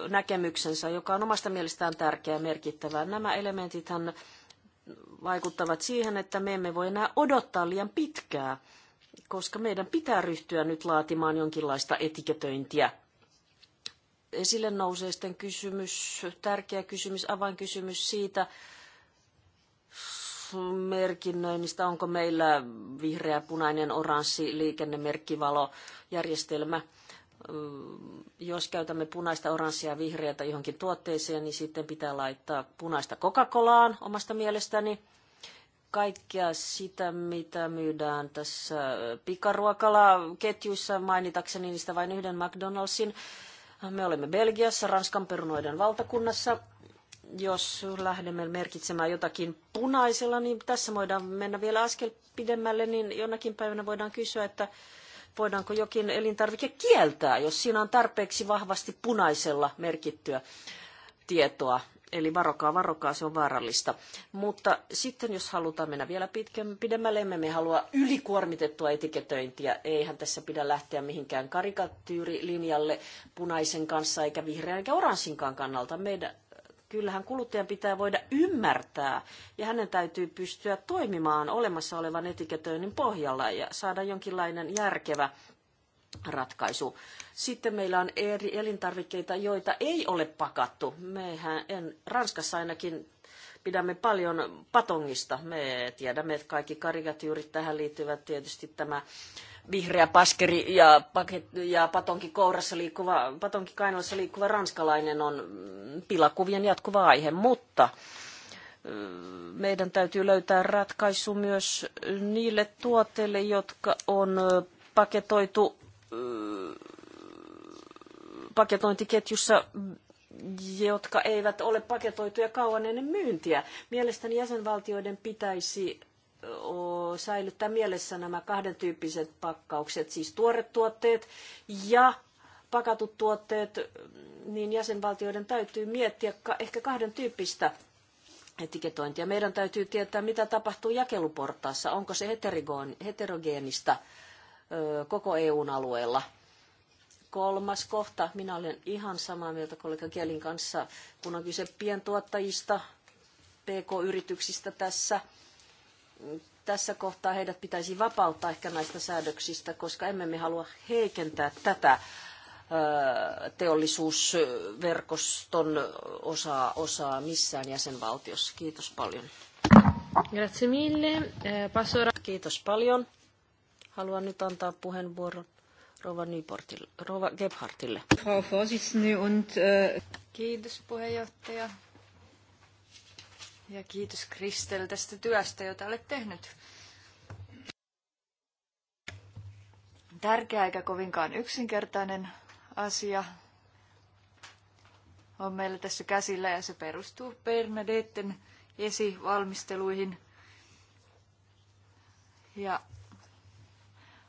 Speaker 3: näkemyksensä, joka on omasta mielestään tärkeä ja merkittävää. Nämä elementithän vaikuttavat siihen, että me emme voi enää odottaa liian pitkää koska meidän pitää ryhtyä nyt laatimaan jonkinlaista etiketöintiä. Esille nousee sitten kysymys, tärkeä kysymys, avainkysymys siitä merkinnöinnistä, onko meillä vihreä, punainen, oranssi liikennemerkkivalojärjestelmä jos käytämme punaista, oranssia ja vihreätä johonkin tuotteeseen, niin sitten pitää laittaa punaista Coca-Colaan omasta mielestäni kaikkea sitä, mitä myydään tässä pikaruokalaketjuissa, mainitakseni niistä vain yhden McDonaldsin. Me olemme Belgiassa, Ranskan perunoiden valtakunnassa. Jos lähdemme merkitsemään jotakin punaisella, niin tässä voidaan mennä vielä askel pidemmälle, niin jonakin päivänä voidaan kysyä, että voidaanko jokin elintarvike kieltää, jos siinä on tarpeeksi vahvasti punaisella merkittyä tietoa Eli varokaa, varokaa, se on vaarallista. Mutta sitten jos halutaan mennä vielä pitkän, pidemmälle, emme me halua ylikuormitettua etiketöintiä. Eihän tässä pidä lähteä mihinkään karikatyyrilinjalle punaisen kanssa eikä vihreän eikä oranssinkaan kannalta. Meidän, kyllähän kuluttajan pitää voida ymmärtää ja hänen täytyy pystyä toimimaan olemassa olevan etiketöinnin pohjalla ja saada jonkinlainen järkevä ratkaisu. Sitten meillä on eri elintarvikkeita, joita ei ole pakattu. Mehän en, Ranskassa ainakin pidämme paljon patongista. Me tiedämme, että kaikki karikatyyrit tähän liittyvät tietysti tämä vihreä paskeri ja, paket, ja patonki kourassa liikkuva, patonki kainalassa liikkuva ranskalainen on pilakuvien jatkuva aihe, mutta meidän täytyy löytää ratkaisu myös niille tuotteille, jotka on paketoitu Äh, paketointiketjussa, jotka eivät ole paketoituja kauan ennen myyntiä. Mielestäni jäsenvaltioiden pitäisi säilyttää mielessä nämä kahden tyyppiset pakkaukset, siis tuoret tuotteet ja pakatut tuotteet, niin jäsenvaltioiden täytyy miettiä ehkä kahden tyyppistä etiketointia. Meidän täytyy tietää, mitä tapahtuu jakeluportaassa, onko se heterogeenista koko EUn alueella. Kolmas kohta. Minä olen ihan samaa mieltä kollega Kielin kanssa, kun on kyse pientuottajista, PK-yrityksistä tässä. Tässä kohtaa heidät pitäisi vapauttaa ehkä näistä säädöksistä, koska emme me halua heikentää tätä teollisuusverkoston osaa, osaa missään jäsenvaltiossa. Kiitos paljon. Grazie mille. Eh, Passora. Kiitos paljon. Haluan nyt antaa puheenvuoron Rova, Rova Gebhardtille. Frau äh,
Speaker 2: Kiitos puheenjohtaja. Ja kiitos Kristel tästä työstä, jota olet tehnyt. Tärkeä eikä kovinkaan yksinkertainen asia on meillä tässä käsillä ja se perustuu Bernadetten esivalmisteluihin. Ja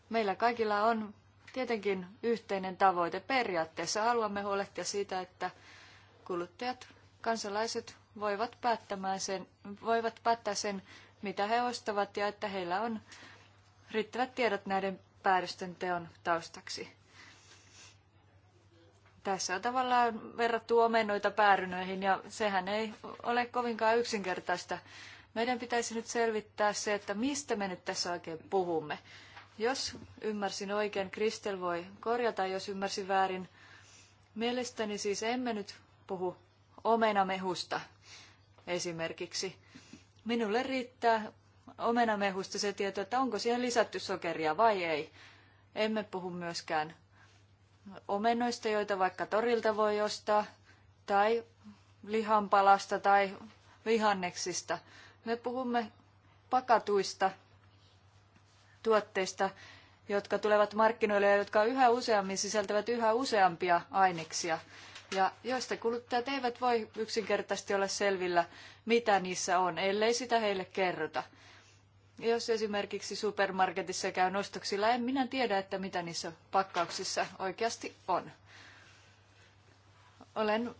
Speaker 2: Meillä kaikilla on tietenkin yhteinen tavoite. Periaatteessa haluamme huolehtia siitä, että kuluttajat, kansalaiset voivat, päättämään sen, voivat päättää sen, mitä he ostavat ja että heillä on riittävät tiedot näiden päätösten teon taustaksi. Tässä on tavallaan verrattu omenoita päärynöihin ja sehän ei ole kovinkaan yksinkertaista. Meidän pitäisi nyt selvittää se, että mistä me nyt tässä oikein puhumme. Jos ymmärsin oikein, Kristel voi korjata, jos ymmärsin väärin. Mielestäni siis emme nyt puhu omenamehusta esimerkiksi. Minulle riittää omenamehusta se tieto, että onko siihen lisätty sokeria vai ei. Emme puhu myöskään omenoista, joita vaikka torilta voi ostaa, tai lihanpalasta tai vihanneksista. Me puhumme pakatuista tuotteista, jotka tulevat markkinoille ja jotka yhä useammin sisältävät yhä useampia aineksia. Ja joista kuluttajat eivät voi yksinkertaisesti olla selvillä, mitä niissä on, ellei sitä heille kerrota. Jos esimerkiksi supermarketissa käyn ostoksilla, en minä tiedä, että mitä niissä pakkauksissa oikeasti on. Olen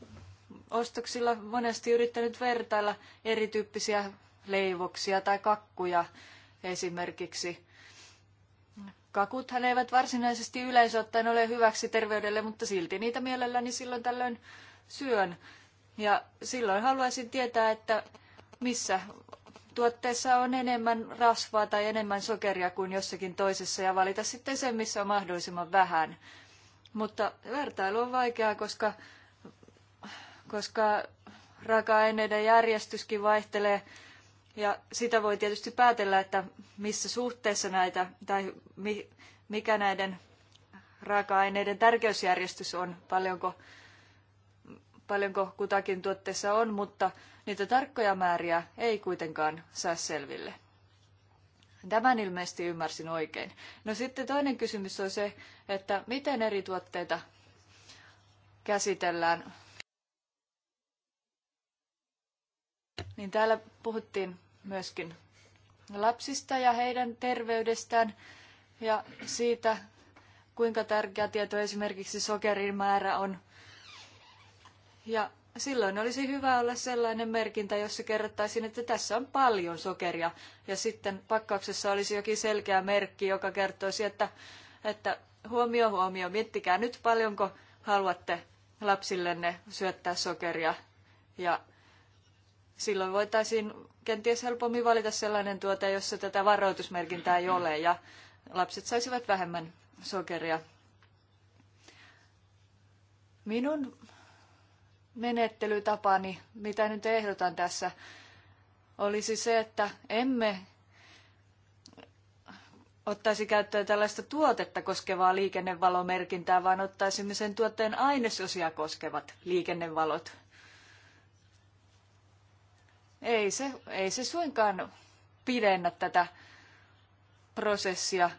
Speaker 2: ostoksilla monesti yrittänyt vertailla erityyppisiä leivoksia tai kakkuja esimerkiksi – Kakuthan eivät varsinaisesti yleensä ottaen ole hyväksi terveydelle, mutta silti niitä mielelläni silloin tällöin syön. Ja silloin haluaisin tietää, että missä tuotteessa on enemmän rasvaa tai enemmän sokeria kuin jossakin toisessa ja valita sitten sen, missä on mahdollisimman vähän. Mutta vertailu on vaikeaa, koska, koska raaka-aineiden järjestyskin vaihtelee ja sitä voi tietysti päätellä, että missä suhteessa näitä tai mikä näiden raaka-aineiden tärkeysjärjestys on, paljonko, paljonko kutakin tuotteessa on, mutta niitä tarkkoja määriä ei kuitenkaan saa selville. Tämän ilmeisesti ymmärsin oikein. No sitten toinen kysymys on se, että miten eri tuotteita käsitellään niin täällä puhuttiin myöskin lapsista ja heidän terveydestään ja siitä, kuinka tärkeä tieto esimerkiksi sokerin määrä on. Ja silloin olisi hyvä olla sellainen merkintä, jossa kerrottaisiin, että tässä on paljon sokeria. Ja sitten pakkauksessa olisi jokin selkeä merkki, joka kertoisi, että, että huomio, huomio, miettikää nyt paljonko haluatte lapsillenne syöttää sokeria. Ja silloin voitaisiin kenties helpommin valita sellainen tuote, jossa tätä varoitusmerkintää ei ole ja lapset saisivat vähemmän sokeria. Minun menettelytapani, mitä nyt ehdotan tässä, olisi se, että emme ottaisi käyttöön tällaista tuotetta koskevaa liikennevalomerkintää, vaan ottaisimme sen tuotteen ainesosia koskevat liikennevalot ei se, ei se suinkaan pidennä tätä prosessia.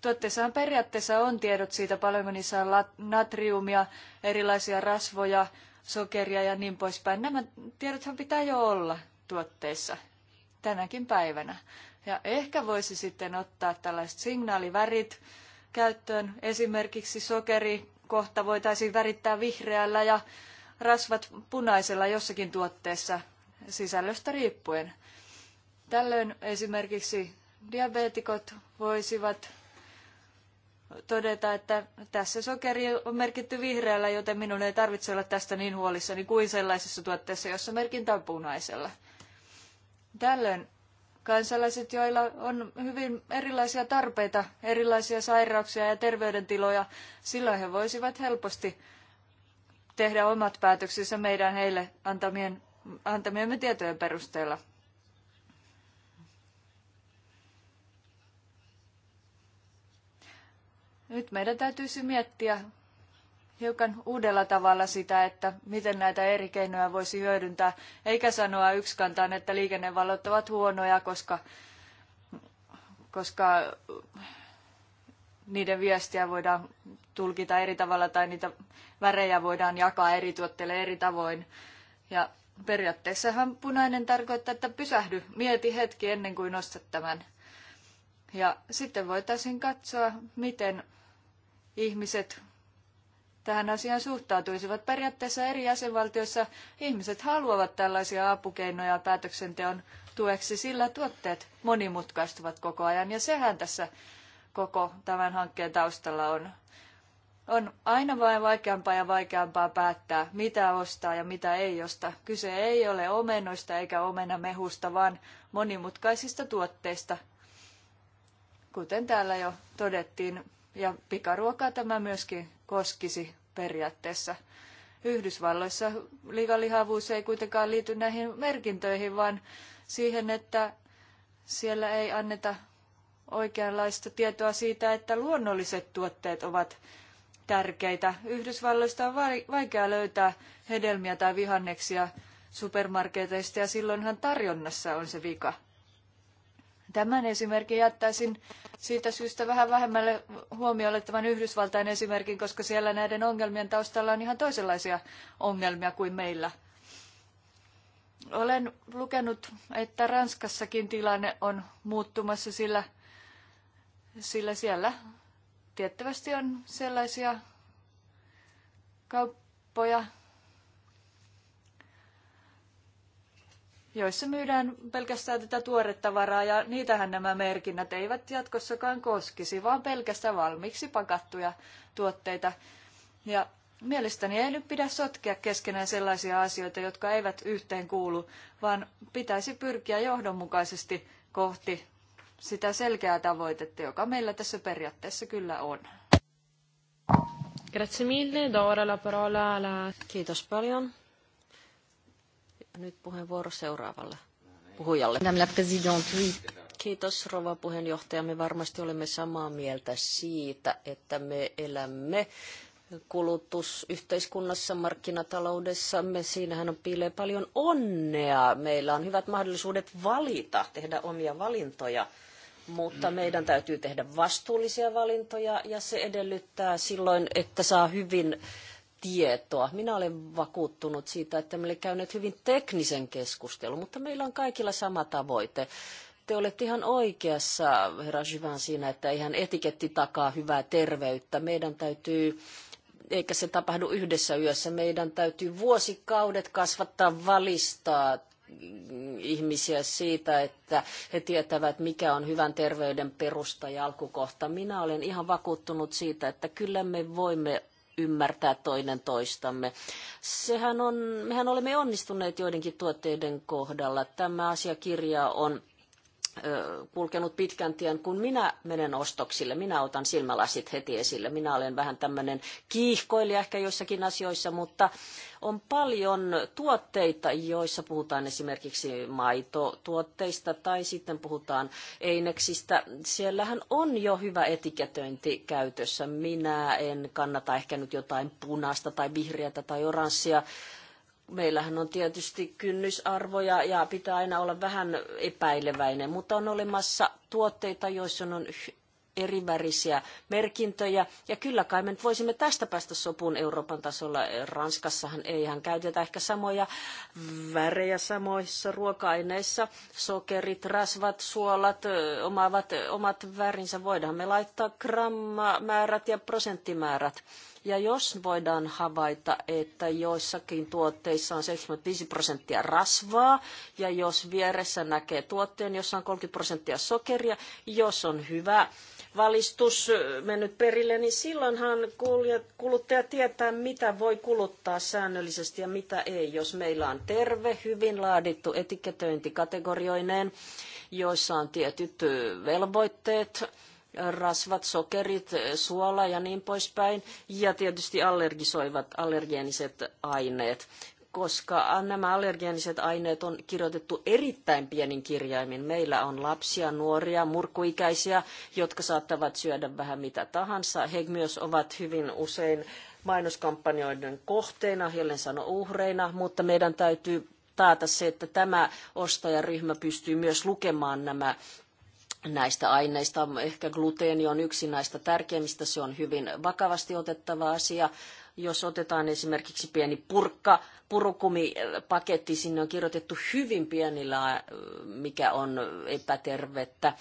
Speaker 2: Tuotteessahan periaatteessa on tiedot siitä, paljonko niissä on natriumia, erilaisia rasvoja, sokeria ja niin poispäin. Nämä tiedothan pitää jo olla tuotteissa tänäkin päivänä. Ja ehkä voisi sitten ottaa tällaiset signaalivärit käyttöön. Esimerkiksi sokeri kohta voitaisiin värittää vihreällä ja rasvat punaisella jossakin tuotteessa sisällöstä riippuen. Tällöin esimerkiksi diabeetikot voisivat todeta, että tässä sokeri on merkitty vihreällä, joten minun ei tarvitse olla tästä niin huolissani kuin sellaisessa tuotteessa, jossa merkintä on punaisella. Tällöin kansalaiset, joilla on hyvin erilaisia tarpeita, erilaisia sairauksia ja terveydentiloja, silloin he voisivat helposti tehdä omat päätöksensä meidän heille antamien, antamiemme tietojen perusteella. Nyt meidän täytyisi miettiä hiukan uudella tavalla sitä, että miten näitä eri keinoja voisi hyödyntää, eikä sanoa yksikantaan, että liikennevalot ovat huonoja, koska, koska niiden viestiä voidaan tulkita eri tavalla tai niitä värejä voidaan jakaa eri tuotteille eri tavoin. Ja periaatteessahan punainen tarkoittaa, että pysähdy, mieti hetki ennen kuin nostat tämän. Ja sitten voitaisiin katsoa, miten ihmiset tähän asiaan suhtautuisivat. Periaatteessa eri jäsenvaltioissa ihmiset haluavat tällaisia apukeinoja päätöksenteon tueksi, sillä tuotteet monimutkaistuvat koko ajan. Ja sehän tässä koko tämän hankkeen taustalla on. On aina vain vaikeampaa ja vaikeampaa päättää, mitä ostaa ja mitä ei osta. Kyse ei ole omenoista eikä omenamehusta, vaan monimutkaisista tuotteista, kuten täällä jo todettiin. Ja pikaruokaa tämä myöskin koskisi periaatteessa. Yhdysvalloissa liikalihavuus ei kuitenkaan liity näihin merkintöihin, vaan siihen, että siellä ei anneta oikeanlaista tietoa siitä, että luonnolliset tuotteet ovat tärkeitä. Yhdysvalloista on vaikea löytää hedelmiä tai vihanneksia supermarketeista ja silloinhan tarjonnassa on se vika. Tämän esimerkin jättäisin siitä syystä vähän vähemmälle huomiolle tämän Yhdysvaltain esimerkin, koska siellä näiden ongelmien taustalla on ihan toisenlaisia ongelmia kuin meillä. Olen lukenut, että Ranskassakin tilanne on muuttumassa, sillä, sillä siellä Tiettävästi on sellaisia kauppoja, joissa myydään pelkästään tätä varaa ja niitähän nämä merkinnät eivät jatkossakaan koskisi, vaan pelkästään valmiiksi pakattuja tuotteita. Ja mielestäni ei nyt pidä sotkea keskenään sellaisia asioita, jotka eivät yhteen kuulu, vaan pitäisi pyrkiä johdonmukaisesti kohti sitä selkeää tavoitetta, joka meillä tässä
Speaker 3: periaatteessa kyllä on. Grazie mille, do ora la parola alla... Kiitos paljon. Nyt puheenvuoro seuraavalle puhujalle. Madame la Présidente, Kiitos rouva puheenjohtaja. Me varmasti olemme samaa mieltä siitä, että me elämme kulutusyhteiskunnassa, markkinataloudessa, me siinähän on piilee paljon onnea. Meillä on hyvät mahdollisuudet valita, tehdä omia valintoja mutta meidän täytyy tehdä vastuullisia valintoja ja se edellyttää silloin, että saa hyvin tietoa. Minä olen vakuuttunut siitä, että meillä käyneet hyvin teknisen keskustelun, mutta meillä on kaikilla sama tavoite. Te olette ihan oikeassa, herra Jyvän, siinä, että ihan etiketti takaa hyvää terveyttä. Meidän täytyy eikä se tapahdu yhdessä yössä. Meidän täytyy vuosikaudet kasvattaa, valistaa, ihmisiä siitä, että he tietävät, mikä on hyvän terveyden perusta ja alkukohta. Minä olen ihan vakuuttunut siitä, että kyllä me voimme ymmärtää toinen toistamme. Sehän on, mehän olemme onnistuneet joidenkin tuotteiden kohdalla. Tämä asiakirja on kulkenut pitkän tien, kun minä menen ostoksille, minä otan silmälasit heti esille. Minä olen vähän tämmöinen kiihkoilija ehkä joissakin asioissa, mutta on paljon tuotteita, joissa puhutaan esimerkiksi maitotuotteista tai sitten puhutaan eineksistä. Siellähän on jo hyvä etiketöinti käytössä. Minä en kannata ehkä nyt jotain punaista tai vihreätä tai oranssia meillähän on tietysti kynnysarvoja ja pitää aina olla vähän epäileväinen, mutta on olemassa tuotteita, joissa on erivärisiä merkintöjä. Ja kyllä kai me nyt voisimme tästä päästä sopuun Euroopan tasolla. Ranskassahan eihän käytetä ehkä samoja värejä samoissa ruoka-aineissa. Sokerit, rasvat, suolat omaavat omat värinsä. Voidaan me laittaa grammamäärät ja prosenttimäärät ja jos voidaan havaita, että joissakin tuotteissa on 75 prosenttia rasvaa, ja jos vieressä näkee tuotteen, jossa on 30 prosenttia sokeria, jos on hyvä valistus mennyt perille, niin silloinhan kuluttaja tietää, mitä voi kuluttaa säännöllisesti ja mitä ei. Jos meillä on terve, hyvin laadittu etiketöinti kategorioineen, joissa on tietyt velvoitteet, rasvat, sokerit, suola ja niin poispäin. Ja tietysti allergisoivat allergeeniset aineet koska nämä allergeeniset aineet on kirjoitettu erittäin pienin kirjaimin. Meillä on lapsia, nuoria, murkuikäisiä, jotka saattavat syödä vähän mitä tahansa. He myös ovat hyvin usein mainoskampanjoiden kohteina, jälleen sano uhreina, mutta meidän täytyy taata se, että tämä ostajaryhmä pystyy myös lukemaan nämä näistä aineista. Ehkä gluteeni on yksi näistä tärkeimmistä, se on hyvin vakavasti otettava asia. Jos otetaan esimerkiksi pieni purkka, purukumipaketti, sinne on kirjoitettu hyvin pienillä, äh, mikä on epätervettä.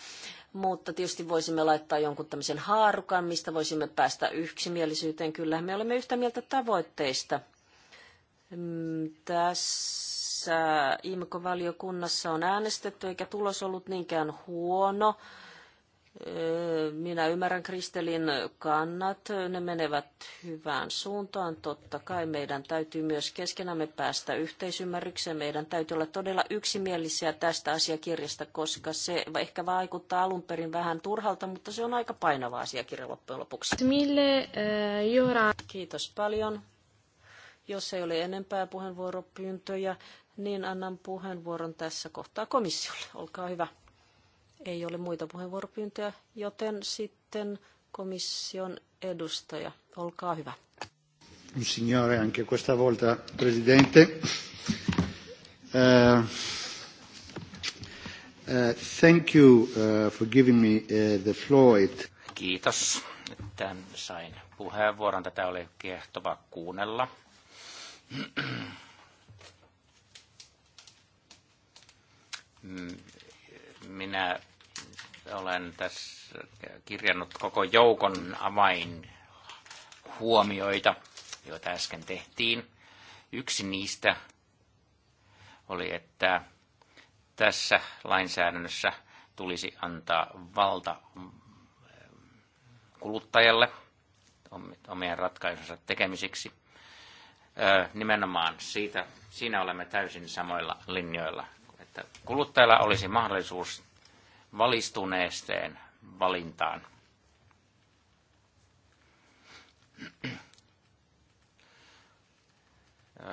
Speaker 3: Mutta tietysti voisimme laittaa jonkun tämmöisen haarukan, mistä voisimme päästä yksimielisyyteen. Kyllähän me olemme yhtä mieltä tavoitteista. Mm, tässä tässä IMCO-valiokunnassa on äänestetty, eikä tulos ollut niinkään huono. Öö, minä ymmärrän Kristelin kannat, ne menevät hyvään suuntaan. Totta kai meidän täytyy myös keskenämme päästä yhteisymmärrykseen. Meidän täytyy olla todella yksimielisiä tästä asiakirjasta, koska se ehkä vaikuttaa alun perin vähän turhalta, mutta se on aika painava asiakirja loppujen lopuksi. Öö, Kiitos paljon. Jos ei ole enempää puheenvuoropyyntöjä, niin annan puheenvuoron tässä kohtaa komissiolle. Olkaa hyvä. Ei ole muita puheenvuoropyyntöjä, joten sitten komission edustaja, olkaa hyvä.
Speaker 1: Signore, anche questa volta presidente. Uh, uh, thank you uh, for giving me uh, the floor. It. Kiitos, että sain puheenvuoron. Tätä oli kiehtova kuunnella. Minä olen tässä kirjannut koko joukon avainhuomioita, joita äsken tehtiin. Yksi niistä oli, että tässä lainsäädännössä tulisi antaa valta kuluttajalle omien ratkaisunsa tekemisiksi. Nimenomaan siitä, siinä olemme täysin samoilla linjoilla että kuluttajalla olisi mahdollisuus valistuneeseen valintaan.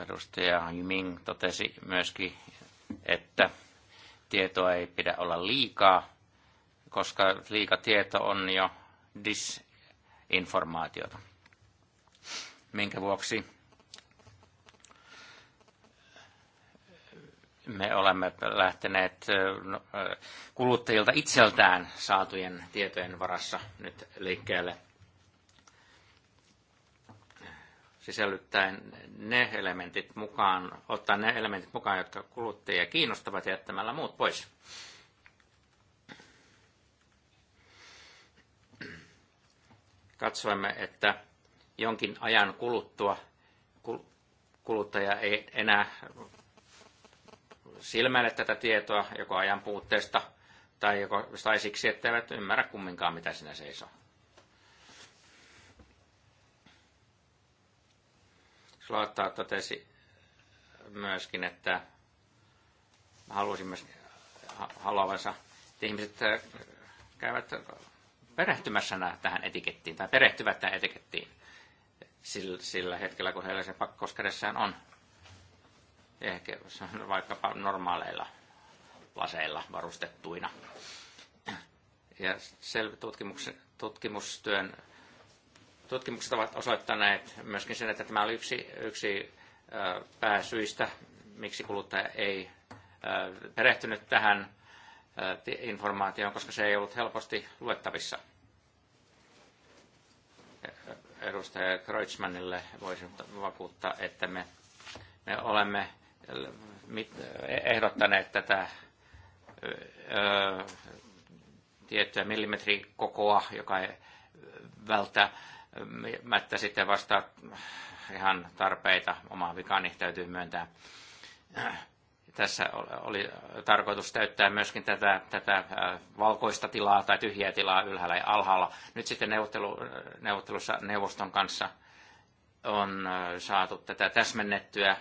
Speaker 1: Edustaja Yming totesi myöskin, että tietoa ei pidä olla liikaa, koska liikatieto on jo disinformaatiota. Minkä vuoksi me olemme lähteneet no, kuluttajilta itseltään saatujen tietojen varassa nyt liikkeelle sisällyttäen ne elementit mukaan, ottaa ne elementit mukaan, jotka kuluttajia kiinnostavat ja jättämällä muut pois. Katsoimme, että jonkin ajan kuluttua kuluttaja ei enää silmäile tätä tietoa joko ajan puutteesta tai, joko, tai siksi, etteivät ymmärrä kumminkaan, mitä siinä seisoo. Slaattaa totesi myöskin, että haluaisin myös haluavansa, että ihmiset äh, käyvät perehtymässä tähän etikettiin tai perehtyvät tähän etikettiin sillä, sillä hetkellä, kun heillä se pakkoskädessään on ehkä vaikkapa normaaleilla laseilla varustettuina. Ja sel- tutkimuksen, tutkimustyön, tutkimukset ovat osoittaneet myöskin sen, että tämä oli yksi, yksi pääsyistä, miksi kuluttaja ei perehtynyt tähän informaatioon, koska se ei ollut helposti luettavissa. Edustaja Kreutzmannille voisin vakuuttaa, että me, me olemme ehdottaneet tätä tiettyä millimetrikokoa, joka ei välttämättä sitten vastaa ihan tarpeita. omaa vikani täytyy myöntää. Tässä oli tarkoitus täyttää myöskin tätä, tätä valkoista tilaa tai tyhjää tilaa ylhäällä ja alhaalla. Nyt sitten neuvottelu, neuvottelussa neuvoston kanssa on saatu tätä täsmennettyä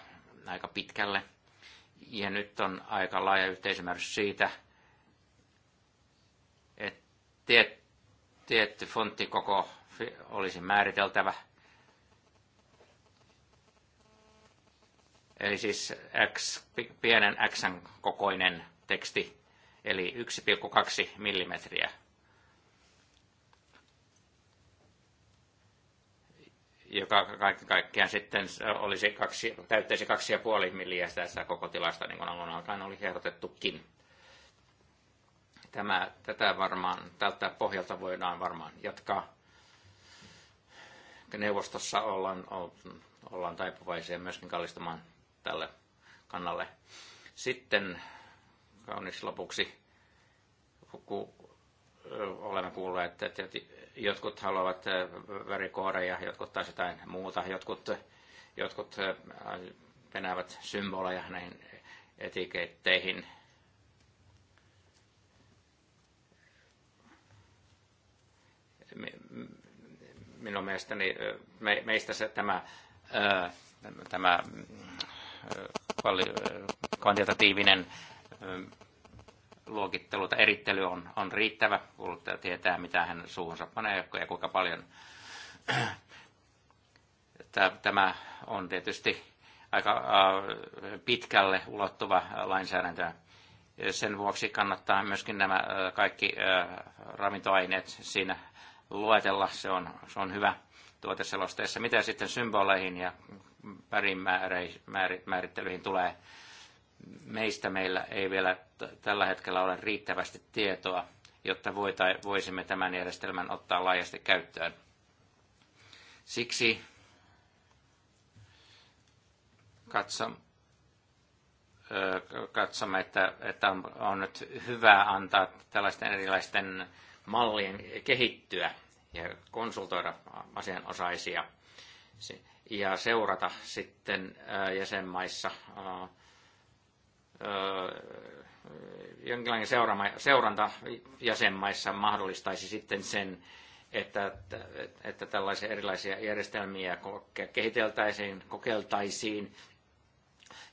Speaker 1: aika pitkälle. Ja nyt on aika laaja yhteisymmärrys siitä, että tiet, tietty fonttikoko olisi määriteltävä. Eli siis X, pienen x kokoinen teksti, eli 1,2 millimetriä. joka kaiken kaikkiaan sitten olisi kaksi, täyttäisi kaksi ja puoli milliä tässä koko tilasta, niin kuin alun alkaen oli ehdotettukin. Tämä, tätä varmaan, tältä pohjalta voidaan varmaan jatkaa. Neuvostossa ollaan, ollaan taipuvaisia myöskin kallistamaan tälle kannalle. Sitten kaunis lopuksi, kun olemme kuulleet, että jotkut haluavat värikoodeja, jotkut taas jotain muuta, jotkut, jotkut penäävät symboleja näihin etiketteihin. Minun mielestäni me, meistä se, tämä, tämä kvantitatiivinen luokittelu tai erittely on, on riittävä. Kuluttaja tietää, mitä hän suuhunsa panee ja kuinka paljon. Tämä on tietysti aika pitkälle ulottuva lainsäädäntö. Sen vuoksi kannattaa myöskin nämä kaikki ravintoaineet siinä luetella. Se on, se on hyvä tuoteselosteessa. Mitä sitten symboleihin ja värimäärittelyihin tulee, meistä meillä ei vielä tällä hetkellä ole riittävästi tietoa, jotta voisimme tämän järjestelmän ottaa laajasti käyttöön. Siksi katsomme, että, että on, on nyt hyvä antaa tällaisten erilaisten mallien kehittyä ja konsultoida asianosaisia ja seurata sitten jäsenmaissa jonkinlainen seurama, seuranta jäsenmaissa mahdollistaisi sitten sen, että, että tällaisia erilaisia järjestelmiä kehiteltäisiin, kokeiltaisiin.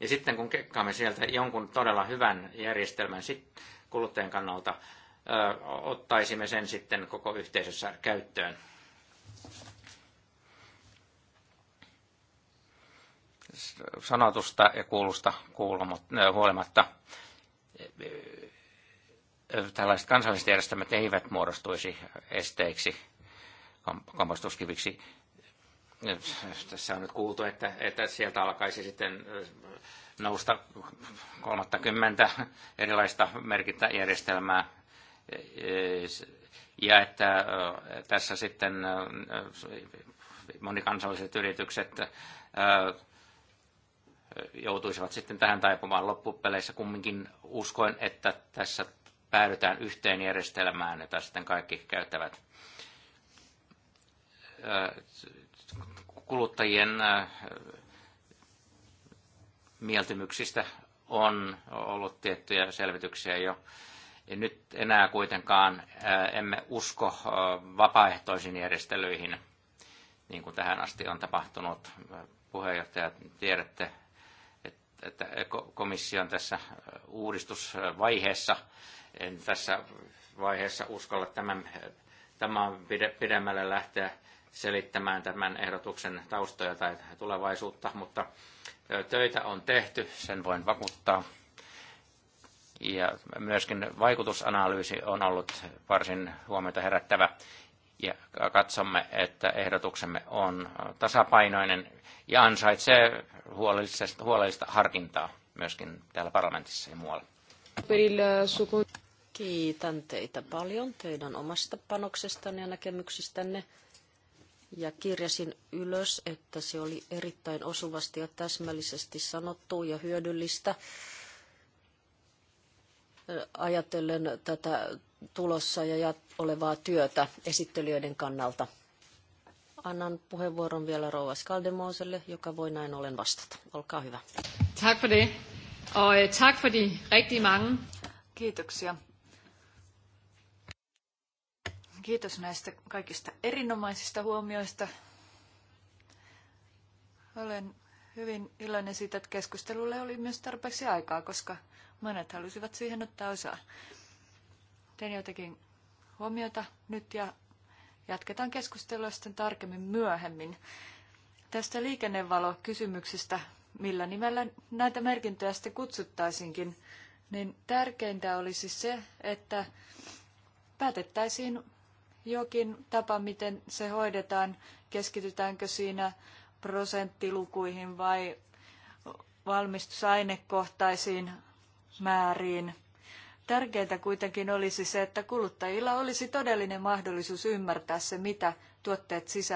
Speaker 1: Ja sitten kun kekkaamme sieltä jonkun todella hyvän järjestelmän sit kuluttajan kannalta, ö, ottaisimme sen sitten koko yhteisössä käyttöön. sanotusta ja kuulusta huolimatta e, e, tällaiset kansalliset järjestelmät eivät muodostuisi esteiksi kompostuskiviksi. E, tässä on nyt kuultu, että, että sieltä alkaisi sitten nousta 30 erilaista merkintäjärjestelmää ja että tässä sitten monikansalliset yritykset joutuisivat sitten tähän taipumaan loppupeleissä. Kumminkin uskoin, että tässä päädytään yhteen järjestelmään, jota sitten kaikki käyttävät kuluttajien mieltymyksistä on ollut tiettyjä selvityksiä jo. Ja nyt enää kuitenkaan emme usko vapaaehtoisiin järjestelyihin, niin kuin tähän asti on tapahtunut. Puheenjohtajat tiedätte että on tässä uudistusvaiheessa, en tässä vaiheessa uskalla tämän, tämän pidemmälle lähteä selittämään tämän ehdotuksen taustoja tai tulevaisuutta, mutta töitä on tehty, sen voin vakuuttaa. Ja myöskin vaikutusanalyysi on ollut varsin huomiota herättävä ja katsomme, että ehdotuksemme on tasapainoinen ja ansaitsee huolellista, huolellista harkintaa myöskin täällä parlamentissa ja muualla.
Speaker 3: Kiitän teitä paljon teidän omasta panoksestanne ja näkemyksistänne. Ja kirjasin ylös, että se oli erittäin osuvasti ja täsmällisesti sanottu ja hyödyllistä ajatellen tätä tulossa ja olevaa työtä esittelijöiden kannalta annan puheenvuoron vielä rouva Skaldemoselle, joka voi näin ollen vastata. Olkaa hyvä.
Speaker 2: Tack för det. Och øh, tack för de riktigt många. Kiitoksia. Kiitos näistä kaikista erinomaisista huomioista. Olen hyvin iloinen siitä, että keskustelulle oli myös tarpeeksi aikaa, koska monet halusivat siihen ottaa osaa. Tein jotakin huomiota nyt ja Jatketaan keskustelua sitten tarkemmin myöhemmin. Tästä liikennevalokysymyksestä, millä nimellä näitä merkintöjä sitten kutsuttaisinkin, niin tärkeintä olisi se, että päätettäisiin jokin tapa, miten se hoidetaan, keskitytäänkö siinä prosenttilukuihin vai valmistusainekohtaisiin määriin – Tärkeintä kuitenkin olisi se, että kuluttajilla olisi todellinen mahdollisuus ymmärtää se, mitä tuotteet sisältävät